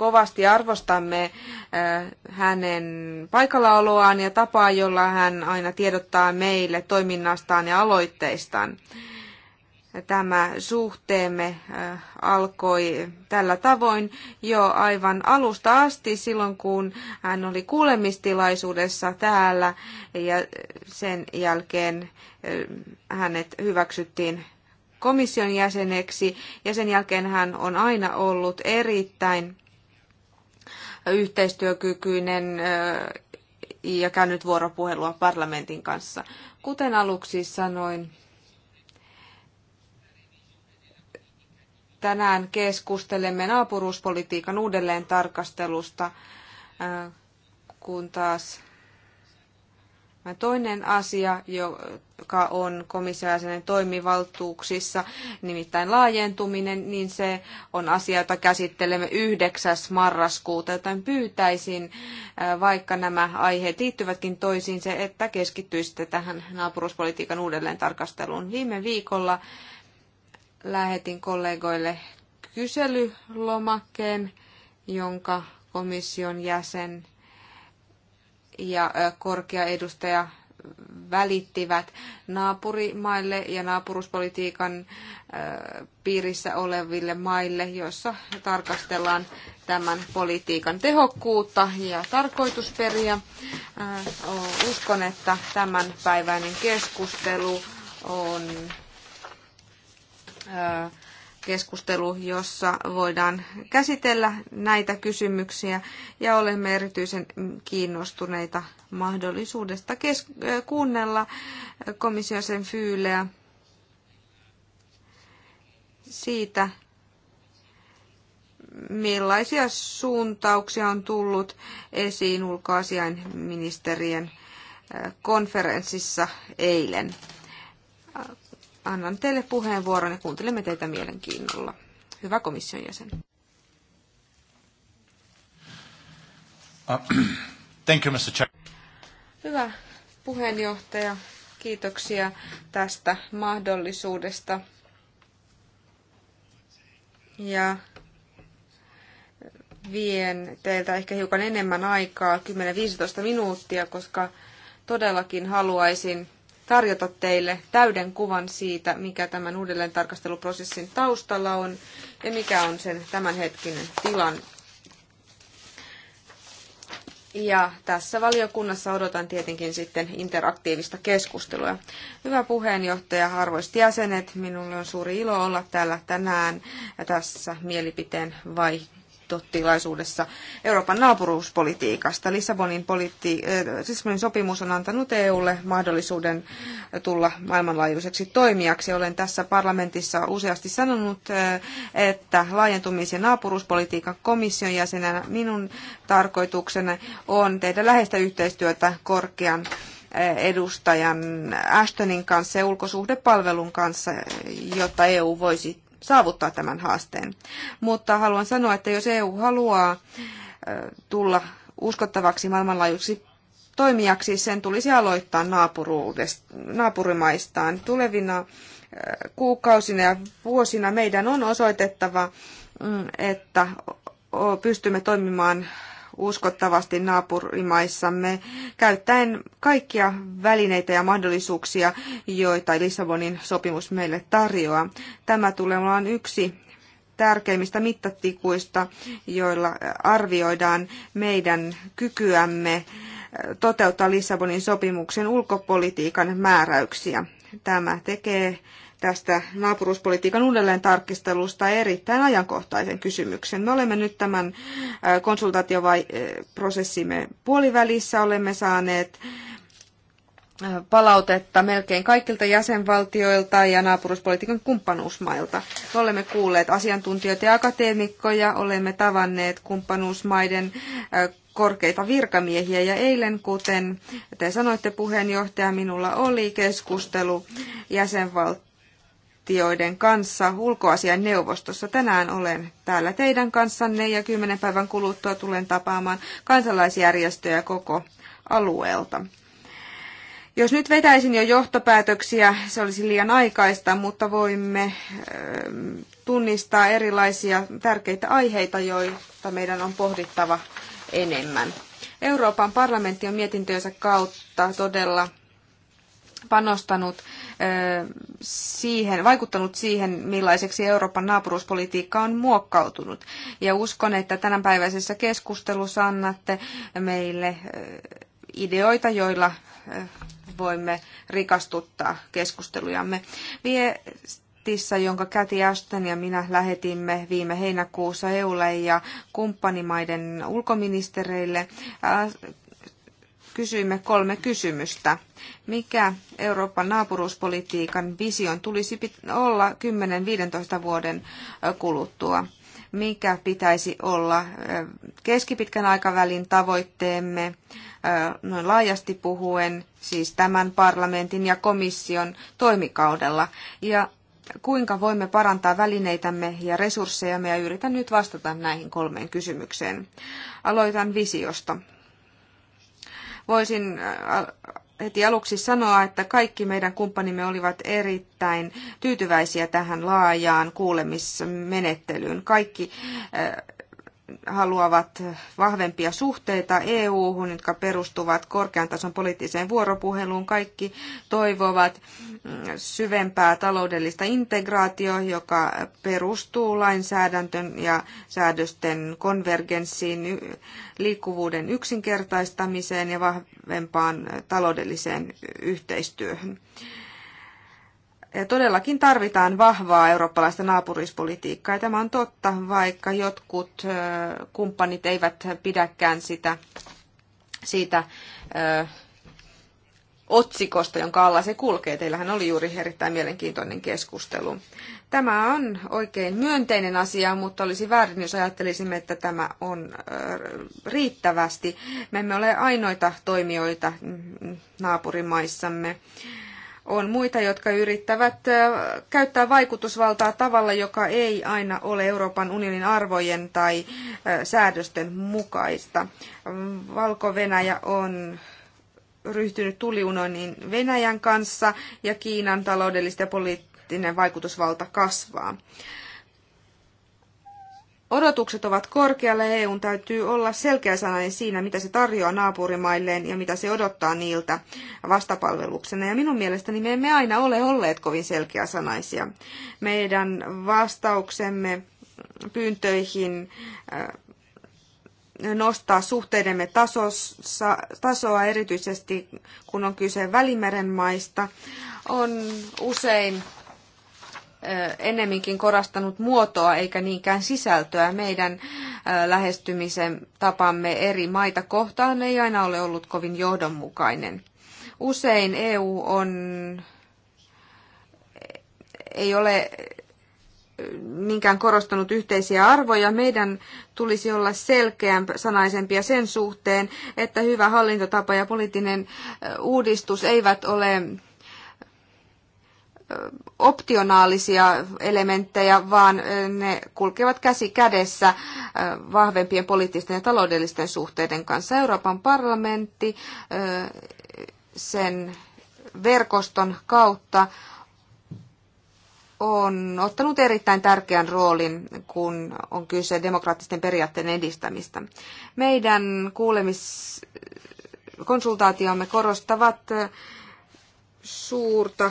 kovasti arvostamme äh, hänen paikallaoloaan ja tapaa, jolla hän aina tiedottaa meille toiminnastaan ja aloitteistaan. Tämä suhteemme äh, alkoi tällä tavoin jo aivan alusta asti silloin, kun hän oli kuulemistilaisuudessa täällä ja sen jälkeen äh, hänet hyväksyttiin komission jäseneksi ja sen jälkeen hän on aina ollut erittäin yhteistyökykyinen ja käynyt vuoropuhelua parlamentin kanssa. Kuten aluksi sanoin, tänään keskustelemme naapuruuspolitiikan uudelleen tarkastelusta, kun taas Toinen asia, joka on komissiojäsenen toimivaltuuksissa, nimittäin laajentuminen, niin se on asia, jota käsittelemme 9. marraskuuta, joten pyytäisin, vaikka nämä aiheet liittyvätkin toisiin, se, että keskittyisitte tähän naapuruspolitiikan uudelleen tarkasteluun. Viime viikolla lähetin kollegoille kyselylomakkeen, jonka komission jäsen ja korkea edustaja välittivät naapurimaille ja naapuruspolitiikan piirissä oleville maille, joissa tarkastellaan tämän politiikan tehokkuutta ja tarkoitusperiä. Uskon, että tämänpäiväinen keskustelu on keskustelu, jossa voidaan käsitellä näitä kysymyksiä ja olemme erityisen kiinnostuneita mahdollisuudesta kuunnella komission sen fyyleä siitä, millaisia suuntauksia on tullut esiin ulkoasiainministerien eh, konferenssissa eilen annan teille puheenvuoron ja kuuntelemme teitä mielenkiinnolla. Hyvä komission jäsen. Uh, thank you, Mr. Chair. Hyvä puheenjohtaja, kiitoksia tästä mahdollisuudesta. Ja vien teiltä ehkä hiukan enemmän aikaa, 10-15 minuuttia, koska todellakin haluaisin tarjota teille täyden kuvan siitä, mikä tämän uudelleentarkasteluprosessin tarkasteluprosessin taustalla on ja mikä on sen tämänhetkinen tilanne. Ja tässä valiokunnassa odotan tietenkin sitten interaktiivista keskustelua. Hyvä puheenjohtaja, arvoisat jäsenet, minulle on suuri ilo olla täällä tänään tässä mielipiteen vaihtoehto tiedonantotilaisuudessa Euroopan naapuruuspolitiikasta. Lissabonin, politi- eh, Lissabonin sopimus on antanut EUlle mahdollisuuden tulla maailmanlaajuiseksi toimijaksi. Olen tässä parlamentissa useasti sanonut, eh, että laajentumis- ja naapuruuspolitiikan komission jäsenenä minun tarkoituksena on tehdä läheistä yhteistyötä korkean eh, edustajan Ashtonin kanssa ja ulkosuhdepalvelun kanssa, jotta EU voisi saavuttaa tämän haasteen. Mutta haluan sanoa, että jos EU haluaa tulla uskottavaksi maailmanlaajuiseksi toimijaksi, sen tulisi aloittaa naapurimaistaan. Tulevina kuukausina ja vuosina meidän on osoitettava, mm, että pystymme toimimaan uskottavasti naapurimaissamme käyttäen kaikkia välineitä ja mahdollisuuksia, joita Lissabonin sopimus meille tarjoaa. Tämä tulee olemaan yksi tärkeimmistä mittatikuista, joilla arvioidaan meidän kykyämme toteuttaa Lissabonin sopimuksen ulkopolitiikan määräyksiä. Tämä tekee tästä naapuruuspolitiikan uudelleen tarkistelusta erittäin ajankohtaisen kysymyksen. Me olemme nyt tämän konsultaatioprosessimme puolivälissä, olemme saaneet palautetta melkein kaikilta jäsenvaltioilta ja naapuruspolitiikan kumppanuusmailta. Me olemme kuulleet asiantuntijoita ja akateemikkoja, olemme tavanneet kumppanuusmaiden korkeita virkamiehiä ja eilen, kuten te sanoitte puheenjohtaja, minulla oli keskustelu jäsenvaltio valtioiden kanssa ulkoasian neuvostossa. Tänään olen täällä teidän kanssanne ja kymmenen päivän kuluttua tulen tapaamaan kansalaisjärjestöjä koko alueelta. Jos nyt vetäisin jo johtopäätöksiä, se olisi liian aikaista, mutta voimme ähm, tunnistaa erilaisia tärkeitä aiheita, joita meidän on pohdittava enemmän. Euroopan parlamentti on mietintöjensä kautta todella panostanut siihen, vaikuttanut siihen, millaiseksi Euroopan naapuruuspolitiikka on muokkautunut. Ja uskon, että tämänpäiväisessä keskustelussa annatte meille ideoita, joilla voimme rikastuttaa keskustelujamme. Viestissä, jonka Käti Ashton ja minä lähetimme viime heinäkuussa EUlle ja kumppanimaiden ulkoministereille, kysyimme kolme kysymystä. Mikä Euroopan naapuruuspolitiikan vision tulisi olla 10-15 vuoden kuluttua? Mikä pitäisi olla keskipitkän aikavälin tavoitteemme noin laajasti puhuen, siis tämän parlamentin ja komission toimikaudella? Ja kuinka voimme parantaa välineitämme ja resurssejamme ja yritän nyt vastata näihin kolmeen kysymykseen. Aloitan visiosta. Voisin äh, heti aluksi sanoa, että kaikki meidän kumppanimme olivat erittäin tyytyväisiä tähän laajaan kuulemismenettelyyn. Kaikki äh, haluavat vahvempia suhteita EU-hun, jotka perustuvat korkean tason poliittiseen vuoropuheluun. Kaikki toivovat mm, syvempää taloudellista integraatio, joka perustuu lainsäädäntön ja säädösten konvergenssiin, liikkuvuuden yksinkertaistamiseen ja vahvempaan taloudelliseen yhteistyöhön todellakin tarvitaan vahvaa eurooppalaista naapurispolitiikkaa. Ja tämä on totta, vaikka jotkut kumppanit eivät pidäkään sitä, siitä otsikosta, jonka alla se kulkee. Teillähän oli juuri erittäin mielenkiintoinen keskustelu. Tämä on oikein myönteinen asia, mutta olisi väärin, jos ajattelisimme, että tämä on riittävästi. Me emme ole ainoita toimijoita mm, naapurimaissamme on muita, jotka yrittävät käyttää vaikutusvaltaa tavalla, joka ei aina ole Euroopan unionin arvojen tai säädösten mukaista. Valko-Venäjä on ryhtynyt tuliunonin Venäjän kanssa ja Kiinan taloudellista ja poliittinen vaikutusvalta kasvaa. Odotukset ovat korkealla ja EUn täytyy olla selkeäsanainen siinä, mitä se tarjoaa naapurimailleen ja mitä se odottaa niiltä vastapalveluksena. Ja minun mielestäni me emme aina ole olleet kovin selkeäsanaisia. Meidän vastauksemme pyyntöihin äh, nostaa suhteidemme tasossa, tasoa, erityisesti kun on kyse Välimeren maista, on usein enemminkin korostanut muotoa eikä niinkään sisältöä. Meidän lähestymisen tapamme eri maita kohtaan ei aina ole ollut kovin johdonmukainen. Usein EU on, ei ole niinkään korostanut yhteisiä arvoja. Meidän tulisi olla sanaisempia sen suhteen, että hyvä hallintotapa ja poliittinen uudistus eivät ole optionaalisia elementtejä, vaan ne kulkevat käsi kädessä vahvempien poliittisten ja taloudellisten suhteiden kanssa. Euroopan parlamentti sen verkoston kautta on ottanut erittäin tärkeän roolin, kun on kyse demokraattisten periaatteiden edistämistä. Meidän kuulemiskonsultaatiomme korostavat suurta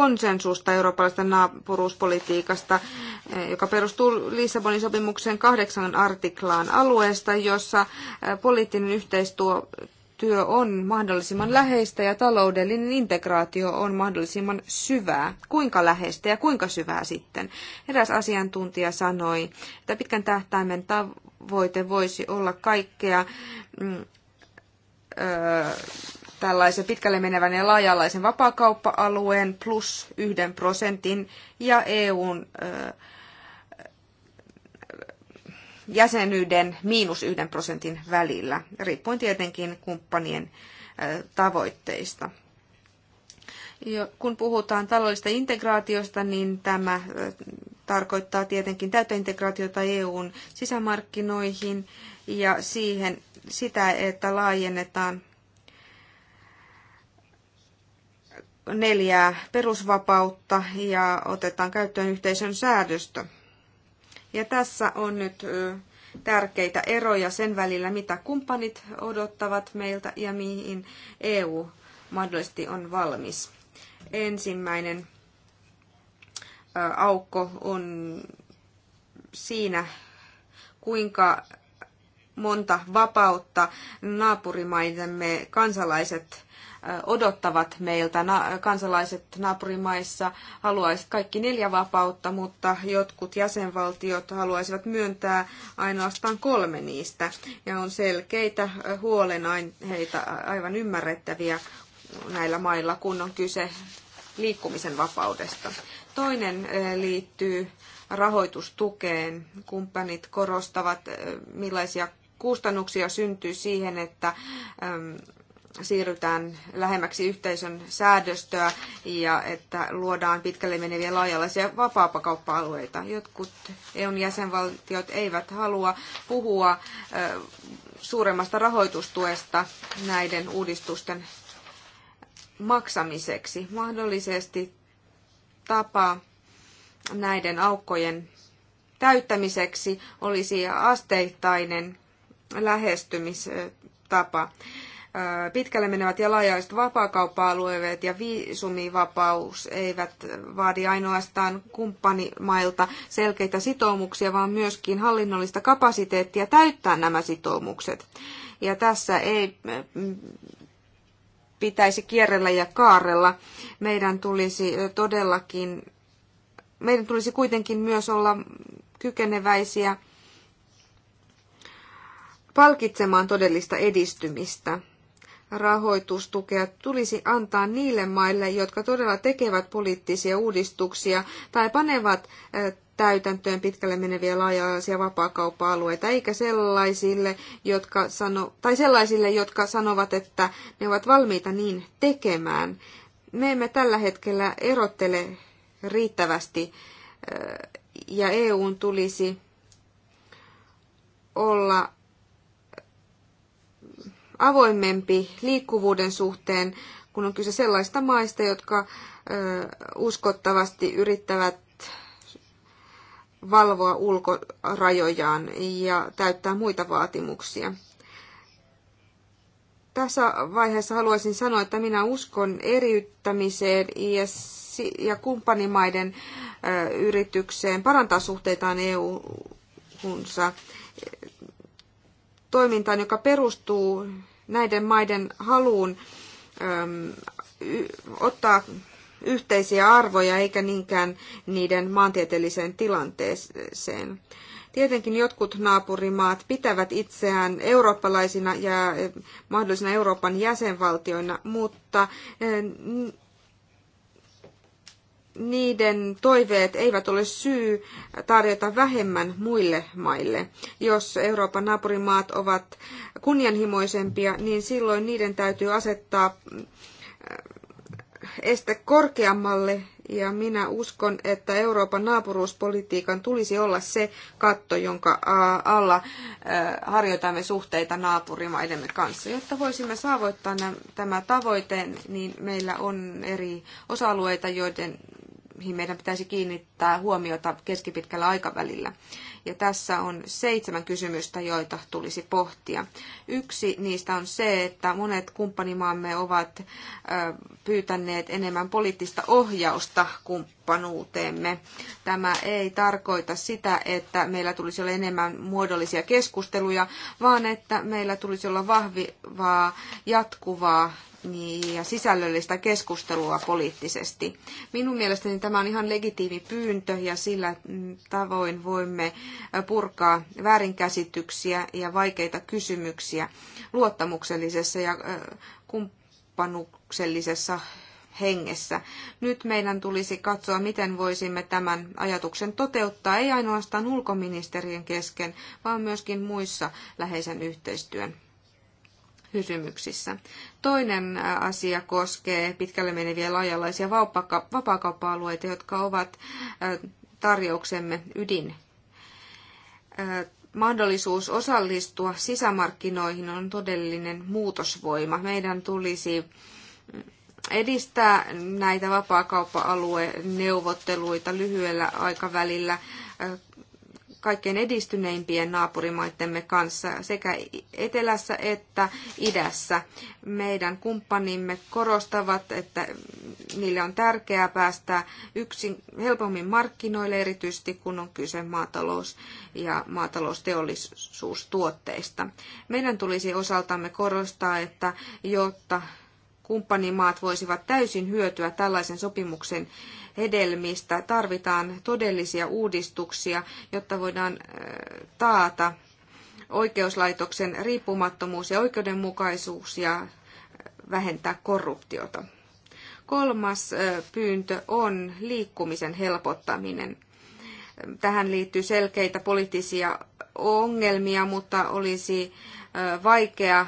konsensusta eurooppalaisesta naapuruuspolitiikasta, eh, joka perustuu Lissabonin sopimuksen kahdeksan artiklaan alueesta, jossa eh, poliittinen yhteistyö on mahdollisimman läheistä ja taloudellinen integraatio on mahdollisimman syvää. Kuinka läheistä ja kuinka syvää sitten? Eräs asiantuntija sanoi, että pitkän tähtäimen tavoite voisi olla kaikkea mm, öö, tällaisen pitkälle menevän ja laajalaisen vapaakauppa-alueen plus yhden prosentin ja EUn jäsenyyden miinus yhden prosentin välillä, riippuen tietenkin kumppanien tavoitteista. Kun puhutaan taloudellisesta integraatiosta, niin tämä tarkoittaa tietenkin täyttä integraatiota EUn sisämarkkinoihin ja siihen sitä, että laajennetaan neljää perusvapautta ja otetaan käyttöön yhteisön säädöstö. Ja tässä on nyt tärkeitä eroja sen välillä, mitä kumppanit odottavat meiltä ja mihin EU mahdollisesti on valmis. Ensimmäinen aukko on siinä, kuinka monta vapautta naapurimaidemme kansalaiset odottavat meiltä. kansalaiset naapurimaissa haluaisivat kaikki neljä vapautta, mutta jotkut jäsenvaltiot haluaisivat myöntää ainoastaan kolme niistä. Ja on selkeitä huolenaiheita, aivan ymmärrettäviä näillä mailla, kun on kyse liikkumisen vapaudesta. Toinen liittyy rahoitustukeen. Kumppanit korostavat, millaisia kustannuksia syntyy siihen, että siirrytään lähemmäksi yhteisön säädöstöä ja että luodaan pitkälle meneviä laajalaisia vapaapakauppa-alueita. Jotkut EUn jäsenvaltiot eivät halua puhua suuremmasta rahoitustuesta näiden uudistusten maksamiseksi. Mahdollisesti tapa näiden aukkojen täyttämiseksi olisi asteittainen lähestymistapa. Äh, pitkälle menevät ja laajaiset vapaakauppa-alueet ja viisumivapaus eivät vaadi ainoastaan kumppanimailta selkeitä sitoumuksia, vaan myöskin hallinnollista kapasiteettia täyttää nämä sitoumukset. Ja tässä ei mm, pitäisi kierrellä ja kaarella. Meidän tulisi todellakin, meidän tulisi kuitenkin myös olla kykeneväisiä palkitsemaan todellista edistymistä rahoitustukea tulisi antaa niille maille, jotka todella tekevät poliittisia uudistuksia tai panevat täytäntöön pitkälle meneviä laaja-alaisia vapaakauppa-alueita, eikä sellaisille, jotka sano, tai sellaisille, jotka sanovat, että ne ovat valmiita niin tekemään. Me emme tällä hetkellä erottele riittävästi ja EUn tulisi olla avoimempi liikkuvuuden suhteen, kun on kyse sellaista maista, jotka uskottavasti yrittävät valvoa ulkorajojaan ja täyttää muita vaatimuksia. Tässä vaiheessa haluaisin sanoa, että minä uskon eriyttämiseen ja kumppanimaiden yritykseen parantaa suhteitaan EU-hunsa toimintaan, joka perustuu näiden maiden haluun ähm, ottaa yhteisiä arvoja eikä niinkään niiden maantieteelliseen tilanteeseen. Tietenkin jotkut naapurimaat pitävät itseään eurooppalaisina ja eh, mahdollisina Euroopan jäsenvaltioina, mutta eh, niiden toiveet eivät ole syy tarjota vähemmän muille maille. Jos Euroopan naapurimaat ovat kunnianhimoisempia, niin silloin niiden täytyy asettaa äh, este korkeammalle ja minä uskon, että Euroopan naapuruuspolitiikan tulisi olla se katto, jonka äh, alla äh, harjoitamme suhteita naapurimaidemme kanssa. Jotta voisimme saavuttaa tämä tavoite, niin meillä on eri osa-alueita, joiden meidän pitäisi kiinnittää huomiota keskipitkällä aikavälillä. Ja tässä on seitsemän kysymystä, joita tulisi pohtia. Yksi niistä on se, että monet kumppanimaamme ovat pyytäneet enemmän poliittista ohjausta kumppanuuteemme. Tämä ei tarkoita sitä, että meillä tulisi olla enemmän muodollisia keskusteluja, vaan että meillä tulisi olla vahvivaa jatkuvaa niin, ja sisällöllistä keskustelua poliittisesti. Minun mielestäni tämä on ihan legitiimi pyyntö ja sillä tavoin voimme purkaa väärinkäsityksiä ja vaikeita kysymyksiä luottamuksellisessa ja kumppanuksellisessa hengessä. Nyt meidän tulisi katsoa, miten voisimme tämän ajatuksen toteuttaa, ei ainoastaan ulkoministerien kesken, vaan myöskin muissa läheisen yhteistyön kysymyksissä. Toinen asia koskee pitkälle meneviä laajalaisia vapaakauppa-alueita, jotka ovat tarjouksemme ydin mahdollisuus osallistua sisämarkkinoihin on todellinen muutosvoima. Meidän tulisi edistää näitä vapaakauppa-alueneuvotteluita lyhyellä aikavälillä kaikkein edistyneimpien naapurimaittemme kanssa sekä etelässä että idässä. Meidän kumppanimme korostavat, että niille on tärkeää päästä yksin helpommin markkinoille, erityisesti kun on kyse maatalous- ja maatalousteollisuustuotteista. Meidän tulisi osaltamme korostaa, että jotta kumppanimaat voisivat täysin hyötyä tällaisen sopimuksen hedelmistä. Tarvitaan todellisia uudistuksia, jotta voidaan taata oikeuslaitoksen riippumattomuus ja oikeudenmukaisuus ja vähentää korruptiota. Kolmas pyyntö on liikkumisen helpottaminen. Tähän liittyy selkeitä poliittisia ongelmia, mutta olisi vaikea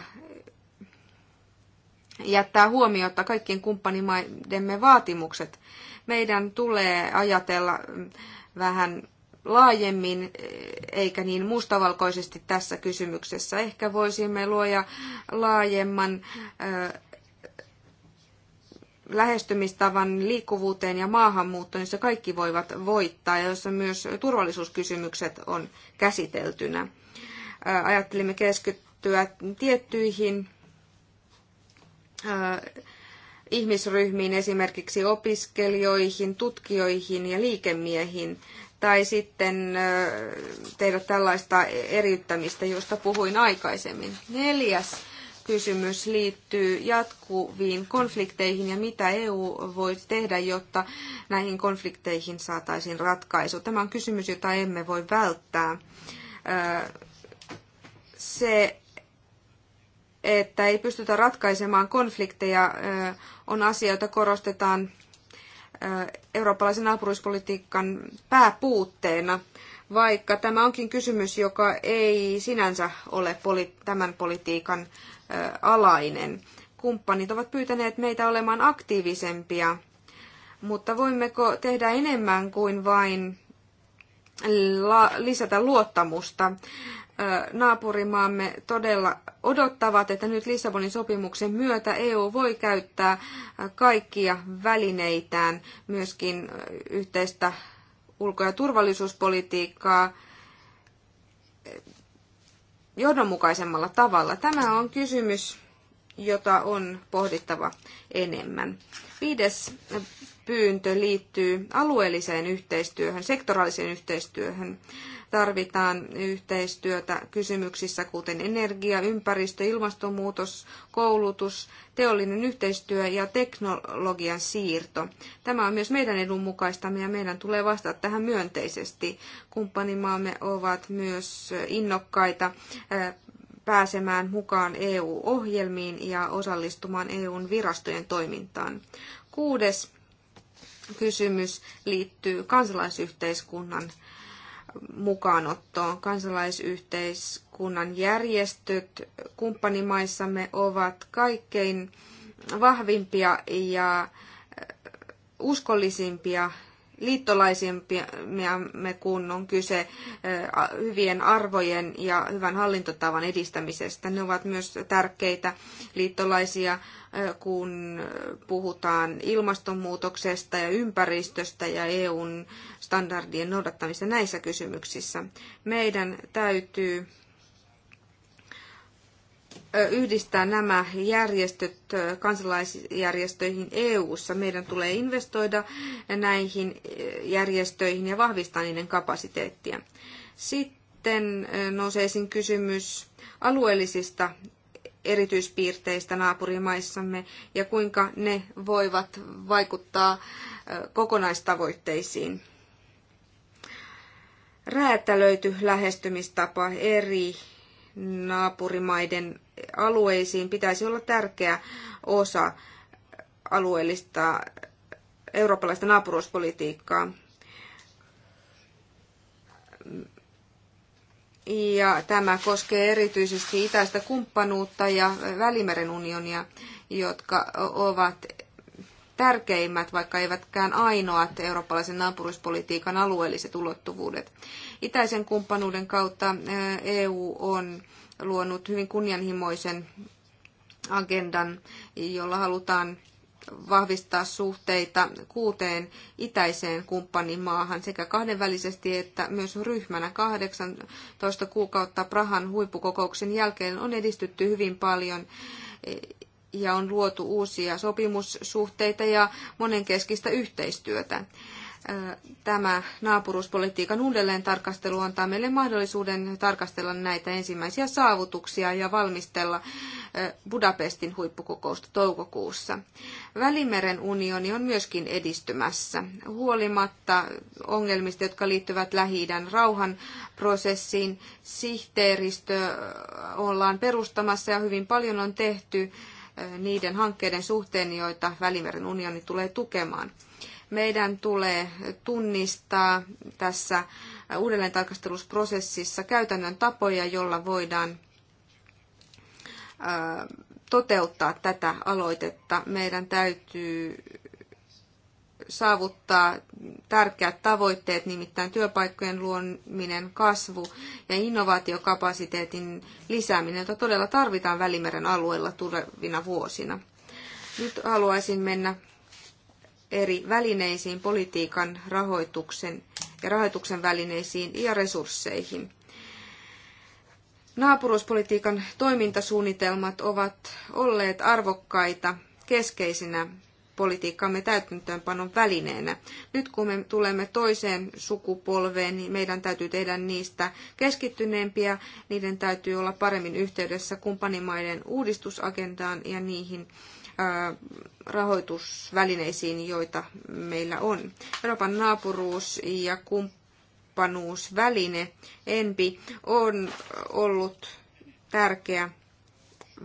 jättää huomiota kaikkien kumppanimaidemme vaatimukset meidän tulee ajatella mm, vähän laajemmin e, eikä niin mustavalkoisesti tässä kysymyksessä. Ehkä voisimme luoda laajemman lähestymistavan liikkuvuuteen ja maahanmuuttoon, jossa kaikki voivat voittaa ja jossa myös turvallisuuskysymykset on käsiteltynä. Ajattelimme keskittyä tiettyihin ihmisryhmiin, esimerkiksi opiskelijoihin, tutkijoihin ja liikemiehiin, tai sitten tehdä tällaista eriyttämistä, josta puhuin aikaisemmin. Neljäs kysymys liittyy jatkuviin konflikteihin ja mitä EU voi tehdä, jotta näihin konflikteihin saataisiin ratkaisu. Tämä on kysymys, jota emme voi välttää. Se että ei pystytä ratkaisemaan konflikteja, on asia, jota korostetaan eurooppalaisen naapuruuspolitiikan pääpuutteena, vaikka tämä onkin kysymys, joka ei sinänsä ole tämän politiikan alainen. Kumppanit ovat pyytäneet meitä olemaan aktiivisempia, mutta voimmeko tehdä enemmän kuin vain lisätä luottamusta? naapurimaamme todella odottavat, että nyt Lissabonin sopimuksen myötä EU voi käyttää kaikkia välineitään, myöskin yhteistä ulko- ja turvallisuuspolitiikkaa johdonmukaisemmalla tavalla. Tämä on kysymys, jota on pohdittava enemmän. Viides pyyntö liittyy alueelliseen yhteistyöhön, sektoraaliseen yhteistyöhön. Tarvitaan yhteistyötä kysymyksissä kuten energia, ympäristö, ilmastonmuutos, koulutus, teollinen yhteistyö ja teknologian siirto. Tämä on myös meidän edun mukaistamme ja meidän tulee vastata tähän myönteisesti. Kumppanimaamme ovat myös innokkaita pääsemään mukaan EU-ohjelmiin ja osallistumaan EUn virastojen toimintaan. Kuudes kysymys liittyy kansalaisyhteiskunnan mukaanottoon. Kansalaisyhteiskunnan järjestöt kumppanimaissamme ovat kaikkein vahvimpia ja uskollisimpia liittolaisimpiamme, kun on kyse hyvien arvojen ja hyvän hallintotavan edistämisestä. Ne ovat myös tärkeitä liittolaisia, kun puhutaan ilmastonmuutoksesta ja ympäristöstä ja EUn standardien noudattamista näissä kysymyksissä. Meidän täytyy yhdistää nämä järjestöt kansalaisjärjestöihin EU-ssa. Meidän tulee investoida näihin järjestöihin ja vahvistaa niiden kapasiteettia. Sitten nouseesin kysymys alueellisista erityispiirteistä naapurimaissamme ja kuinka ne voivat vaikuttaa kokonaistavoitteisiin. Räätälöity lähestymistapa eri naapurimaiden alueisiin pitäisi olla tärkeä osa alueellista eurooppalaista naapuruuspolitiikkaa. Ja tämä koskee erityisesti itäistä kumppanuutta ja Välimeren unionia, jotka ovat tärkeimmät, vaikka eivätkään ainoat eurooppalaisen naapuruuspolitiikan alueelliset ulottuvuudet. Itäisen kumppanuuden kautta EU on luonut hyvin kunnianhimoisen agendan, jolla halutaan vahvistaa suhteita kuuteen itäiseen kumppanimaahan sekä kahdenvälisesti että myös ryhmänä. 18 kuukautta Prahan huippukokouksen jälkeen on edistytty hyvin paljon ja on luotu uusia sopimussuhteita ja monenkeskistä yhteistyötä tämä naapuruuspolitiikan uudelleen tarkastelu antaa meille mahdollisuuden tarkastella näitä ensimmäisiä saavutuksia ja valmistella Budapestin huippukokousta toukokuussa. Välimeren unioni on myöskin edistymässä. Huolimatta ongelmista, jotka liittyvät Lähi-idän rauhan prosessiin, sihteeristö ollaan perustamassa ja hyvin paljon on tehty niiden hankkeiden suhteen, joita Välimeren unioni tulee tukemaan. Meidän tulee tunnistaa tässä uudelleentarkastelusprosessissa tarkastelusprosessissa käytännön tapoja, joilla voidaan äh, toteuttaa tätä aloitetta. Meidän täytyy saavuttaa tärkeät tavoitteet, nimittäin työpaikkojen luominen, kasvu ja innovaatiokapasiteetin lisääminen, jota todella tarvitaan Välimeren alueella tulevina vuosina. Nyt haluaisin mennä eri välineisiin, politiikan, rahoituksen ja rahoituksen välineisiin ja resursseihin. Naapuruuspolitiikan toimintasuunnitelmat ovat olleet arvokkaita keskeisinä politiikkamme täytäntöönpanon välineenä. Nyt kun me tulemme toiseen sukupolveen, niin meidän täytyy tehdä niistä keskittyneempiä. Niiden täytyy olla paremmin yhteydessä kumppanimaiden uudistusagendaan ja niihin Äh, rahoitusvälineisiin, joita meillä on. Euroopan naapuruus ja kumppanuusväline, ENPI, on ollut tärkeä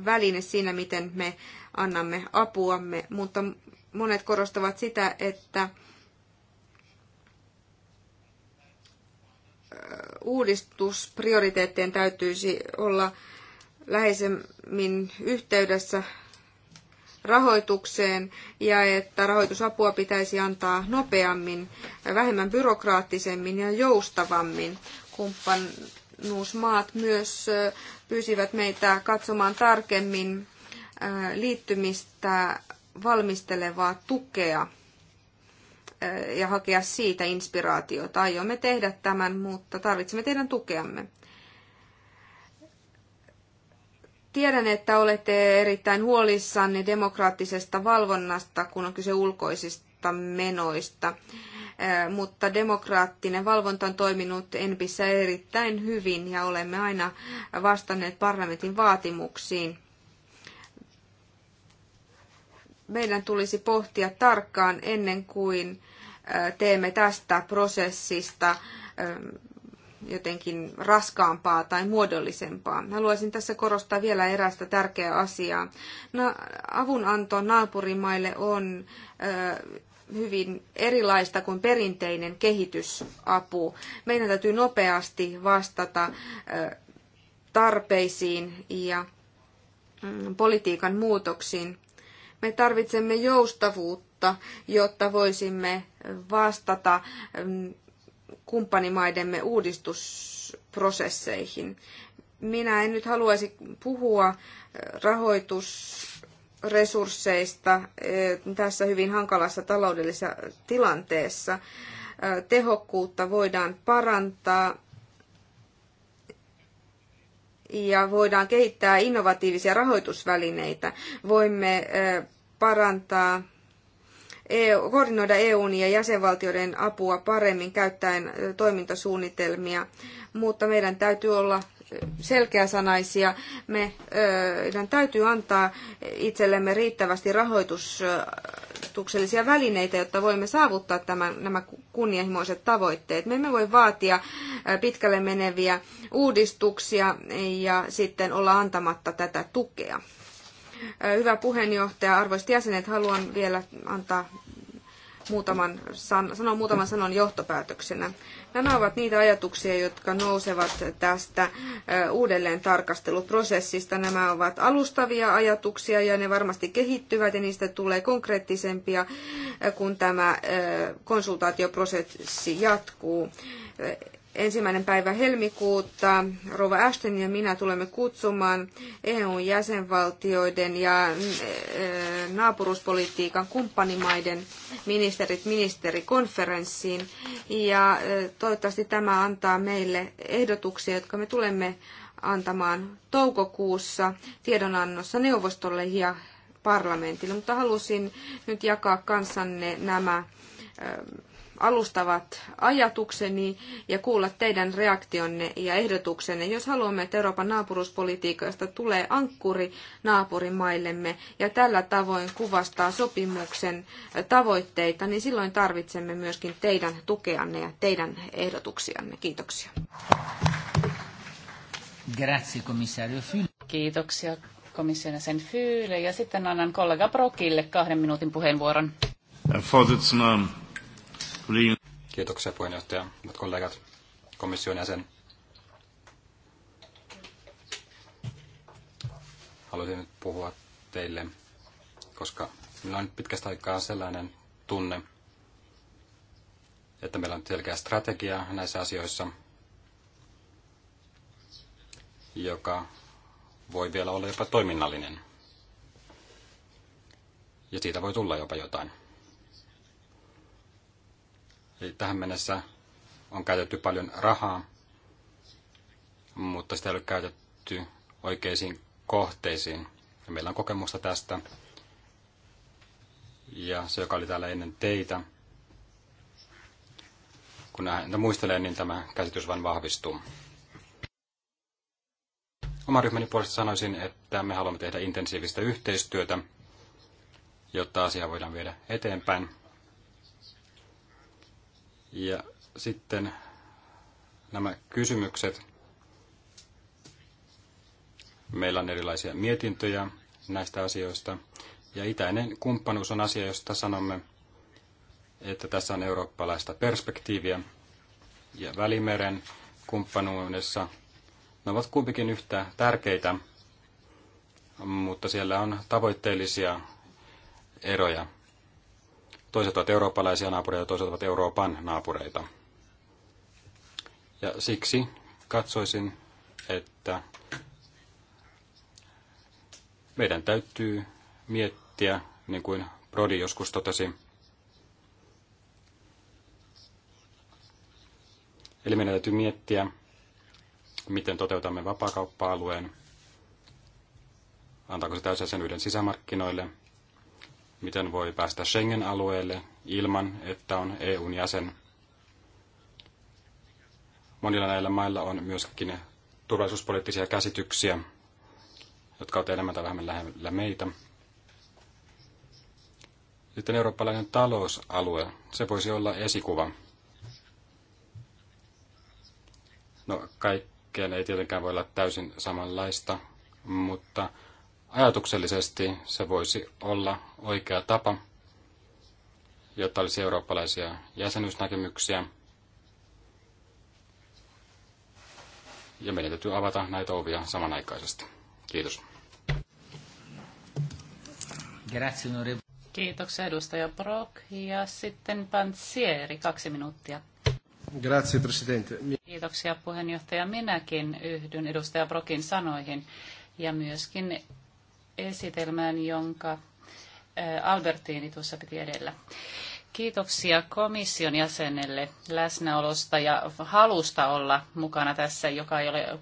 väline siinä, miten me annamme apuamme, mutta monet korostavat sitä, että äh, uudistusprioriteettien täytyisi olla läheisemmin yhteydessä rahoitukseen ja että rahoitusapua pitäisi antaa nopeammin, vähemmän byrokraattisemmin ja joustavammin. Kumppanuusmaat myös pyysivät meitä katsomaan tarkemmin liittymistä valmistelevaa tukea ja hakea siitä inspiraatiota. Aiomme tehdä tämän, mutta tarvitsemme teidän tukeamme. Tiedän, että olette erittäin huolissanne demokraattisesta valvonnasta, kun on kyse ulkoisista menoista, mutta demokraattinen valvonta on toiminut Enpissä erittäin hyvin ja olemme aina vastanneet parlamentin vaatimuksiin. Meidän tulisi pohtia tarkkaan ennen kuin teemme tästä prosessista jotenkin raskaampaa tai muodollisempaa. Haluaisin tässä korostaa vielä erästä tärkeää asiaa. No, avunanto naapurimaille on ö, hyvin erilaista kuin perinteinen kehitysapu. Meidän täytyy nopeasti vastata ö, tarpeisiin ja mm, politiikan muutoksiin. Me tarvitsemme joustavuutta, jotta voisimme vastata mm, kumppanimaidemme uudistusprosesseihin. Minä en nyt haluaisi puhua äh, rahoitusresursseista äh, tässä hyvin hankalassa taloudellisessa tilanteessa. Äh, tehokkuutta voidaan parantaa ja voidaan kehittää innovatiivisia rahoitusvälineitä. Voimme parantaa EU, koordinoida EUn ja jäsenvaltioiden apua paremmin käyttäen toimintasuunnitelmia, mutta meidän täytyy olla selkeäsanaisia. Meidän täytyy antaa itsellemme riittävästi rahoituksellisia välineitä, jotta voimme saavuttaa tämän, nämä kunnianhimoiset tavoitteet. Me emme voi vaatia pitkälle meneviä uudistuksia ja sitten olla antamatta tätä tukea. Hyvä puheenjohtaja, arvoisat jäsenet, haluan vielä antaa muutaman san, sanoa muutaman sanon johtopäätöksenä. Nämä ovat niitä ajatuksia, jotka nousevat tästä uudelleen tarkasteluprosessista. Nämä ovat alustavia ajatuksia ja ne varmasti kehittyvät ja niistä tulee konkreettisempia, kun tämä konsultaatioprosessi jatkuu ensimmäinen päivä helmikuuta Rova Ashton ja minä tulemme kutsumaan eu jäsenvaltioiden ja mm, eh, naapuruspolitiikan kumppanimaiden ministerit ministerikonferenssiin. Ja eh, toivottavasti tämä antaa meille ehdotuksia, jotka me tulemme antamaan toukokuussa tiedonannossa neuvostolle ja parlamentille. Mutta halusin nyt jakaa kanssanne nämä eh, alustavat ajatukseni ja kuulla teidän reaktionne ja ehdotuksenne, jos haluamme, että Euroopan naapuruuspolitiikasta tulee ankkuri naapurimaillemme ja tällä tavoin kuvastaa sopimuksen tavoitteita, niin silloin tarvitsemme myöskin teidän tukeanne ja teidän ehdotuksianne. Kiitoksia. Grazie, komissario Kiitoksia komission sen Fyyle ja sitten annan kollega Brokille kahden minuutin puheenvuoron. Herr Kiitoksia puheenjohtaja, hyvät kollegat, komission jäsen. Haluaisin nyt puhua teille, koska meillä on nyt pitkästä aikaa sellainen tunne, että meillä on selkeä strategia näissä asioissa, joka voi vielä olla jopa toiminnallinen. Ja siitä voi tulla jopa jotain. Eli tähän mennessä on käytetty paljon rahaa, mutta sitä ei ole käytetty oikeisiin kohteisiin. Ja meillä on kokemusta tästä. Ja se, joka oli täällä ennen teitä, kun häntä muistelee, niin tämä käsitys vain vahvistuu. Oma ryhmäni puolesta sanoisin, että me haluamme tehdä intensiivistä yhteistyötä, jotta asiaa voidaan viedä eteenpäin. Ja sitten nämä kysymykset. Meillä on erilaisia mietintöjä näistä asioista. Ja itäinen kumppanuus on asia, josta sanomme, että tässä on eurooppalaista perspektiiviä. Ja Välimeren kumppanuudessa ne ovat kumpikin yhtä tärkeitä, mutta siellä on tavoitteellisia eroja. Toiset ovat eurooppalaisia naapureita, toiset ovat Euroopan naapureita. Ja siksi katsoisin, että meidän täytyy miettiä, niin kuin Brody joskus totesi, Eli meidän täytyy miettiä, miten toteutamme vapaakauppa-alueen, antaako se täysin sen yhden sisämarkkinoille – miten voi päästä Schengen-alueelle ilman, että on EUn jäsen. Monilla näillä mailla on myöskin turvallisuuspoliittisia käsityksiä, jotka ovat enemmän tai vähemmän lähellä meitä. Sitten eurooppalainen talousalue, se voisi olla esikuva. No, kaikkeen ei tietenkään voi olla täysin samanlaista, mutta Ajatuksellisesti se voisi olla oikea tapa, jotta olisi eurooppalaisia jäsenyysnäkemyksiä. Ja meidän täytyy avata näitä ovia samanaikaisesti. Kiitos. Kiitoksia edustaja Brock ja sitten Pansieri, kaksi minuuttia. Grazie, presidente. Kiitoksia puheenjohtaja. Minäkin yhdyn edustaja Brokin sanoihin ja myöskin esitelmään, jonka äh, Albertini tuossa piti edellä. Kiitoksia komission jäsenelle läsnäolosta ja halusta olla mukana tässä, joka ei ole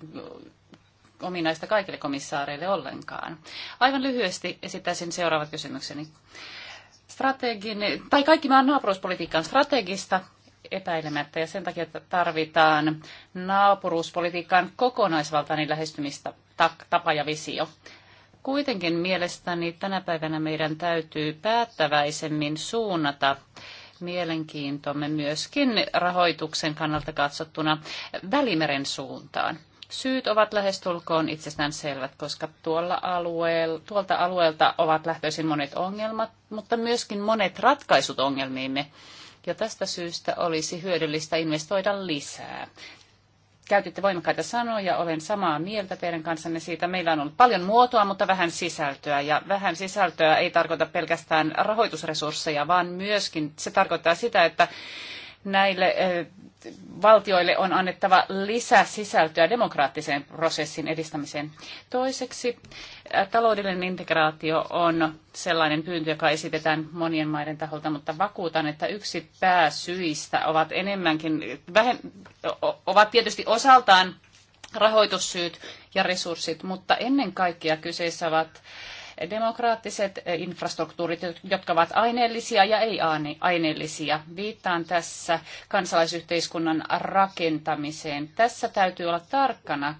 ominaista kaikille komissaareille ollenkaan. Aivan lyhyesti esittäisin seuraavat kysymykseni. Strategin, tai kaikki maan naapuruuspolitiikka on strategista epäilemättä ja sen takia tarvitaan naapuruuspolitiikkaan kokonaisvaltainen lähestymistapa ja visio. Kuitenkin mielestäni tänä päivänä meidän täytyy päättäväisemmin suunnata mielenkiintomme myöskin rahoituksen kannalta katsottuna Välimeren suuntaan. Syyt ovat lähestulkoon itsestään selvät, koska tuolla alueel, tuolta alueelta ovat lähtöisin monet ongelmat, mutta myöskin monet ratkaisut ongelmiimme. Ja tästä syystä olisi hyödyllistä investoida lisää Käytitte voimakkaita sanoja, olen samaa mieltä teidän kanssanne siitä. Meillä on ollut paljon muotoa, mutta vähän sisältöä. Ja vähän sisältöä ei tarkoita pelkästään rahoitusresursseja, vaan myöskin se tarkoittaa sitä, että näille eh, valtioille on annettava lisää sisältöä demokraattisen prosessin edistämiseen. Toiseksi äh, taloudellinen integraatio on sellainen pyyntö, joka esitetään monien maiden taholta, mutta vakuutan, että yksi pääsyistä ovat enemmänkin, vähen, ovat tietysti osaltaan rahoitussyyt ja resurssit, mutta ennen kaikkea kyseessä ovat demokraattiset infrastruktuurit, jotka ovat aineellisia ja ei-aineellisia. Viittaan tässä kansalaisyhteiskunnan rakentamiseen. Tässä täytyy olla tarkkana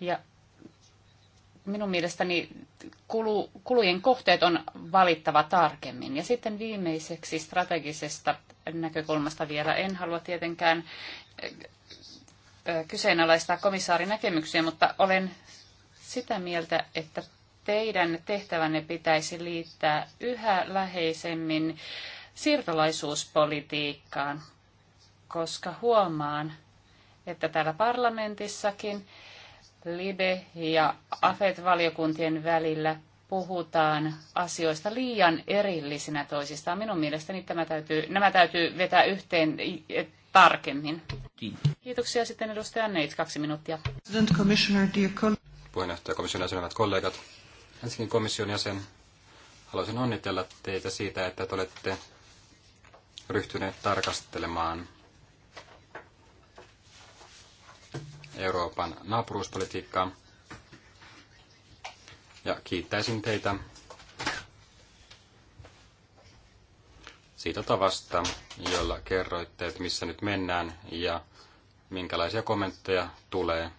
ja minun mielestäni kulu, kulujen kohteet on valittava tarkemmin. Ja sitten viimeiseksi strategisesta näkökulmasta vielä. En halua tietenkään äh, äh, kyseenalaistaa komissaarin näkemyksiä, mutta olen sitä mieltä, että teidän tehtävänne pitäisi liittää yhä läheisemmin siirtolaisuuspolitiikkaan, koska huomaan, että täällä parlamentissakin LIBE- ja AFET-valiokuntien välillä puhutaan asioista liian erillisinä toisistaan. Minun mielestäni tämä täytyy, nämä täytyy vetää yhteen eh, tarkemmin. Kiitoksia sitten edustaja Neits, kaksi minuuttia. Puheenjohtaja komission jäsenet, kollegat. Ensinnäkin komission jäsen, haluaisin onnitella teitä siitä, että te olette ryhtyneet tarkastelemaan Euroopan naapuruuspolitiikkaa. Ja kiittäisin teitä siitä tavasta, jolla kerroitte, että missä nyt mennään ja minkälaisia kommentteja tulee,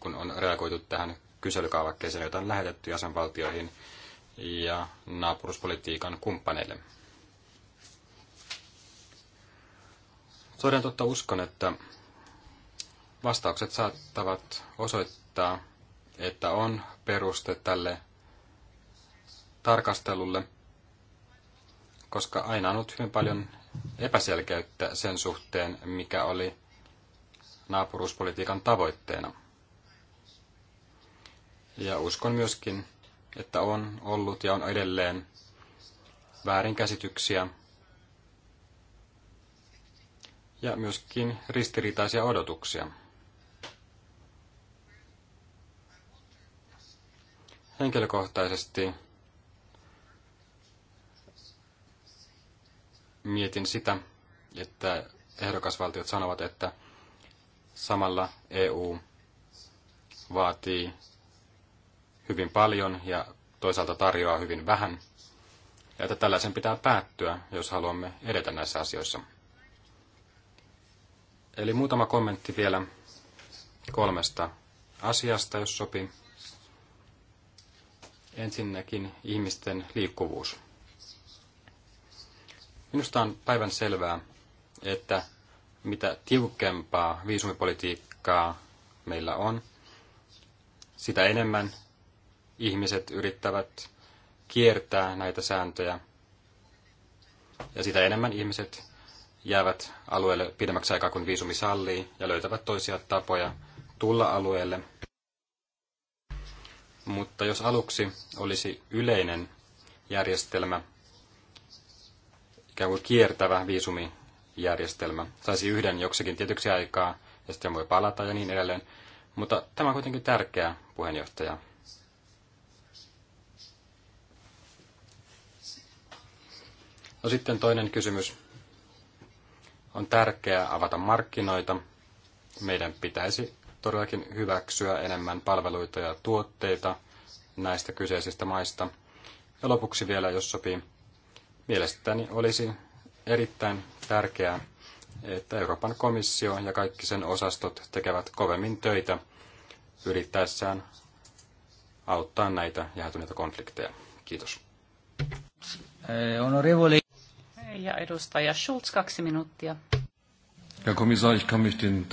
kun on reagoitu tähän kyselykaavakkeeseen, joita on lähetetty jäsenvaltioihin ja naapuruspolitiikan kumppaneille. Toden totta uskon, että vastaukset saattavat osoittaa, että on peruste tälle tarkastelulle, koska aina on ollut hyvin paljon epäselkeyttä sen suhteen, mikä oli naapuruuspolitiikan tavoitteena. Ja uskon myöskin, että on ollut ja on edelleen väärinkäsityksiä ja myöskin ristiriitaisia odotuksia. Henkilökohtaisesti mietin sitä, että ehdokasvaltiot sanovat, että samalla EU vaatii hyvin paljon ja toisaalta tarjoaa hyvin vähän. Ja että tällaisen pitää päättyä, jos haluamme edetä näissä asioissa. Eli muutama kommentti vielä kolmesta asiasta, jos sopii. Ensinnäkin ihmisten liikkuvuus. Minusta on päivän selvää, että mitä tiukempaa viisumipolitiikkaa meillä on, sitä enemmän ihmiset yrittävät kiertää näitä sääntöjä. Ja sitä enemmän ihmiset jäävät alueelle pidemmäksi aikaa kuin viisumi sallii ja löytävät toisia tapoja tulla alueelle. Mutta jos aluksi olisi yleinen järjestelmä, ikään kuin kiertävä viisumijärjestelmä, saisi yhden joksikin tietyksi aikaa ja sitten voi palata ja niin edelleen. Mutta tämä on kuitenkin tärkeä puheenjohtaja No sitten toinen kysymys. On tärkeää avata markkinoita. Meidän pitäisi todellakin hyväksyä enemmän palveluita ja tuotteita näistä kyseisistä maista. Ja lopuksi vielä, jos sopii, mielestäni olisi erittäin tärkeää, että Euroopan komissio ja kaikki sen osastot tekevät kovemmin töitä yrittäessään auttaa näitä jäätyneitä konflikteja. Kiitos. Eh, ja edustaja Schulz, kaksi minuuttia. Ja komissaari, ich kann mich den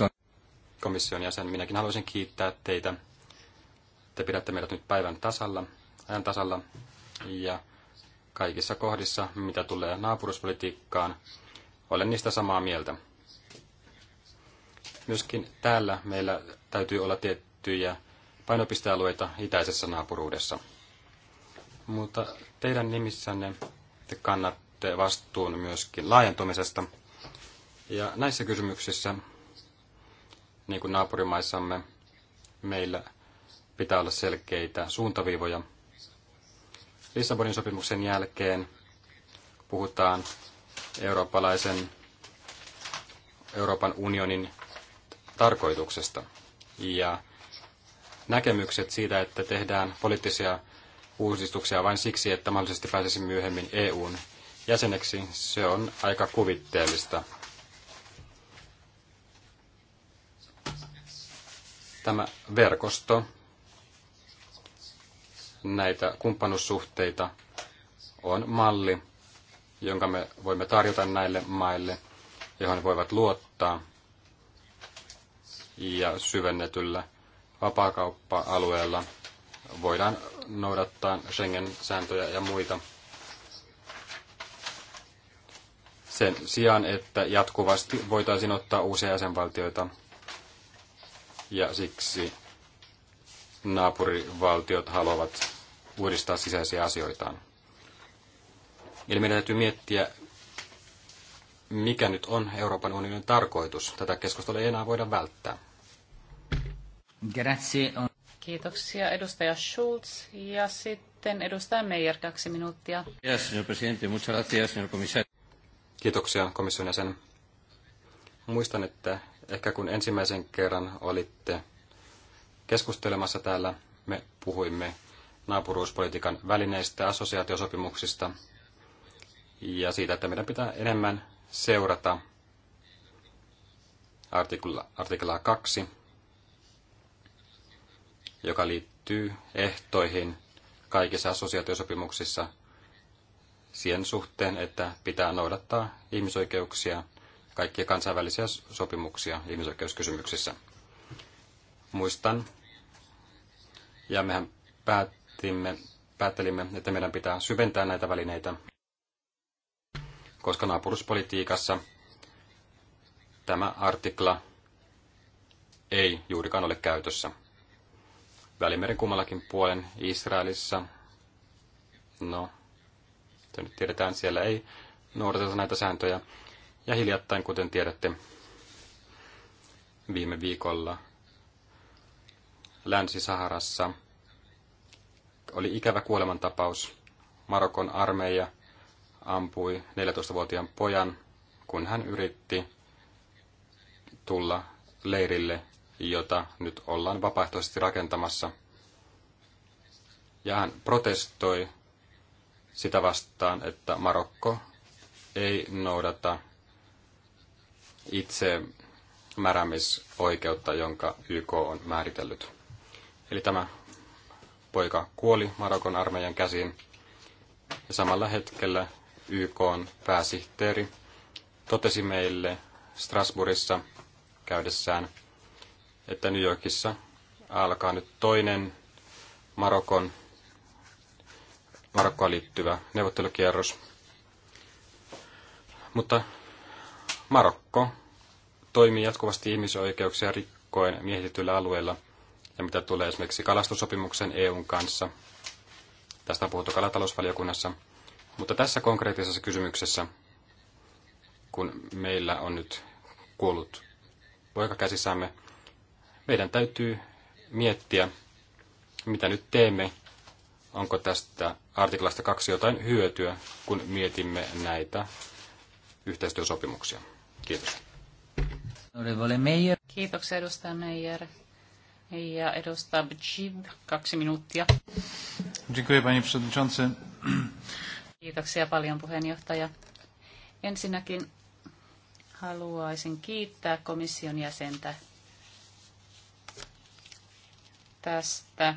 komission jäsen, minäkin haluaisin kiittää teitä. Te pidätte meidät nyt päivän tasalla, ajan tasalla ja kaikissa kohdissa, mitä tulee naapuruspolitiikkaan, olen niistä samaa mieltä. Myöskin täällä meillä täytyy olla tiettyjä painopistealueita itäisessä naapuruudessa. Mutta teidän nimissänne te kannat, otatte vastuun myöskin laajentumisesta. Ja näissä kysymyksissä, niin kuin naapurimaissamme, meillä pitää olla selkeitä suuntaviivoja. Lissabonin sopimuksen jälkeen puhutaan eurooppalaisen Euroopan unionin tarkoituksesta. Ja näkemykset siitä, että tehdään poliittisia uudistuksia vain siksi, että mahdollisesti pääsisi myöhemmin EUn jäseneksi, se on aika kuvitteellista. Tämä verkosto, näitä kumppanussuhteita, on malli, jonka me voimme tarjota näille maille, johon voivat luottaa. Ja syvennetyllä vapaakauppa-alueella voidaan noudattaa Schengen-sääntöjä ja muita sen sijaan, että jatkuvasti voitaisiin ottaa uusia jäsenvaltioita ja siksi naapurivaltiot haluavat uudistaa sisäisiä asioitaan. Eli meidän täytyy miettiä, mikä nyt on Euroopan unionin tarkoitus. Tätä keskustelua ei enää voida välttää. Grazie. Kiitoksia edustaja Schulz ja sitten edustaja Meijer kaksi minuuttia. Yes, señor presidente. Muchas gracias, señor comisario. Kiitoksia komission jäsen. Muistan, että ehkä kun ensimmäisen kerran olitte keskustelemassa täällä, me puhuimme naapuruuspolitiikan välineistä, assosiaatiosopimuksista ja siitä, että meidän pitää enemmän seurata artikla, artiklaa 2, joka liittyy ehtoihin kaikissa assosiaatiosopimuksissa sen suhteen, että pitää noudattaa ihmisoikeuksia, kaikkia kansainvälisiä sopimuksia ihmisoikeuskysymyksissä. Muistan, ja mehän päätimme, päättelimme, että meidän pitää syventää näitä välineitä, koska naapuruspolitiikassa tämä artikla ei juurikaan ole käytössä. Välimeren kummallakin puolen Israelissa, no kuten nyt tiedetään, siellä ei noudateta näitä sääntöjä. Ja hiljattain, kuten tiedätte, viime viikolla Länsi-Saharassa oli ikävä kuolemantapaus. Marokon armeija ampui 14-vuotiaan pojan, kun hän yritti tulla leirille, jota nyt ollaan vapaaehtoisesti rakentamassa. Ja hän protestoi sitä vastaan, että Marokko ei noudata itse määräämisoikeutta, jonka YK on määritellyt. Eli tämä poika kuoli Marokon armeijan käsiin ja samalla hetkellä YK on pääsihteeri totesi meille Strasbourgissa käydessään, että New Yorkissa alkaa nyt toinen Marokon Marokkoa liittyvä neuvottelukierros. Mutta Marokko toimii jatkuvasti ihmisoikeuksia rikkoen miehitetyillä alueilla, ja mitä tulee esimerkiksi kalastussopimuksen EUn kanssa. Tästä on puhuttu kalatalousvaliokunnassa. Mutta tässä konkreettisessa kysymyksessä, kun meillä on nyt kuollut poika käsissämme, meidän täytyy miettiä, mitä nyt teemme, onko tästä artiklasta kaksi jotain hyötyä, kun mietimme näitä yhteistyösopimuksia. Kiitos. Kiitoksia edustaja Meijer. Ja edustaja Bjib, kaksi minuuttia. Kiitoksia paljon puheenjohtaja. Ensinnäkin haluaisin kiittää komission jäsentä tästä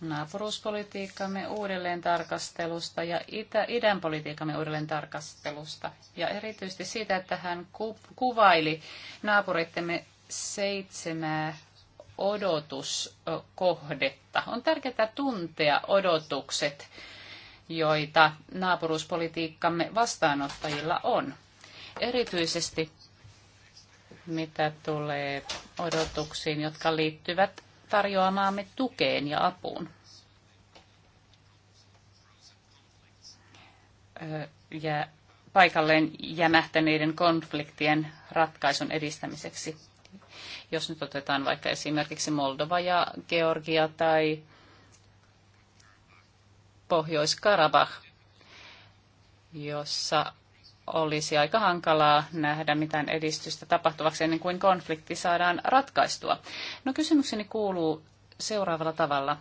naapuruuspolitiikkamme uudelleen tarkastelusta ja itä, idän politiikkamme uudelleen tarkastelusta. Ja erityisesti siitä, että hän ku, kuvaili naapureittemme seitsemää odotuskohdetta. On tärkeää tuntea odotukset, joita naapuruuspolitiikkamme vastaanottajilla on. Erityisesti mitä tulee odotuksiin, jotka liittyvät tarjoamaamme tukeen ja apuun. Ja paikalleen jämähtäneiden konfliktien ratkaisun edistämiseksi. Jos nyt otetaan vaikka esimerkiksi Moldova ja Georgia tai Pohjois-Karabakh, jossa olisi aika hankalaa nähdä mitään edistystä tapahtuvaksi ennen kuin konflikti saadaan ratkaistua. No kysymykseni kuuluu seuraavalla tavalla.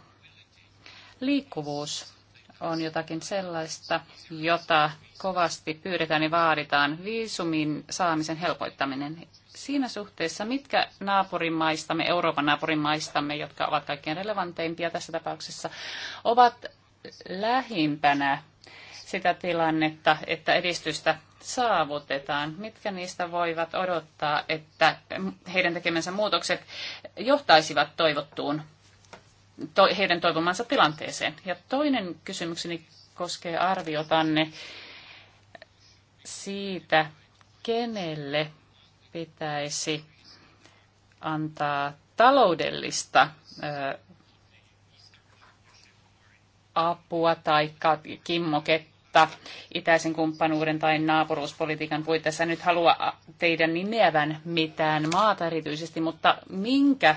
Liikkuvuus on jotakin sellaista, jota kovasti pyydetään ja vaaditaan viisumin saamisen helpoittaminen. Siinä suhteessa, mitkä naapurimaistamme, Euroopan naapurimaistamme, jotka ovat kaikkein relevanteimpia tässä tapauksessa, ovat lähimpänä sitä tilannetta, että edistystä saavutetaan? Mitkä niistä voivat odottaa, että heidän tekemänsä muutokset johtaisivat toivottuun, to, heidän toivomansa tilanteeseen? Ja toinen kysymykseni koskee arviotanne siitä, kenelle pitäisi antaa taloudellista apua tai kimmoketta mutta itäisen kumppanuuden tai naapuruuspolitiikan puitteissa. Nyt halua teidän nimeävän mitään maata erityisesti, mutta minkä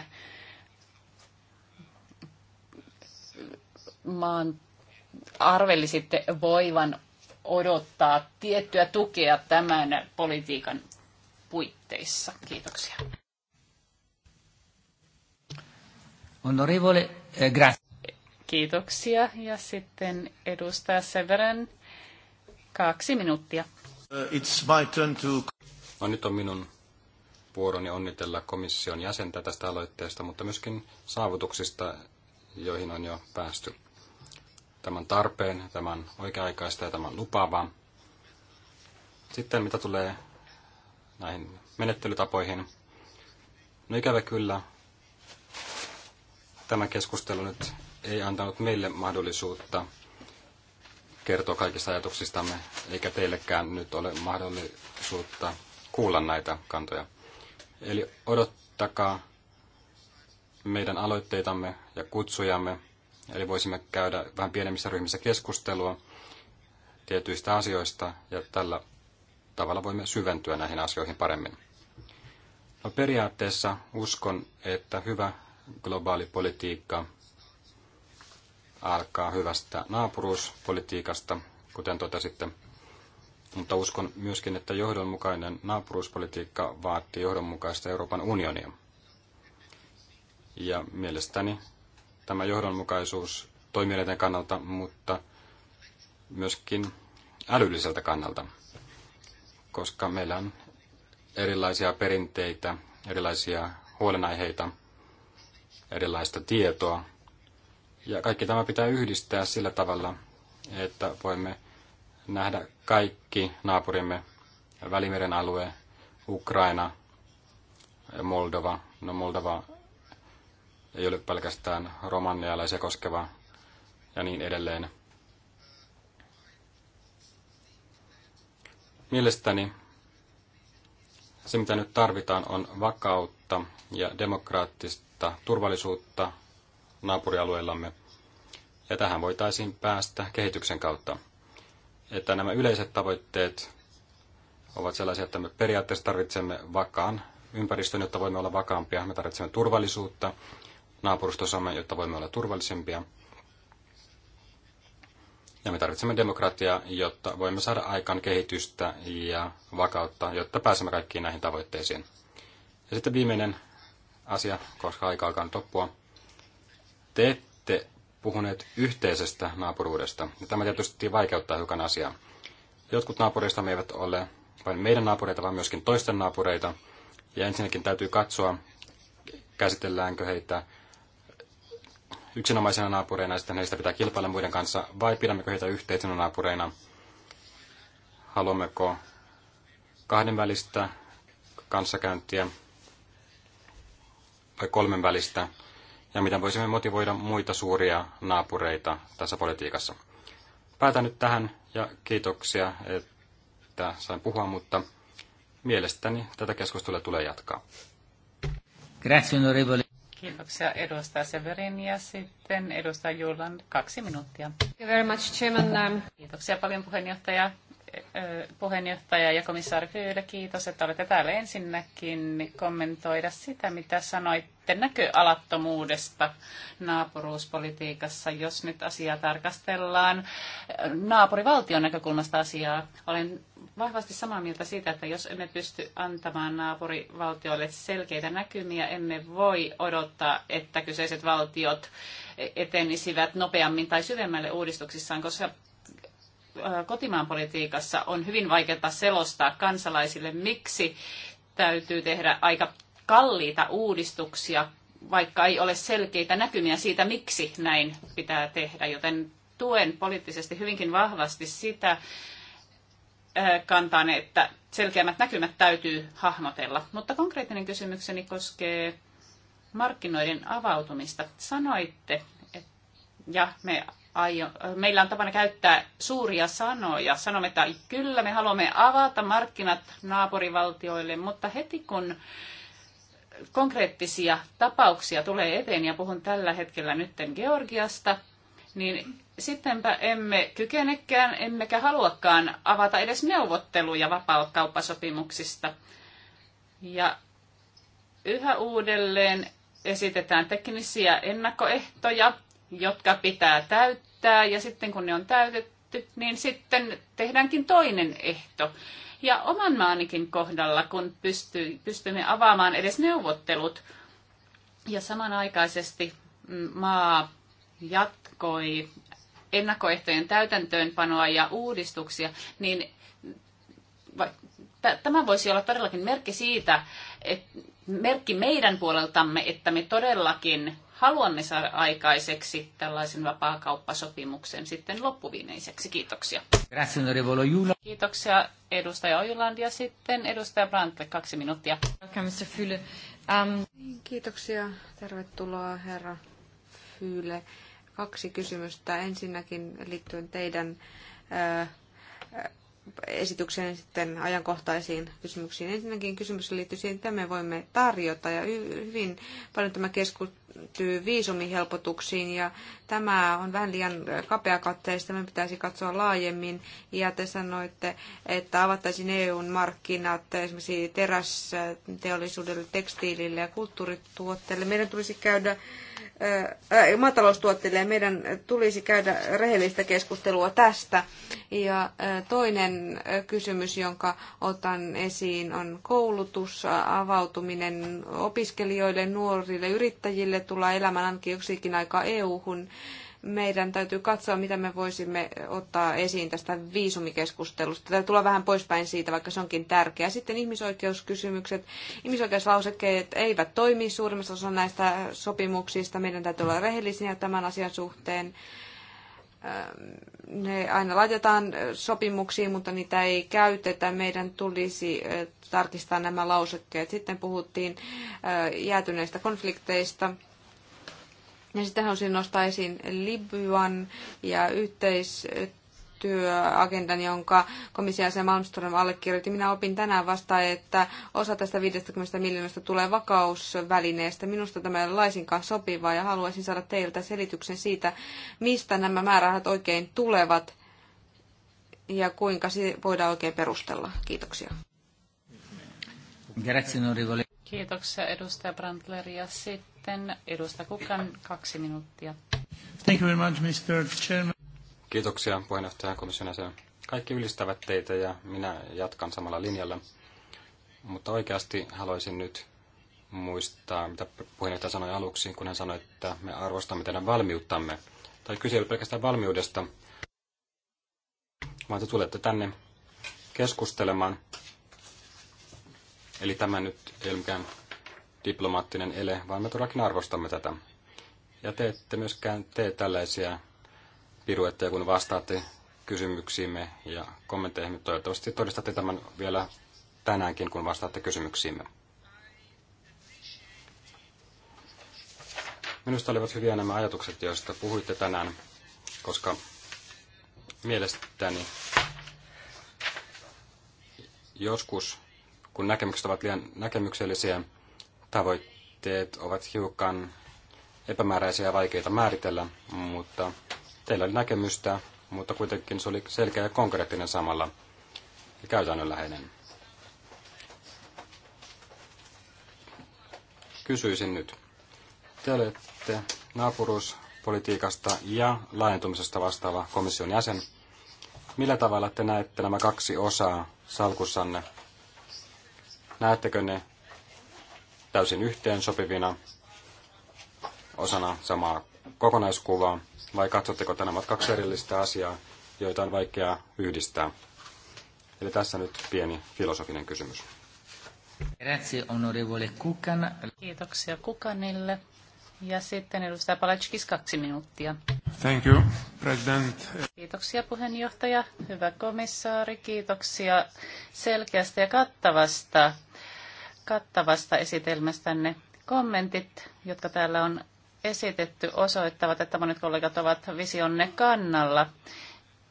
maan arvelisitte voivan odottaa tiettyä tukea tämän politiikan puitteissa? Kiitoksia. Onorevole, eh, grazie. Kiitoksia. Ja sitten edustaja Severen Kaksi minuuttia. Uh, it's my turn to... No nyt on minun vuoroni onnitella komission jäsentä tästä aloitteesta, mutta myöskin saavutuksista, joihin on jo päästy. Tämän tarpeen, tämän oikea-aikaista ja tämän lupaavaa. Sitten mitä tulee näihin menettelytapoihin. No ikävä kyllä, tämä keskustelu nyt ei antanut meille mahdollisuutta kertoa kaikista ajatuksistamme, eikä teillekään nyt ole mahdollisuutta kuulla näitä kantoja. Eli odottakaa meidän aloitteitamme ja kutsujamme, eli voisimme käydä vähän pienemmissä ryhmissä keskustelua tietyistä asioista, ja tällä tavalla voimme syventyä näihin asioihin paremmin. No periaatteessa uskon, että hyvä globaali politiikka – alkaa hyvästä naapuruuspolitiikasta, kuten totesitte. Mutta uskon myöskin, että johdonmukainen naapuruuspolitiikka vaatii johdonmukaista Euroopan unionia. Ja mielestäni tämä johdonmukaisuus toimielinten kannalta, mutta myöskin älylliseltä kannalta, koska meillä on erilaisia perinteitä, erilaisia huolenaiheita, erilaista tietoa, ja kaikki tämä pitää yhdistää sillä tavalla, että voimme nähdä kaikki naapurimme, Välimeren alue, Ukraina, Moldova. No Moldova ei ole pelkästään romanialaisia koskeva ja niin edelleen. Mielestäni se, mitä nyt tarvitaan, on vakautta ja demokraattista turvallisuutta naapurialueillamme. Ja tähän voitaisiin päästä kehityksen kautta. Että nämä yleiset tavoitteet ovat sellaisia, että me periaatteessa tarvitsemme vakaan ympäristön, jotta voimme olla vakaampia. Me tarvitsemme turvallisuutta naapurustosamme, jotta voimme olla turvallisempia. Ja me tarvitsemme demokratiaa, jotta voimme saada aikaan kehitystä ja vakautta, jotta pääsemme kaikkiin näihin tavoitteisiin. Ja sitten viimeinen asia, koska aika alkaa nyt loppua. Te ette puhuneet yhteisestä naapuruudesta. Ja tämä tietysti vaikeuttaa hiukan asiaa. Jotkut me eivät ole vain meidän naapureita, vaan myöskin toisten naapureita. Ja ensinnäkin täytyy katsoa, käsitelläänkö heitä yksinomaisena naapureina ja sitten heistä pitää kilpailla muiden kanssa, vai pidämmekö heitä yhteisenä naapureina? Haluammeko kahdenvälistä kanssakäyntiä vai kolmenvälistä ja miten voisimme motivoida muita suuria naapureita tässä politiikassa. Päätän nyt tähän ja kiitoksia, että sain puhua, mutta mielestäni tätä keskustelua tulee jatkaa. Kiitoksia edustaja Severin ja sitten edustaja Julan kaksi minuuttia. Thank you very much, Chairman. Kiitoksia paljon puheenjohtaja puheenjohtaja ja komissaari Fyyle, kiitos, että olette täällä ensinnäkin kommentoida sitä, mitä sanoitte näköalattomuudesta naapuruuspolitiikassa. Jos nyt asiaa tarkastellaan naapurivaltion näkökulmasta asiaa, olen vahvasti samaa mieltä siitä, että jos emme pysty antamaan naapurivaltioille selkeitä näkymiä, emme voi odottaa, että kyseiset valtiot etenisivät nopeammin tai syvemmälle uudistuksissaan, koska Äh, kotimaan politiikassa on hyvin vaikeaa selostaa kansalaisille, miksi täytyy tehdä aika kalliita uudistuksia, vaikka ei ole selkeitä näkymiä siitä, miksi näin pitää tehdä. Joten tuen poliittisesti hyvinkin vahvasti sitä äh, kantaan, että selkeämmät näkymät täytyy hahmotella. Mutta konkreettinen kysymykseni koskee markkinoiden avautumista. Sanoitte, ja me aio, meillä on tapana käyttää suuria sanoja. Sanomme, että kyllä me haluamme avata markkinat naapurivaltioille, mutta heti kun konkreettisia tapauksia tulee eteen, ja puhun tällä hetkellä nytten Georgiasta, niin sittenpä emme kykenekään, emmekä haluakaan avata edes neuvotteluja vapaakauppasopimuksista. Ja yhä uudelleen esitetään teknisiä ennakkoehtoja jotka pitää täyttää ja sitten kun ne on täytetty, niin sitten tehdäänkin toinen ehto. Ja oman maanikin kohdalla, kun pysty, pystymme avaamaan edes neuvottelut, ja samanaikaisesti mm, maa jatkoi ennakkoehtojen täytäntöönpanoa ja uudistuksia, niin tämä voisi olla todellakin merkki siitä, että merkki meidän puoleltamme, että me todellakin haluamme saada aikaiseksi tällaisen vapaakauppasopimuksen sitten loppuviimeiseksi. Kiitoksia. Kiitoksia edustaja Ojuland ja sitten edustaja Brandt, kaksi minuuttia. Um, Kiitoksia, tervetuloa herra Fyle. Kaksi kysymystä. Ensinnäkin liittyen teidän esitykseen sitten ajankohtaisiin kysymyksiin. Ensinnäkin kysymys liittyy siihen, mitä me voimme tarjota. Ja hyvin paljon tämä keskustelu liittyy viisumihelpotuksiin ja tämä on vähän liian kapeakatteista, me pitäisi katsoa laajemmin. Ja te sanoitte, että avattaisiin eu markkinat esimerkiksi terästeollisuudelle, tekstiilille ja kulttuurituotteille. Meidän tulisi käydä maataloustuotteille meidän tulisi käydä rehellistä keskustelua tästä. Ja toinen kysymys, jonka otan esiin, on koulutus, avautuminen opiskelijoille, nuorille, yrittäjille, tulla elämän ainakin joksikin aikaa EU-hun meidän täytyy katsoa, mitä me voisimme ottaa esiin tästä viisumikeskustelusta. Täytyy tulla vähän poispäin siitä, vaikka se onkin tärkeää. Sitten ihmisoikeuskysymykset. Ihmisoikeuslausekkeet eivät toimi suurimmassa osassa näistä sopimuksista. Meidän täytyy olla rehellisiä tämän asian suhteen. Ne aina laitetaan sopimuksiin, mutta niitä ei käytetä. Meidän tulisi tarkistaa nämä lausekkeet. Sitten puhuttiin jäätyneistä konflikteista ja sitten haluaisin nostaa esiin Libyan ja yhteistyöagendan, jonka komissiassa Malmström allekirjoitti. Minä opin tänään vasta, että osa tästä 50 miljoonasta tulee vakausvälineestä. Minusta tämä ei ole laisinkaan sopivaa ja haluaisin saada teiltä selityksen siitä, mistä nämä määrärahat oikein tulevat ja kuinka se voidaan oikein perustella. Kiitoksia. Kiitoksia edustaja Brandler ja sitten sitten edusta kaksi minuuttia. Thank you very much, Mr. Chairman. Kiitoksia puheenjohtaja komission jäsen. Kaikki ylistävät teitä ja minä jatkan samalla linjalla. Mutta oikeasti haluaisin nyt muistaa, mitä puheenjohtaja sanoi aluksi, kun hän sanoi, että me arvostamme teidän valmiuttamme. Tai kyse ei ole pelkästään valmiudesta, vaan te tulette tänne keskustelemaan. Eli tämä nyt ei ole mikään diplomaattinen ele, vaan me todellakin arvostamme tätä. Ja te ette myöskään tee tällaisia piruetteja, kun vastaatte kysymyksiimme ja kommentteihimme. Toivottavasti todistatte tämän vielä tänäänkin, kun vastaatte kysymyksiimme. Minusta olivat hyviä nämä ajatukset, joista puhuitte tänään, koska mielestäni joskus, kun näkemykset ovat liian näkemyksellisiä, tavoitteet ovat hiukan epämääräisiä ja vaikeita määritellä, mutta teillä oli näkemystä, mutta kuitenkin se oli selkeä ja konkreettinen samalla ja käytännönläheinen. Kysyisin nyt. Te olette naapuruuspolitiikasta ja laajentumisesta vastaava komission jäsen. Millä tavalla te näette nämä kaksi osaa salkussanne? Näettekö ne täysin yhteen sopivina osana samaa kokonaiskuvaa, vai katsotteko, tänä nämä kaksi erillistä asiaa, joita on vaikea yhdistää? Eli tässä nyt pieni filosofinen kysymys. Grazie, onorevole Kukan. Kiitoksia Kukanille. Ja sitten edustaja Palatskis kaksi minuuttia. Thank you, President. Kiitoksia puheenjohtaja, hyvä komissaari, kiitoksia selkeästä ja kattavasta kattavasta esitelmästänne. Kommentit, jotka täällä on esitetty, osoittavat, että monet kollegat ovat visionne kannalla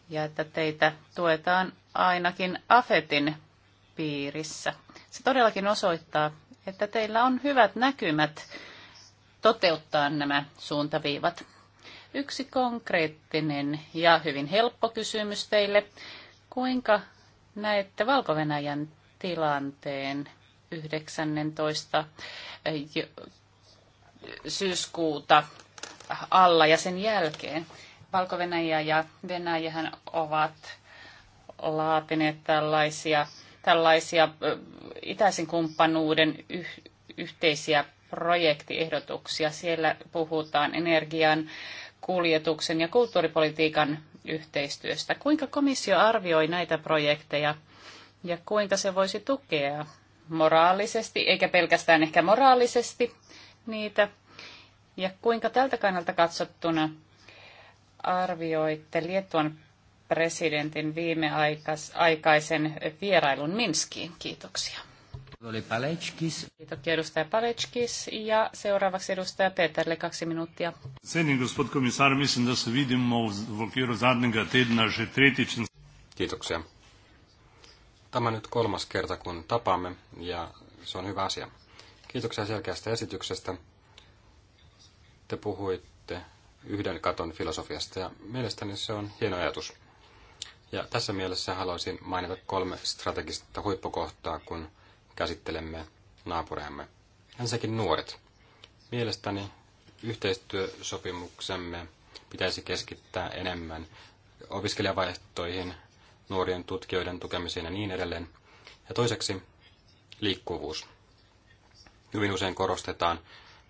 ja että teitä tuetaan ainakin AFETin piirissä. Se todellakin osoittaa, että teillä on hyvät näkymät toteuttaa nämä suuntaviivat. Yksi konkreettinen ja hyvin helppo kysymys teille. Kuinka näette valko tilanteen 19. syyskuuta alla ja sen jälkeen. valko -Venäjä ja Venäjähän ovat laatineet tällaisia, tällaisia itäisen kumppanuuden yh, yhteisiä projektiehdotuksia. Siellä puhutaan energian, kuljetuksen ja kulttuuripolitiikan yhteistyöstä. Kuinka komissio arvioi näitä projekteja ja kuinka se voisi tukea moraalisesti, eikä pelkästään ehkä moraalisesti niitä. Ja kuinka tältä kannalta katsottuna arvioitte Liettuan presidentin viimeaikaisen vierailun Minskiin? Kiitoksia. Oli Palechkis. Kiitoksia edustaja Palečkis ja seuraavaksi edustaja Peterle kaksi minuuttia. Senjeni gospod komisar, mislim, da se vidimo okviru zadnjega tedna že Kiitoksia Tämä nyt kolmas kerta, kun tapaamme, ja se on hyvä asia. Kiitoksia selkeästä esityksestä. Te puhuitte yhden katon filosofiasta, ja mielestäni se on hieno ajatus. Ja tässä mielessä haluaisin mainita kolme strategista huippukohtaa, kun käsittelemme naapureamme. Ensinnäkin nuoret. Mielestäni yhteistyösopimuksemme pitäisi keskittää enemmän opiskelijavaihtoihin, nuorien tutkijoiden tukemiseen ja niin edelleen. Ja toiseksi liikkuvuus. Hyvin usein korostetaan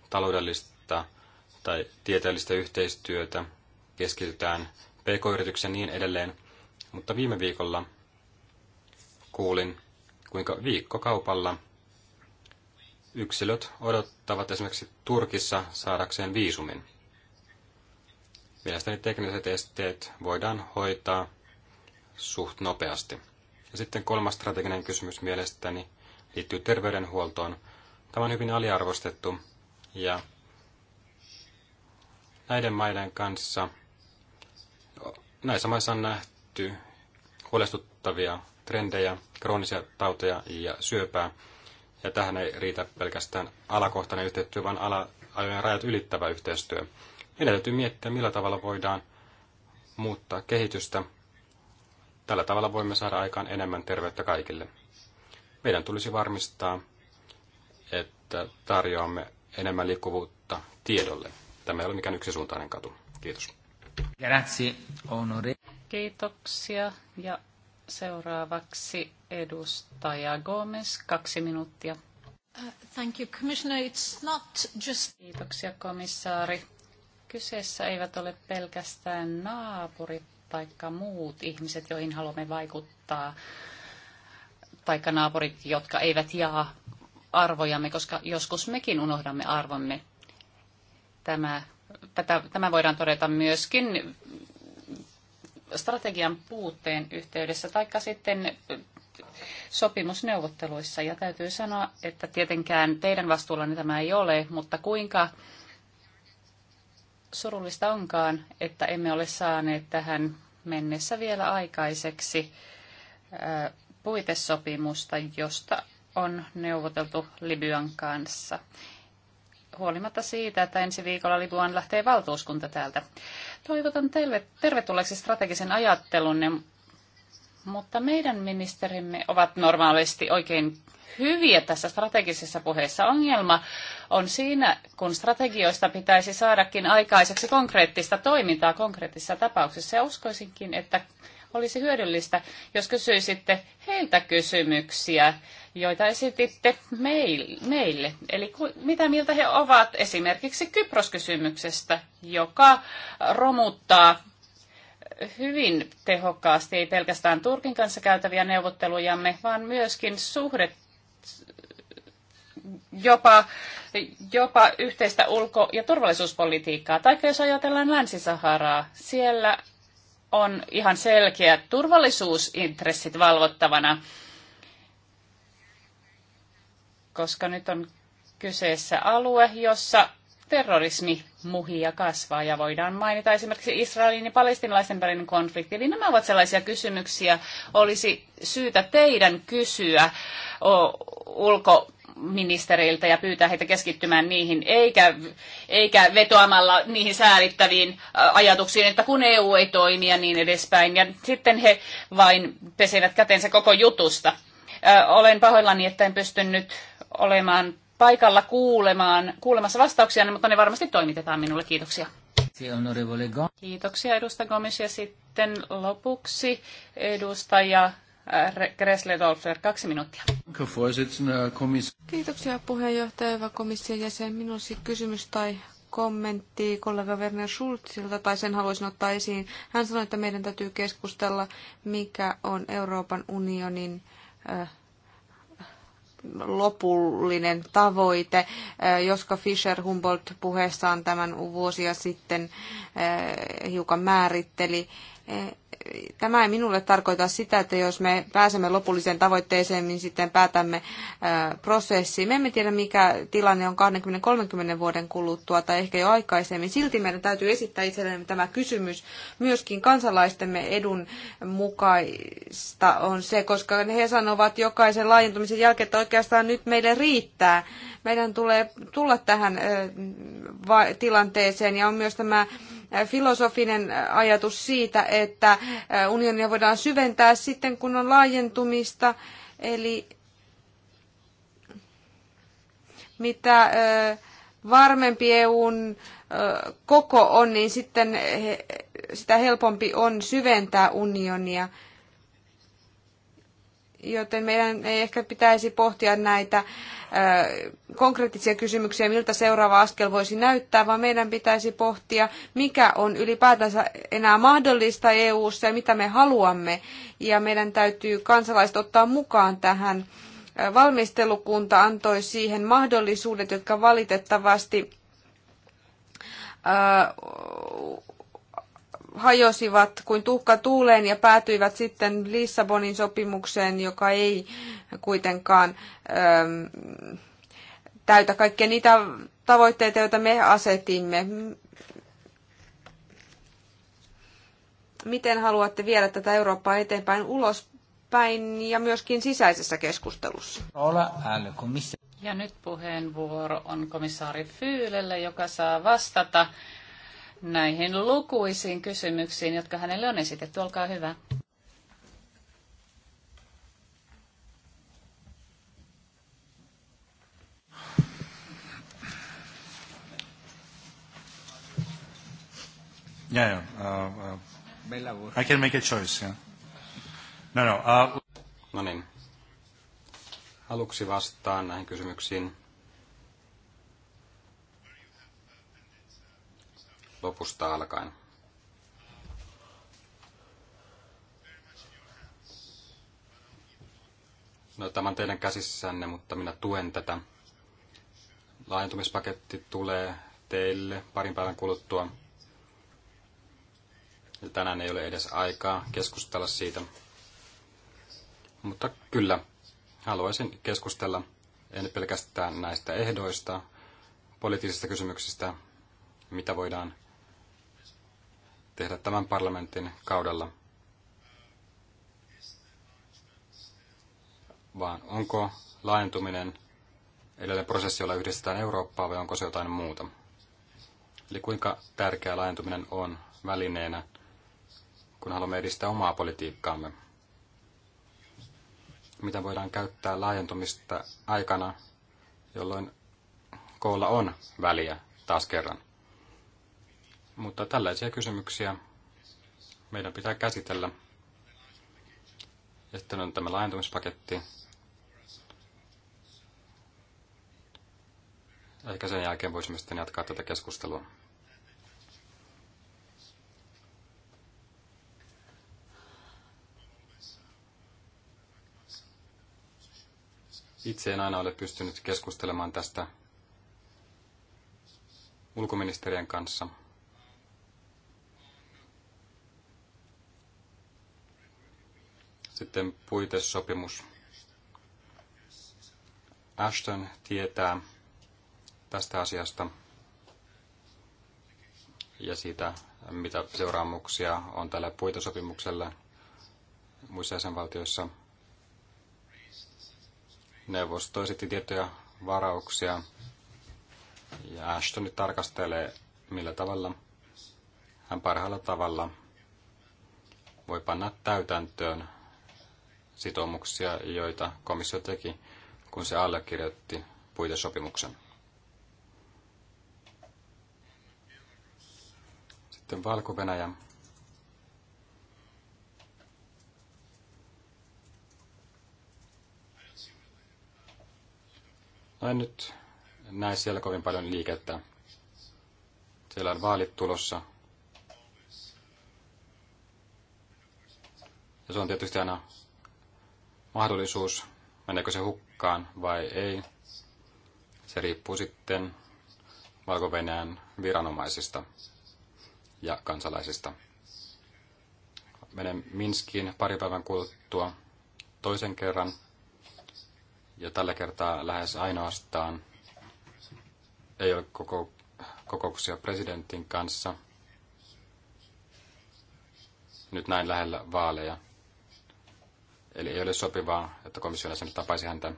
taloudellista tai tieteellistä yhteistyötä, keskitytään pk-yrityksiin niin edelleen, mutta viime viikolla kuulin, kuinka viikkokaupalla yksilöt odottavat esimerkiksi Turkissa saadakseen viisumin. Mielestäni tekniset esteet voidaan hoitaa suht nopeasti. Ja sitten kolmas strateginen kysymys mielestäni liittyy terveydenhuoltoon. Tämä on hyvin aliarvostettu ja näiden maiden kanssa näissä maissa on nähty huolestuttavia trendejä, kroonisia tauteja ja syöpää. Ja tähän ei riitä pelkästään alakohtainen yhteistyö, vaan ala, rajat ylittävä yhteistyö. Meidän täytyy miettiä, millä tavalla voidaan muuttaa kehitystä Tällä tavalla voimme saada aikaan enemmän terveyttä kaikille. Meidän tulisi varmistaa, että tarjoamme enemmän liikkuvuutta tiedolle. Tämä ei ole mikään yksisuuntainen katu. Kiitos. Kiitoksia. Ja seuraavaksi edustaja Gomez, kaksi minuuttia. Uh, thank you, Commissioner. It's not just... Kiitoksia, komissaari. Kyseessä eivät ole pelkästään naapurit tai muut ihmiset, joihin haluamme vaikuttaa, tai naapurit, jotka eivät jaa arvojamme, koska joskus mekin unohdamme arvomme. Tämä, tätä, tämä voidaan todeta myöskin strategian puutteen yhteydessä, tai sitten sopimusneuvotteluissa. Ja täytyy sanoa, että tietenkään teidän vastuullanne tämä ei ole, mutta kuinka surullista onkaan, että emme ole saaneet tähän mennessä vielä aikaiseksi puitesopimusta, josta on neuvoteltu Libyan kanssa. Huolimatta siitä, että ensi viikolla Libyan lähtee valtuuskunta täältä. Toivotan teille tervetulleeksi strategisen ajattelun mutta meidän ministerimme ovat normaalisti oikein hyviä tässä strategisessa puheessa. Ongelma on siinä, kun strategioista pitäisi saadakin aikaiseksi konkreettista toimintaa konkreettisissa tapauksissa. Ja uskoisinkin, että olisi hyödyllistä, jos kysyisitte heiltä kysymyksiä, joita esititte meille. Eli mitä mieltä he ovat esimerkiksi Kyproskysymyksestä, joka romuttaa hyvin tehokkaasti, ei pelkästään Turkin kanssa käytäviä neuvottelujamme, vaan myöskin suhde jopa, jopa yhteistä ulko- ja turvallisuuspolitiikkaa. Tai jos ajatellaan Länsi-Saharaa, siellä on ihan selkeät turvallisuusintressit valvottavana, koska nyt on kyseessä alue, jossa terrorismi muhii ja kasvaa ja voidaan mainita esimerkiksi Israelin ja palestinalaisten välinen konflikti. Eli nämä ovat sellaisia kysymyksiä, olisi syytä teidän kysyä ulko ministeriltä ja pyytää heitä keskittymään niihin, eikä, eikä vetoamalla niihin säälittäviin ajatuksiin, että kun EU ei toimi ja niin edespäin. Ja sitten he vain pesevät kätensä koko jutusta. Olen pahoillani, että en pystynyt olemaan paikalla kuulemaan, kuulemassa vastauksia, niin, mutta ne varmasti toimitetaan minulle. Kiitoksia. Kiitoksia edustaja Gomes ja sitten lopuksi edustaja äh, Gressle Dolfer, kaksi minuuttia. Kiitoksia puheenjohtaja ja komission jäsen. Minulla olisi kysymys tai kommentti kollega Werner Schulzilta, tai sen haluaisin ottaa esiin. Hän sanoi, että meidän täytyy keskustella, mikä on Euroopan unionin äh, lopullinen tavoite. Äh, Joska Fischer Humboldt puheessaan tämän vuosia sitten äh, hiukan määritteli, äh, tämä ei minulle tarkoita sitä, että jos me pääsemme lopulliseen tavoitteeseen, niin sitten päätämme prosessiin. Me emme tiedä, mikä tilanne on 20-30 vuoden kuluttua tai ehkä jo aikaisemmin. Silti meidän täytyy esittää itsellemme tämä kysymys. Myöskin kansalaistemme edun mukaista on se, koska he sanovat jokaisen laajentumisen jälkeen, että oikeastaan nyt meille riittää. Meidän tulee tulla tähän tilanteeseen ja on myös tämä Äh, filosofinen äh, ajatus siitä, että äh, unionia voidaan syventää sitten, kun on laajentumista. Eli mitä varmempi EUn koko on, niin sitten sitä helpompi on syventää unionia joten meidän ei ehkä pitäisi pohtia näitä konkreettisia kysymyksiä, miltä seuraava askel voisi näyttää, vaan meidän pitäisi pohtia, mikä on ylipäätänsä enää mahdollista EU-ssa ja mitä me haluamme. Ja meidän täytyy kansalaiset ottaa mukaan tähän. Valmistelukunta antoi siihen mahdollisuudet, jotka valitettavasti hajosivat kuin tuhka tuuleen ja päätyivät sitten Lissabonin sopimukseen, joka ei kuitenkaan ähm, täytä kaikkia niitä tavoitteita, joita me asetimme. Miten haluatte viedä tätä Eurooppaa eteenpäin ulospäin ja myöskin sisäisessä keskustelussa? Ja nyt puheenvuoro on komissaari Fyylelle, joka saa vastata näihin lukuisiin kysymyksiin, jotka hänelle on esitetty. Olkaa hyvä. Yeah, yeah. Uh, uh, I can make a choice, yeah. No, no. Uh... No niin. Aluksi vastaan näihin kysymyksiin. lopusta alkaen. No, tämän teidän käsissänne, mutta minä tuen tätä. Laajentumispaketti tulee teille parin päivän kuluttua. Ja tänään ei ole edes aikaa keskustella siitä. Mutta kyllä, haluaisin keskustella en pelkästään näistä ehdoista, poliittisista kysymyksistä, mitä voidaan tehdä tämän parlamentin kaudella, vaan onko laajentuminen edelleen prosessi, jolla yhdistetään Eurooppaa vai onko se jotain muuta? Eli kuinka tärkeä laajentuminen on välineenä, kun haluamme edistää omaa politiikkaamme? Mitä voidaan käyttää laajentumista aikana, jolloin koolla on väliä taas kerran? Mutta tällaisia kysymyksiä meidän pitää käsitellä. Ja sitten on tämä laajentumispaketti. Ehkä sen jälkeen voisimme sitten jatkaa tätä keskustelua. Itse en aina ole pystynyt keskustelemaan tästä ulkoministerien kanssa. Sitten puitesopimus. Ashton tietää tästä asiasta ja siitä, mitä seuraamuksia on tällä puitesopimuksella muissa jäsenvaltioissa. Neuvosto esitti tiettyjä varauksia ja Ashton nyt tarkastelee, millä tavalla hän parhaalla tavalla voi panna täytäntöön sitoumuksia, joita komissio teki, kun se allekirjoitti puitesopimuksen. Sitten Valko-Venäjä. No en nyt näe siellä kovin paljon liikettä. Siellä on vaalit tulossa. Ja se on tietysti aina mahdollisuus, meneekö se hukkaan vai ei. Se riippuu sitten valko viranomaisista ja kansalaisista. Menen Minskiin pari päivän kuluttua toisen kerran ja tällä kertaa lähes ainoastaan ei ole koko, kokouksia presidentin kanssa. Nyt näin lähellä vaaleja. Eli ei ole sopivaa, että komission jäsen tapaisi häntä.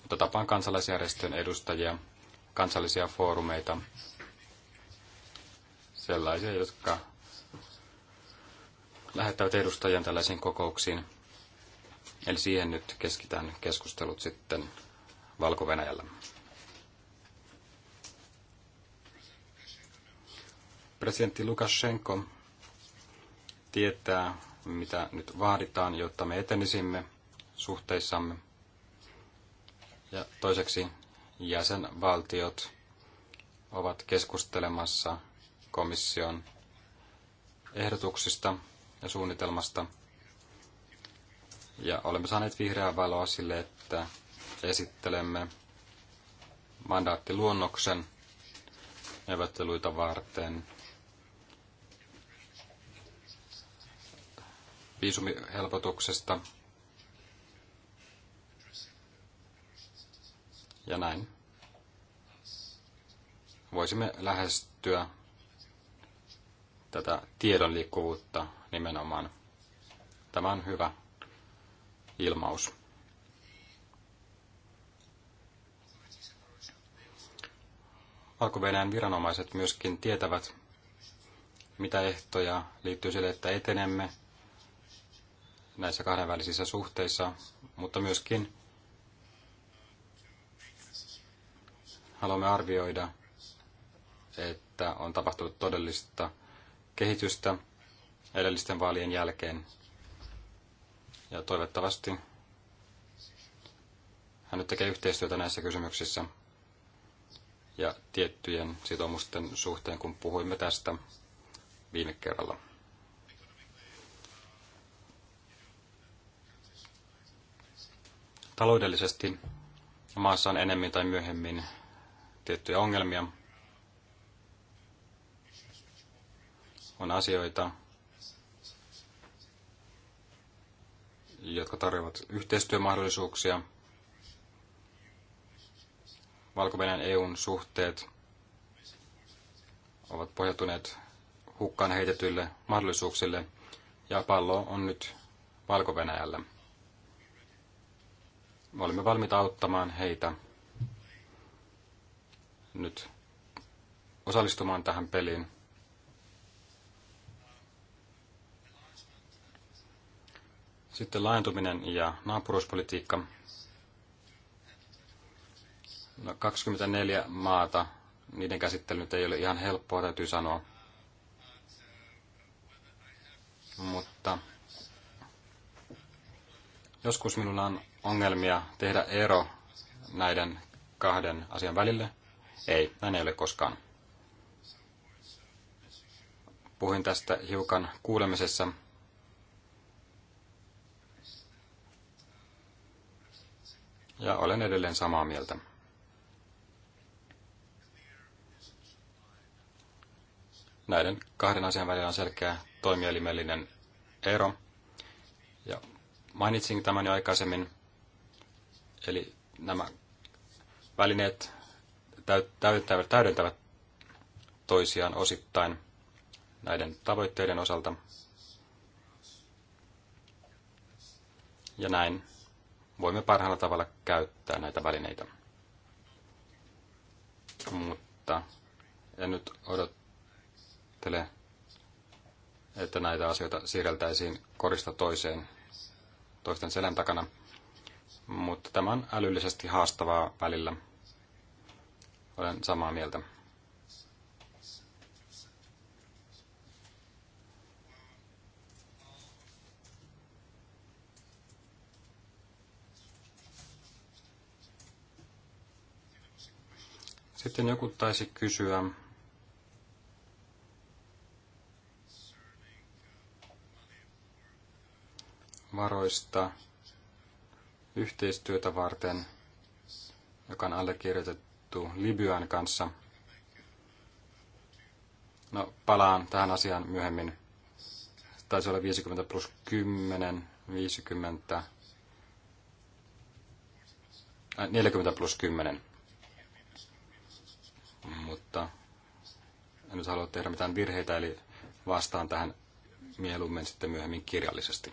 Mutta tapaan kansalaisjärjestön edustajia, kansallisia foorumeita, sellaisia, jotka lähettävät edustajien tällaisiin kokouksiin. Eli siihen nyt keskitään keskustelut sitten valko -Venäjällä. Presidentti Lukashenko tietää mitä nyt vaaditaan, jotta me etenisimme suhteissamme. Ja toiseksi jäsenvaltiot ovat keskustelemassa komission ehdotuksista ja suunnitelmasta. Ja olemme saaneet vihreää valoa sille, että esittelemme mandaattiluonnoksen neuvotteluita varten viisumihelpotuksesta. Ja näin voisimme lähestyä tätä tiedon liikkuvuutta nimenomaan. Tämä on hyvä ilmaus. valko viranomaiset myöskin tietävät, mitä ehtoja liittyy sille, että etenemme näissä kahdenvälisissä suhteissa, mutta myöskin haluamme arvioida, että on tapahtunut todellista kehitystä edellisten vaalien jälkeen. Ja toivottavasti hän nyt tekee yhteistyötä näissä kysymyksissä ja tiettyjen sitoumusten suhteen, kun puhuimme tästä viime kerralla. Taloudellisesti maassa on enemmän tai myöhemmin tiettyjä ongelmia. On asioita, jotka tarjoavat yhteistyömahdollisuuksia. valko EUn suhteet ovat pohjautuneet hukkaan heitetyille mahdollisuuksille ja pallo on nyt valko -Venäjällä. Me olemme valmiita auttamaan heitä nyt osallistumaan tähän peliin. Sitten laajentuminen ja naapuruuspolitiikka. No, 24 maata, niiden käsittely nyt ei ole ihan helppoa, täytyy sanoa. Mutta joskus minulla on ongelmia tehdä ero näiden kahden asian välille? Ei, näin ei ole koskaan. Puhuin tästä hiukan kuulemisessa. Ja olen edelleen samaa mieltä. Näiden kahden asian välillä on selkeä toimielimellinen ero. Ja mainitsin tämän jo aikaisemmin. Eli nämä välineet täydentävät, täydentävät toisiaan osittain näiden tavoitteiden osalta. Ja näin voimme parhaalla tavalla käyttää näitä välineitä. Mutta en nyt odottele, että näitä asioita siirreltäisiin korista toiseen toisten selän takana mutta tämä on älyllisesti haastavaa välillä. Olen samaa mieltä. Sitten joku taisi kysyä, varoista yhteistyötä varten, joka on allekirjoitettu Libyan kanssa. No, palaan tähän asiaan myöhemmin. Taisi olla 50 plus 10, 50, 40 plus 10. Mutta en nyt halua tehdä mitään virheitä, eli vastaan tähän mieluummin sitten myöhemmin kirjallisesti.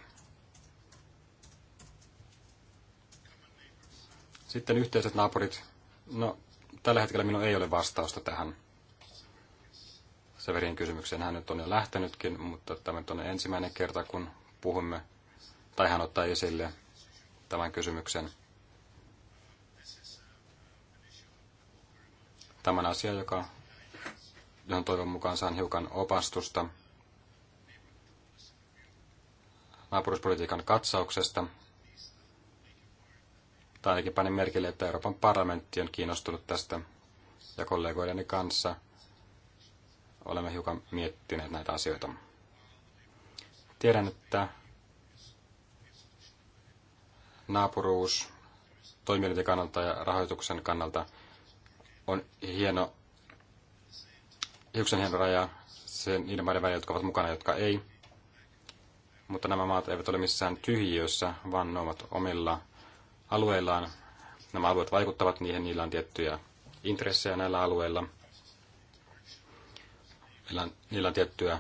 Sitten yhteiset naapurit. No, tällä hetkellä minulla ei ole vastausta tähän Severin kysymykseen. Hän nyt on jo lähtenytkin, mutta tämä on ensimmäinen kerta, kun puhumme, tai hän ottaa esille tämän kysymyksen. Tämän asian, joka, johon toivon mukaan saan hiukan opastusta naapuruspolitiikan katsauksesta, tai ainakin panin merkille, että Euroopan parlamentti on kiinnostunut tästä ja kollegoideni kanssa olemme hiukan miettineet näitä asioita. Tiedän, että naapuruus toimijoiden kannalta ja rahoituksen kannalta on hieno, hiuksen hieno raja sen, niiden maiden välillä, jotka ovat mukana, jotka ei. Mutta nämä maat eivät ole missään tyhjiössä, vaan ne ovat omilla alueillaan. Nämä alueet vaikuttavat niihin, niillä on tiettyjä intressejä näillä alueilla. Niillä on, niillä on tiettyä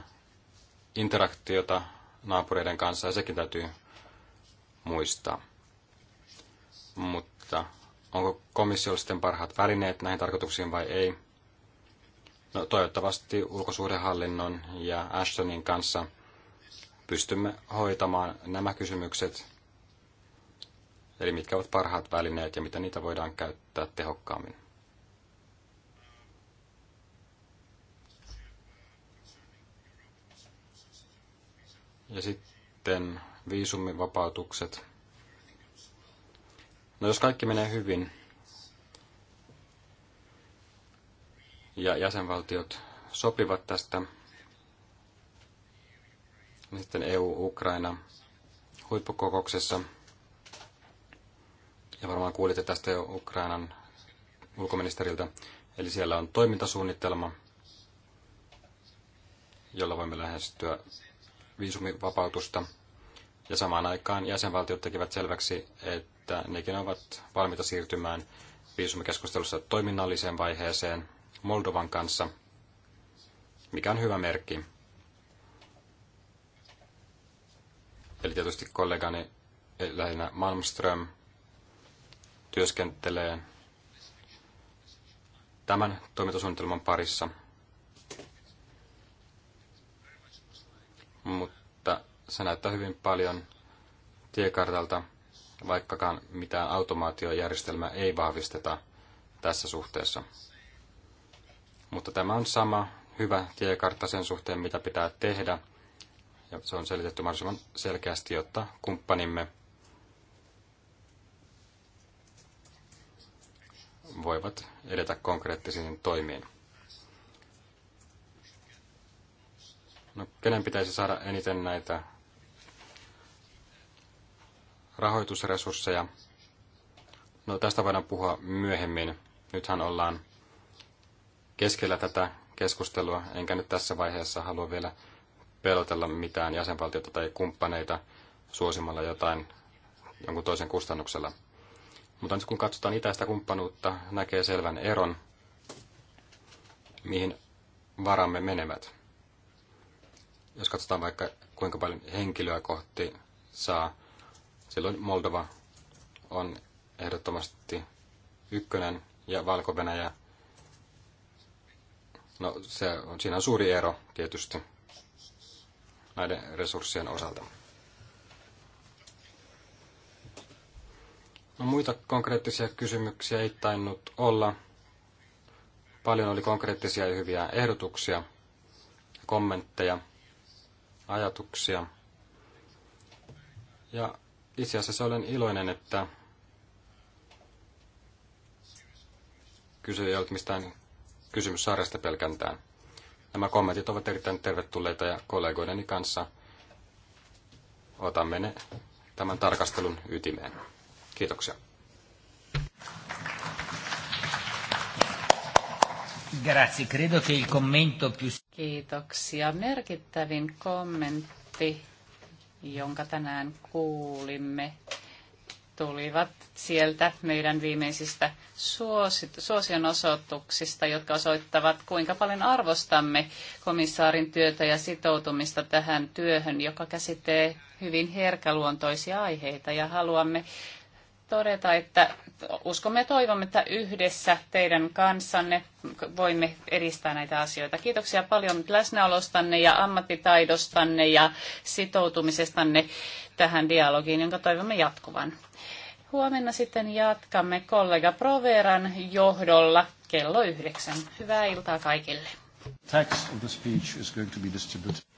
interaktiota naapureiden kanssa ja sekin täytyy muistaa. Mutta onko komissiolla sitten parhaat välineet näihin tarkoituksiin vai ei? No, toivottavasti ulkosuhdehallinnon ja Ashtonin kanssa pystymme hoitamaan nämä kysymykset Eli mitkä ovat parhaat välineet ja miten niitä voidaan käyttää tehokkaammin. Ja sitten viisumivapautukset. No jos kaikki menee hyvin ja jäsenvaltiot sopivat tästä, niin sitten EU-Ukraina huippukokouksessa – ja varmaan kuulitte tästä jo Ukrainan ulkoministeriltä. Eli siellä on toimintasuunnitelma, jolla voimme lähestyä viisumivapautusta. Ja samaan aikaan jäsenvaltiot tekevät selväksi, että nekin ovat valmiita siirtymään viisumikeskustelussa toiminnalliseen vaiheeseen Moldovan kanssa, mikä on hyvä merkki. Eli tietysti kollegani eh, lähinnä Malmström työskentelee tämän toimintasuunnitelman parissa. Mutta se näyttää hyvin paljon tiekartalta, vaikkakaan mitään automaatiojärjestelmää ei vahvisteta tässä suhteessa. Mutta tämä on sama hyvä tiekartta sen suhteen, mitä pitää tehdä, ja se on selitetty mahdollisimman selkeästi, jotta kumppanimme – voivat edetä konkreettisiin toimiin. No, kenen pitäisi saada eniten näitä rahoitusresursseja? No, tästä voidaan puhua myöhemmin. Nythän ollaan keskellä tätä keskustelua, enkä nyt tässä vaiheessa halua vielä pelotella mitään jäsenvaltiota tai kumppaneita suosimalla jotain jonkun toisen kustannuksella. Mutta nyt kun katsotaan itäistä kumppanuutta, näkee selvän eron, mihin varamme menevät. Jos katsotaan vaikka kuinka paljon henkilöä kohti saa, silloin Moldova on ehdottomasti ykkönen ja valko -Venäjä. No, se, siinä on suuri ero tietysti näiden resurssien osalta. No, muita konkreettisia kysymyksiä ei tainnut olla. Paljon oli konkreettisia ja hyviä ehdotuksia, kommentteja, ajatuksia. Ja itse asiassa olen iloinen, että kysyjä ei ollut mistään kysymys sarjasta pelkäntään. Nämä kommentit ovat erittäin tervetulleita ja kollegoideni kanssa otamme ne tämän tarkastelun ytimeen. Kiitoksia. Grazie, credo che il commento più... Kiitoksia. Merkittävin kommentti, jonka tänään kuulimme, tulivat sieltä meidän viimeisistä suosionosoituksista, jotka osoittavat, kuinka paljon arvostamme komissaarin työtä ja sitoutumista tähän työhön, joka käsittelee hyvin herkäluontoisia aiheita. Ja haluamme todeta, että uskomme ja toivomme, että yhdessä teidän kanssanne voimme edistää näitä asioita. Kiitoksia paljon läsnäolostanne ja ammattitaidostanne ja sitoutumisestanne tähän dialogiin, jonka toivomme jatkuvan. Huomenna sitten jatkamme kollega Proveran johdolla kello yhdeksän. Hyvää iltaa kaikille. Text of the speech is going to be distributed.